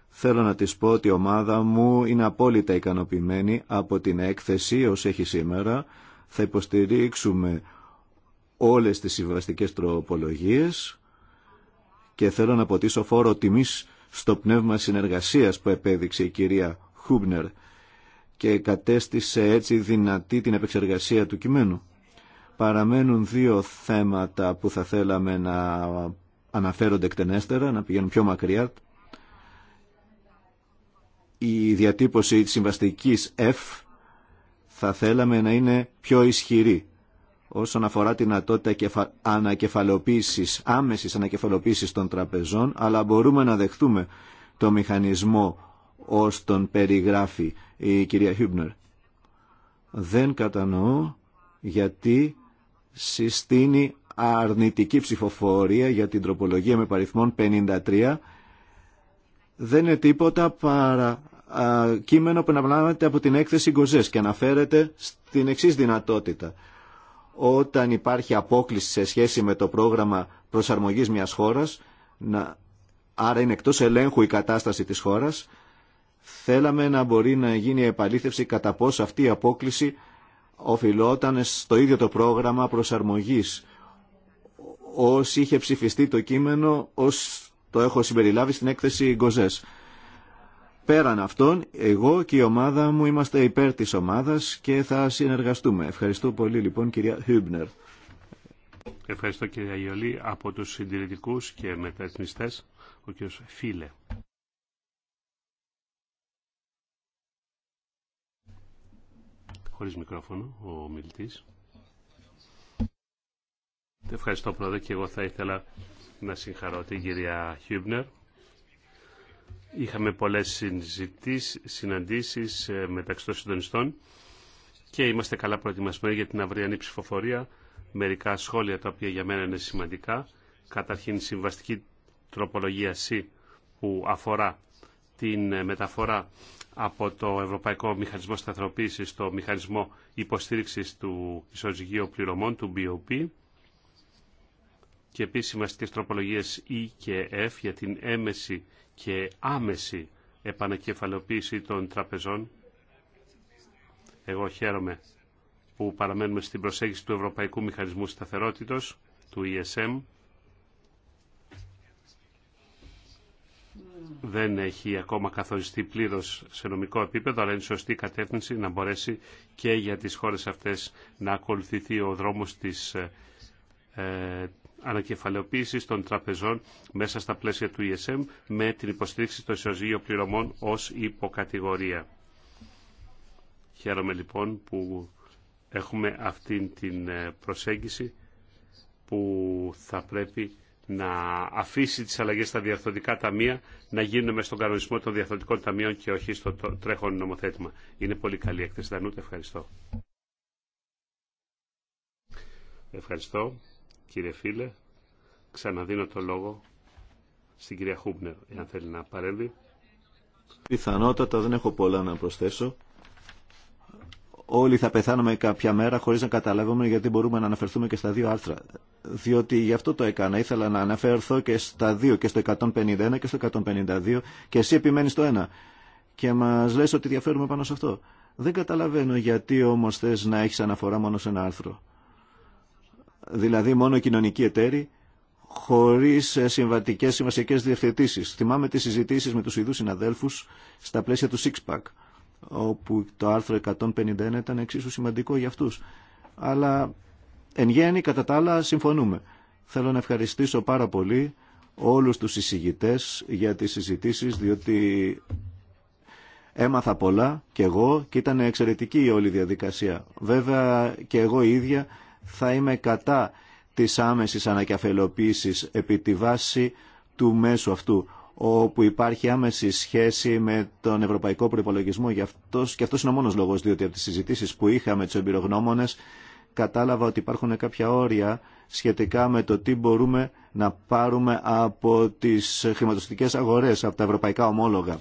Θέλω να της πω ότι η ομάδα μου είναι απόλυτα ικανοποιημένη από την έκθεση ως έχει σήμερα. Θα υποστηρίξουμε όλες τις συμβαστικές τροπολογίες και θέλω να ποτίσω φόρο τιμής στο πνεύμα συνεργασίας που επέδειξε η κυρία Χούμπνερ και κατέστησε έτσι δυνατή την επεξεργασία του κειμένου. Παραμένουν δύο θέματα που θα θέλαμε να αναφέρονται εκτενέστερα, να πηγαίνουν πιο μακριά. Η διατύπωση της συμβαστικής F θα θέλαμε να είναι πιο ισχυρή όσον αφορά τη δυνατότητα ανακεφαλοποίησης, άμεσης ανακεφαλοποίησης των τραπεζών, αλλά μπορούμε να δεχτούμε το μηχανισμό ως τον περιγράφει η κυρία Χιούμπνερ. Δεν κατανοώ γιατί συστήνει αρνητική ψηφοφορία για την τροπολογία με παριθμόν 53 δεν είναι τίποτα παρά κείμενο που αναπλάνεται από την έκθεση Γκοζές και αναφέρεται στην εξής δυνατότητα όταν υπάρχει απόκληση σε σχέση με το πρόγραμμα προσαρμογής μιας χώρας, να, άρα είναι εκτός ελέγχου η κατάσταση της χώρας, θέλαμε να μπορεί να γίνει επαλήθευση κατά πώς αυτή η απόκληση οφειλόταν στο ίδιο το πρόγραμμα προσαρμογής ως είχε ψηφιστεί το κείμενο, ως το έχω συμπεριλάβει στην έκθεση Γκοζές. Πέραν αυτών, εγώ και η ομάδα μου είμαστε υπέρ της ομάδας και θα συνεργαστούμε. Ευχαριστώ πολύ λοιπόν κυρία Χούμπνερ. Ευχαριστώ κυρία Ιωλή. Από τους συντηρητικούς και μεταρρυθμιστές, ο κύριος Φίλε. Χωρίς μικρόφωνο, ο μιλητής. Ευχαριστώ πρόεδρε και εγώ θα ήθελα να συγχαρώ την κυρία Χούμπνερ Είχαμε πολλές συναντήσεις ε, μεταξύ των συντονιστών και είμαστε καλά προετοιμασμένοι για την αυριανή ψηφοφορία. Μερικά σχόλια τα οποία για μένα είναι σημαντικά. Καταρχήν η συμβαστική τροπολογία C που αφορά την ε, μεταφορά από το Ευρωπαϊκό Μηχανισμό Σταθεροποίησης στο Μηχανισμό Υποστήριξης του Ισοζυγίου Πληρωμών, του BOP και επίσης συμβαστικές τροπολογίες E και F για την έμεση και άμεση επανακεφαλοποίηση των τραπεζών. Εγώ χαίρομαι που παραμένουμε στην προσέγγιση του Ευρωπαϊκού Μηχανισμού Σταθερότητος, του ESM. Δεν έχει ακόμα καθοριστεί πλήρως σε νομικό επίπεδο, αλλά είναι σωστή κατεύθυνση να μπορέσει και για τις χώρες αυτές να ακολουθηθεί ο δρόμος της, ε, ανακεφαλαιοποίησης των τραπεζών μέσα στα πλαίσια του ESM με την υποστήριξη των ισοζύγιων πληρωμών ως υποκατηγορία. Χαίρομαι λοιπόν που έχουμε αυτήν την ε, προσέγγιση που θα πρέπει να αφήσει τις αλλαγές στα διαρθρωτικά ταμεία να γίνουν μες στον κανονισμό των διαρθρωτικών ταμείων και όχι στο τρέχον νομοθέτημα. Είναι πολύ καλή έκθεση. Δανούτ. ευχαριστώ. Ευχαριστώ κύριε φίλε. Ξαναδίνω το λόγο στην κυρία Χούμπνερ, εάν θέλει να παρέμβει. Πιθανότατα δεν έχω πολλά να προσθέσω. Όλοι θα πεθάνουμε κάποια μέρα χωρίς να καταλάβουμε γιατί μπορούμε να αναφερθούμε και στα δύο άρθρα. Διότι γι' αυτό το έκανα. Ήθελα να αναφερθώ και στα δύο, και στο 151 και στο 152 και εσύ επιμένει στο ένα. Και μα λες ότι διαφέρουμε πάνω σε αυτό. Δεν καταλαβαίνω γιατί όμω θε να έχει αναφορά μόνο σε ένα άρθρο δηλαδή μόνο κοινωνική εταίρη... χωρί ε, συμβατικέ σημασιακέ διευθετήσει. Θυμάμαι τι συζητήσει με του Ιδού συναδέλφου στα πλαίσια του ΣΥΚΣΠΑΚ, όπου το άρθρο 151 ήταν εξίσου σημαντικό για αυτού. Αλλά εν γέννη, κατά τα άλλα, συμφωνούμε. Θέλω να ευχαριστήσω πάρα πολύ όλους τους συζητητές για τις συζητήσεις, διότι έμαθα πολλά και εγώ και ήταν εξαιρετική η όλη διαδικασία. Βέβαια και εγώ ίδια θα είμαι κατά της άμεσης ανακεφαλοποίησης επί τη βάση του μέσου αυτού όπου υπάρχει άμεση σχέση με τον ευρωπαϊκό προπολογισμό. Γι' αυτός, και αυτός είναι ο μόνος λόγος, διότι από τις συζητήσεις που είχα με τους εμπειρογνώμονες κατάλαβα ότι υπάρχουν κάποια όρια σχετικά με το τι μπορούμε να πάρουμε από τις χρηματοστικές αγορές, από τα ευρωπαϊκά ομόλογα.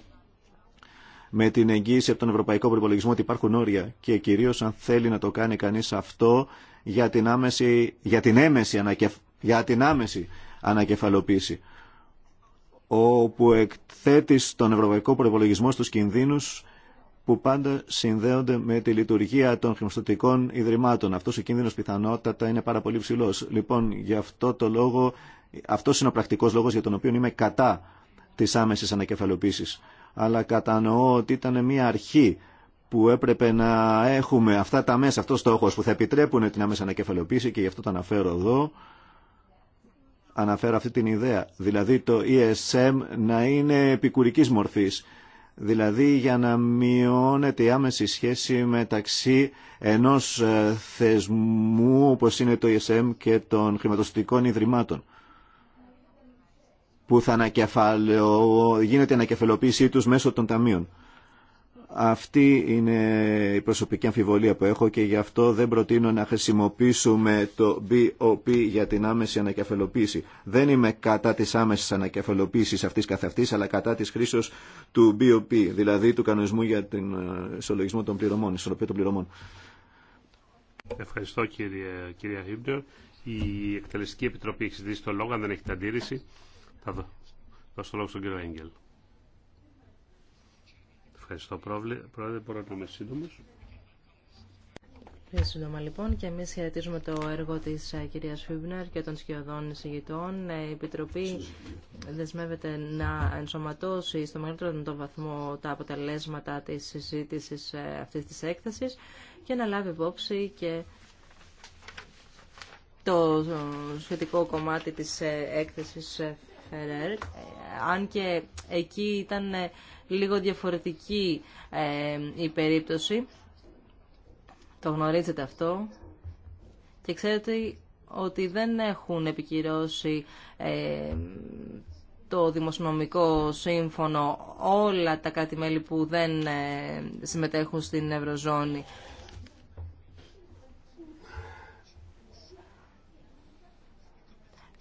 Με την εγγύηση από τον ευρωπαϊκό προπολογισμό ότι υπάρχουν όρια και κυρίως αν θέλει να το κάνει κανείς αυτό για την, άμεση, για την, έμεση, ανακεφ, για την άμεση ανακεφαλοποίηση όπου εκθέτει στον ευρωπαϊκό προπολογισμό στους κινδύνους που πάντα συνδέονται με τη λειτουργία των χρηματοδοτικών ιδρυμάτων. Αυτός ο κίνδυνος πιθανότατα είναι πάρα πολύ ψηλός. Λοιπόν, γι' αυτό το λόγο, αυτός είναι ο πρακτικός λόγος για τον οποίο είμαι κατά της άμεσης ανακεφαλοποίησης. Αλλά κατανοώ ότι ήταν μια αρχή που έπρεπε να έχουμε αυτά τα μέσα, αυτός στόχο που θα επιτρέπουν την άμεση ανακεφαλαιοποίηση και γι' αυτό το αναφέρω εδώ, αναφέρω αυτή την ιδέα. Δηλαδή το ESM να είναι επικουρικής μορφής. Δηλαδή για να μειώνεται η άμεση σχέση μεταξύ ενός ε, θεσμού όπως είναι το ESM και των χρηματοστικών ιδρυμάτων που θα γίνεται η ανακεφαλαιοποίηση τους μέσω των ταμείων. Αυτή είναι η προσωπική αμφιβολία που έχω και γι' αυτό δεν προτείνω να χρησιμοποιήσουμε το BOP για την άμεση ανακεφαλοποίηση. Δεν είμαι κατά της άμεσης ανακεφαλοποίησης αυτής καθ' αλλά κατά της χρήσεως του BOP, δηλαδή του κανονισμού για τον ε, ισολογισμό των πληρωμών, ισορροπία των πληρωμών. Ευχαριστώ κύριε, κυρία Χίμπνερ. Η Εκτελεστική Επιτροπή έχει ζητήσει το λόγο, αν δεν έχετε αντίρρηση. Θα δώσω το λόγο στον κύριο Έγγελ. Ευχαριστώ πρόεδρε, μπορώ να είμαι σύντομο. σύντομα λοιπόν και εμείς χαιρετίζουμε το έργο της ε, κυρίας Φίμπνερ και των σκιωδών εισηγητών. Ε, η Επιτροπή δεσμεύεται να ενσωματώσει στο μεγαλύτερο δυνατό βαθμό τα αποτελέσματα της συζήτησης ε, αυτής της έκθεσης και να λάβει υπόψη και το σχετικό κομμάτι της έκθεσης Φερέρ, αν και εκεί ήταν λίγο διαφορετική ε, η περίπτωση. Το γνωρίζετε αυτό. Και ξέρετε ότι δεν έχουν επικυρώσει ε, το Δημοσιονομικό Σύμφωνο όλα τα κράτη-μέλη που δεν ε, συμμετέχουν στην Ευρωζώνη.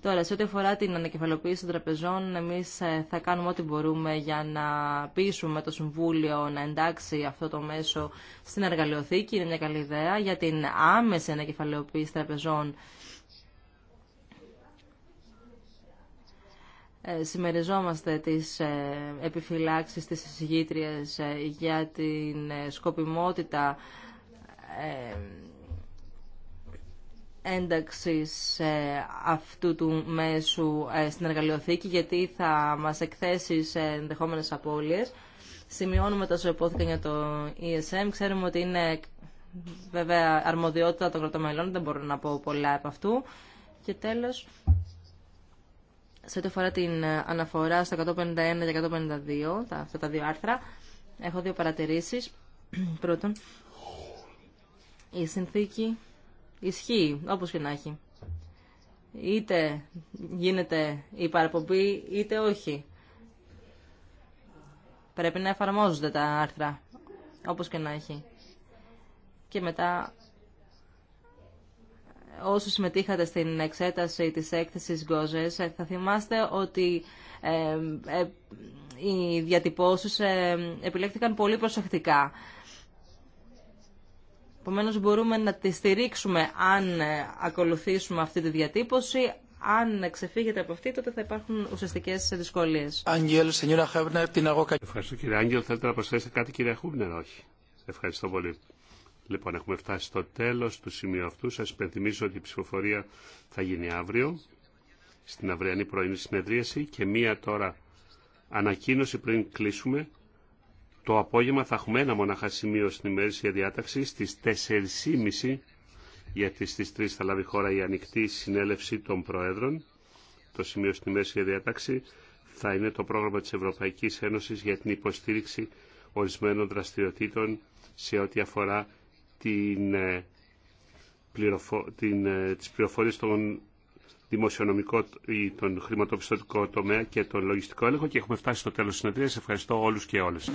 Τώρα, σε ό,τι αφορά την ανακεφαλοποίηση των τραπεζών, εμείς ε, θα κάνουμε ό,τι μπορούμε για να πείσουμε το Συμβούλιο να εντάξει αυτό το μέσο στην εργαλειοθήκη. Είναι μια καλή ιδέα για την άμεση ανακεφαλαιοποίηση τραπεζών. Ε, συμμεριζόμαστε τις ε, επιφυλάξεις της συζητήτριας για την σκοπιμότητα ένταξης αυτού του μέσου ε, στην εργαλειοθήκη γιατί θα μας εκθέσει σε ενδεχόμενες απώλειες. Σημειώνουμε τα υπόθηκαν για το ESM. Ξέρουμε ότι είναι βέβαια αρμοδιότητα των κρατομελών, δεν μπορώ να πω πολλά από αυτού. Και τέλος, σε ό,τι αφορά την αναφορά στα 151 και 152, τα, αυτά τα δύο άρθρα, έχω δύο παρατηρήσεις. Πρώτον, η συνθήκη Ισχύει, όπω και να έχει. Είτε γίνεται η παραπομπή, είτε όχι. Πρέπει να εφαρμόζονται τα άρθρα, όπως και να έχει. Και μετά, όσοι συμμετείχατε στην εξέταση της έκθεσης γοζες ε, θα θυμάστε ότι ε, ε, οι διατυπώσεις ε, επιλέχθηκαν πολύ προσεκτικά. Επομένω, μπορούμε να τη στηρίξουμε αν ε, ακολουθήσουμε αυτή τη διατύπωση. Αν ξεφύγετε από αυτή, τότε θα υπάρχουν ουσιαστικέ δυσκολίε. Ευχαριστώ κύριε Άγγελ. Θέλετε να προσθέσετε κάτι κύριε Χούμπνερ, όχι. Ευχαριστώ πολύ. Λοιπόν, έχουμε φτάσει στο τέλο του σημείου αυτού. Σα υπενθυμίζω ότι η ψηφοφορία θα γίνει αύριο, στην αυριανή πρωινή συνεδρίαση και μία τώρα ανακοίνωση πριν κλείσουμε το απόγευμα θα έχουμε ένα μονάχα σημείο στην ημερήσια διάταξη στις 4.30 γιατί στις 3 θα λάβει χώρα η ανοιχτή συνέλευση των Προέδρων. Το σημείο στην για διάταξη θα είναι το πρόγραμμα της Ευρωπαϊκής Ένωσης για την υποστήριξη ορισμένων δραστηριοτήτων σε ό,τι αφορά την, ε, πληροφο... την... Ε, τις πληροφορίες των δημοσιονομικό ή τον χρηματοπιστωτικό τομέα και τον λογιστικό έλεγχο και έχουμε φτάσει στο τέλος της συνεδρίας. Ευχαριστώ όλους και όλες.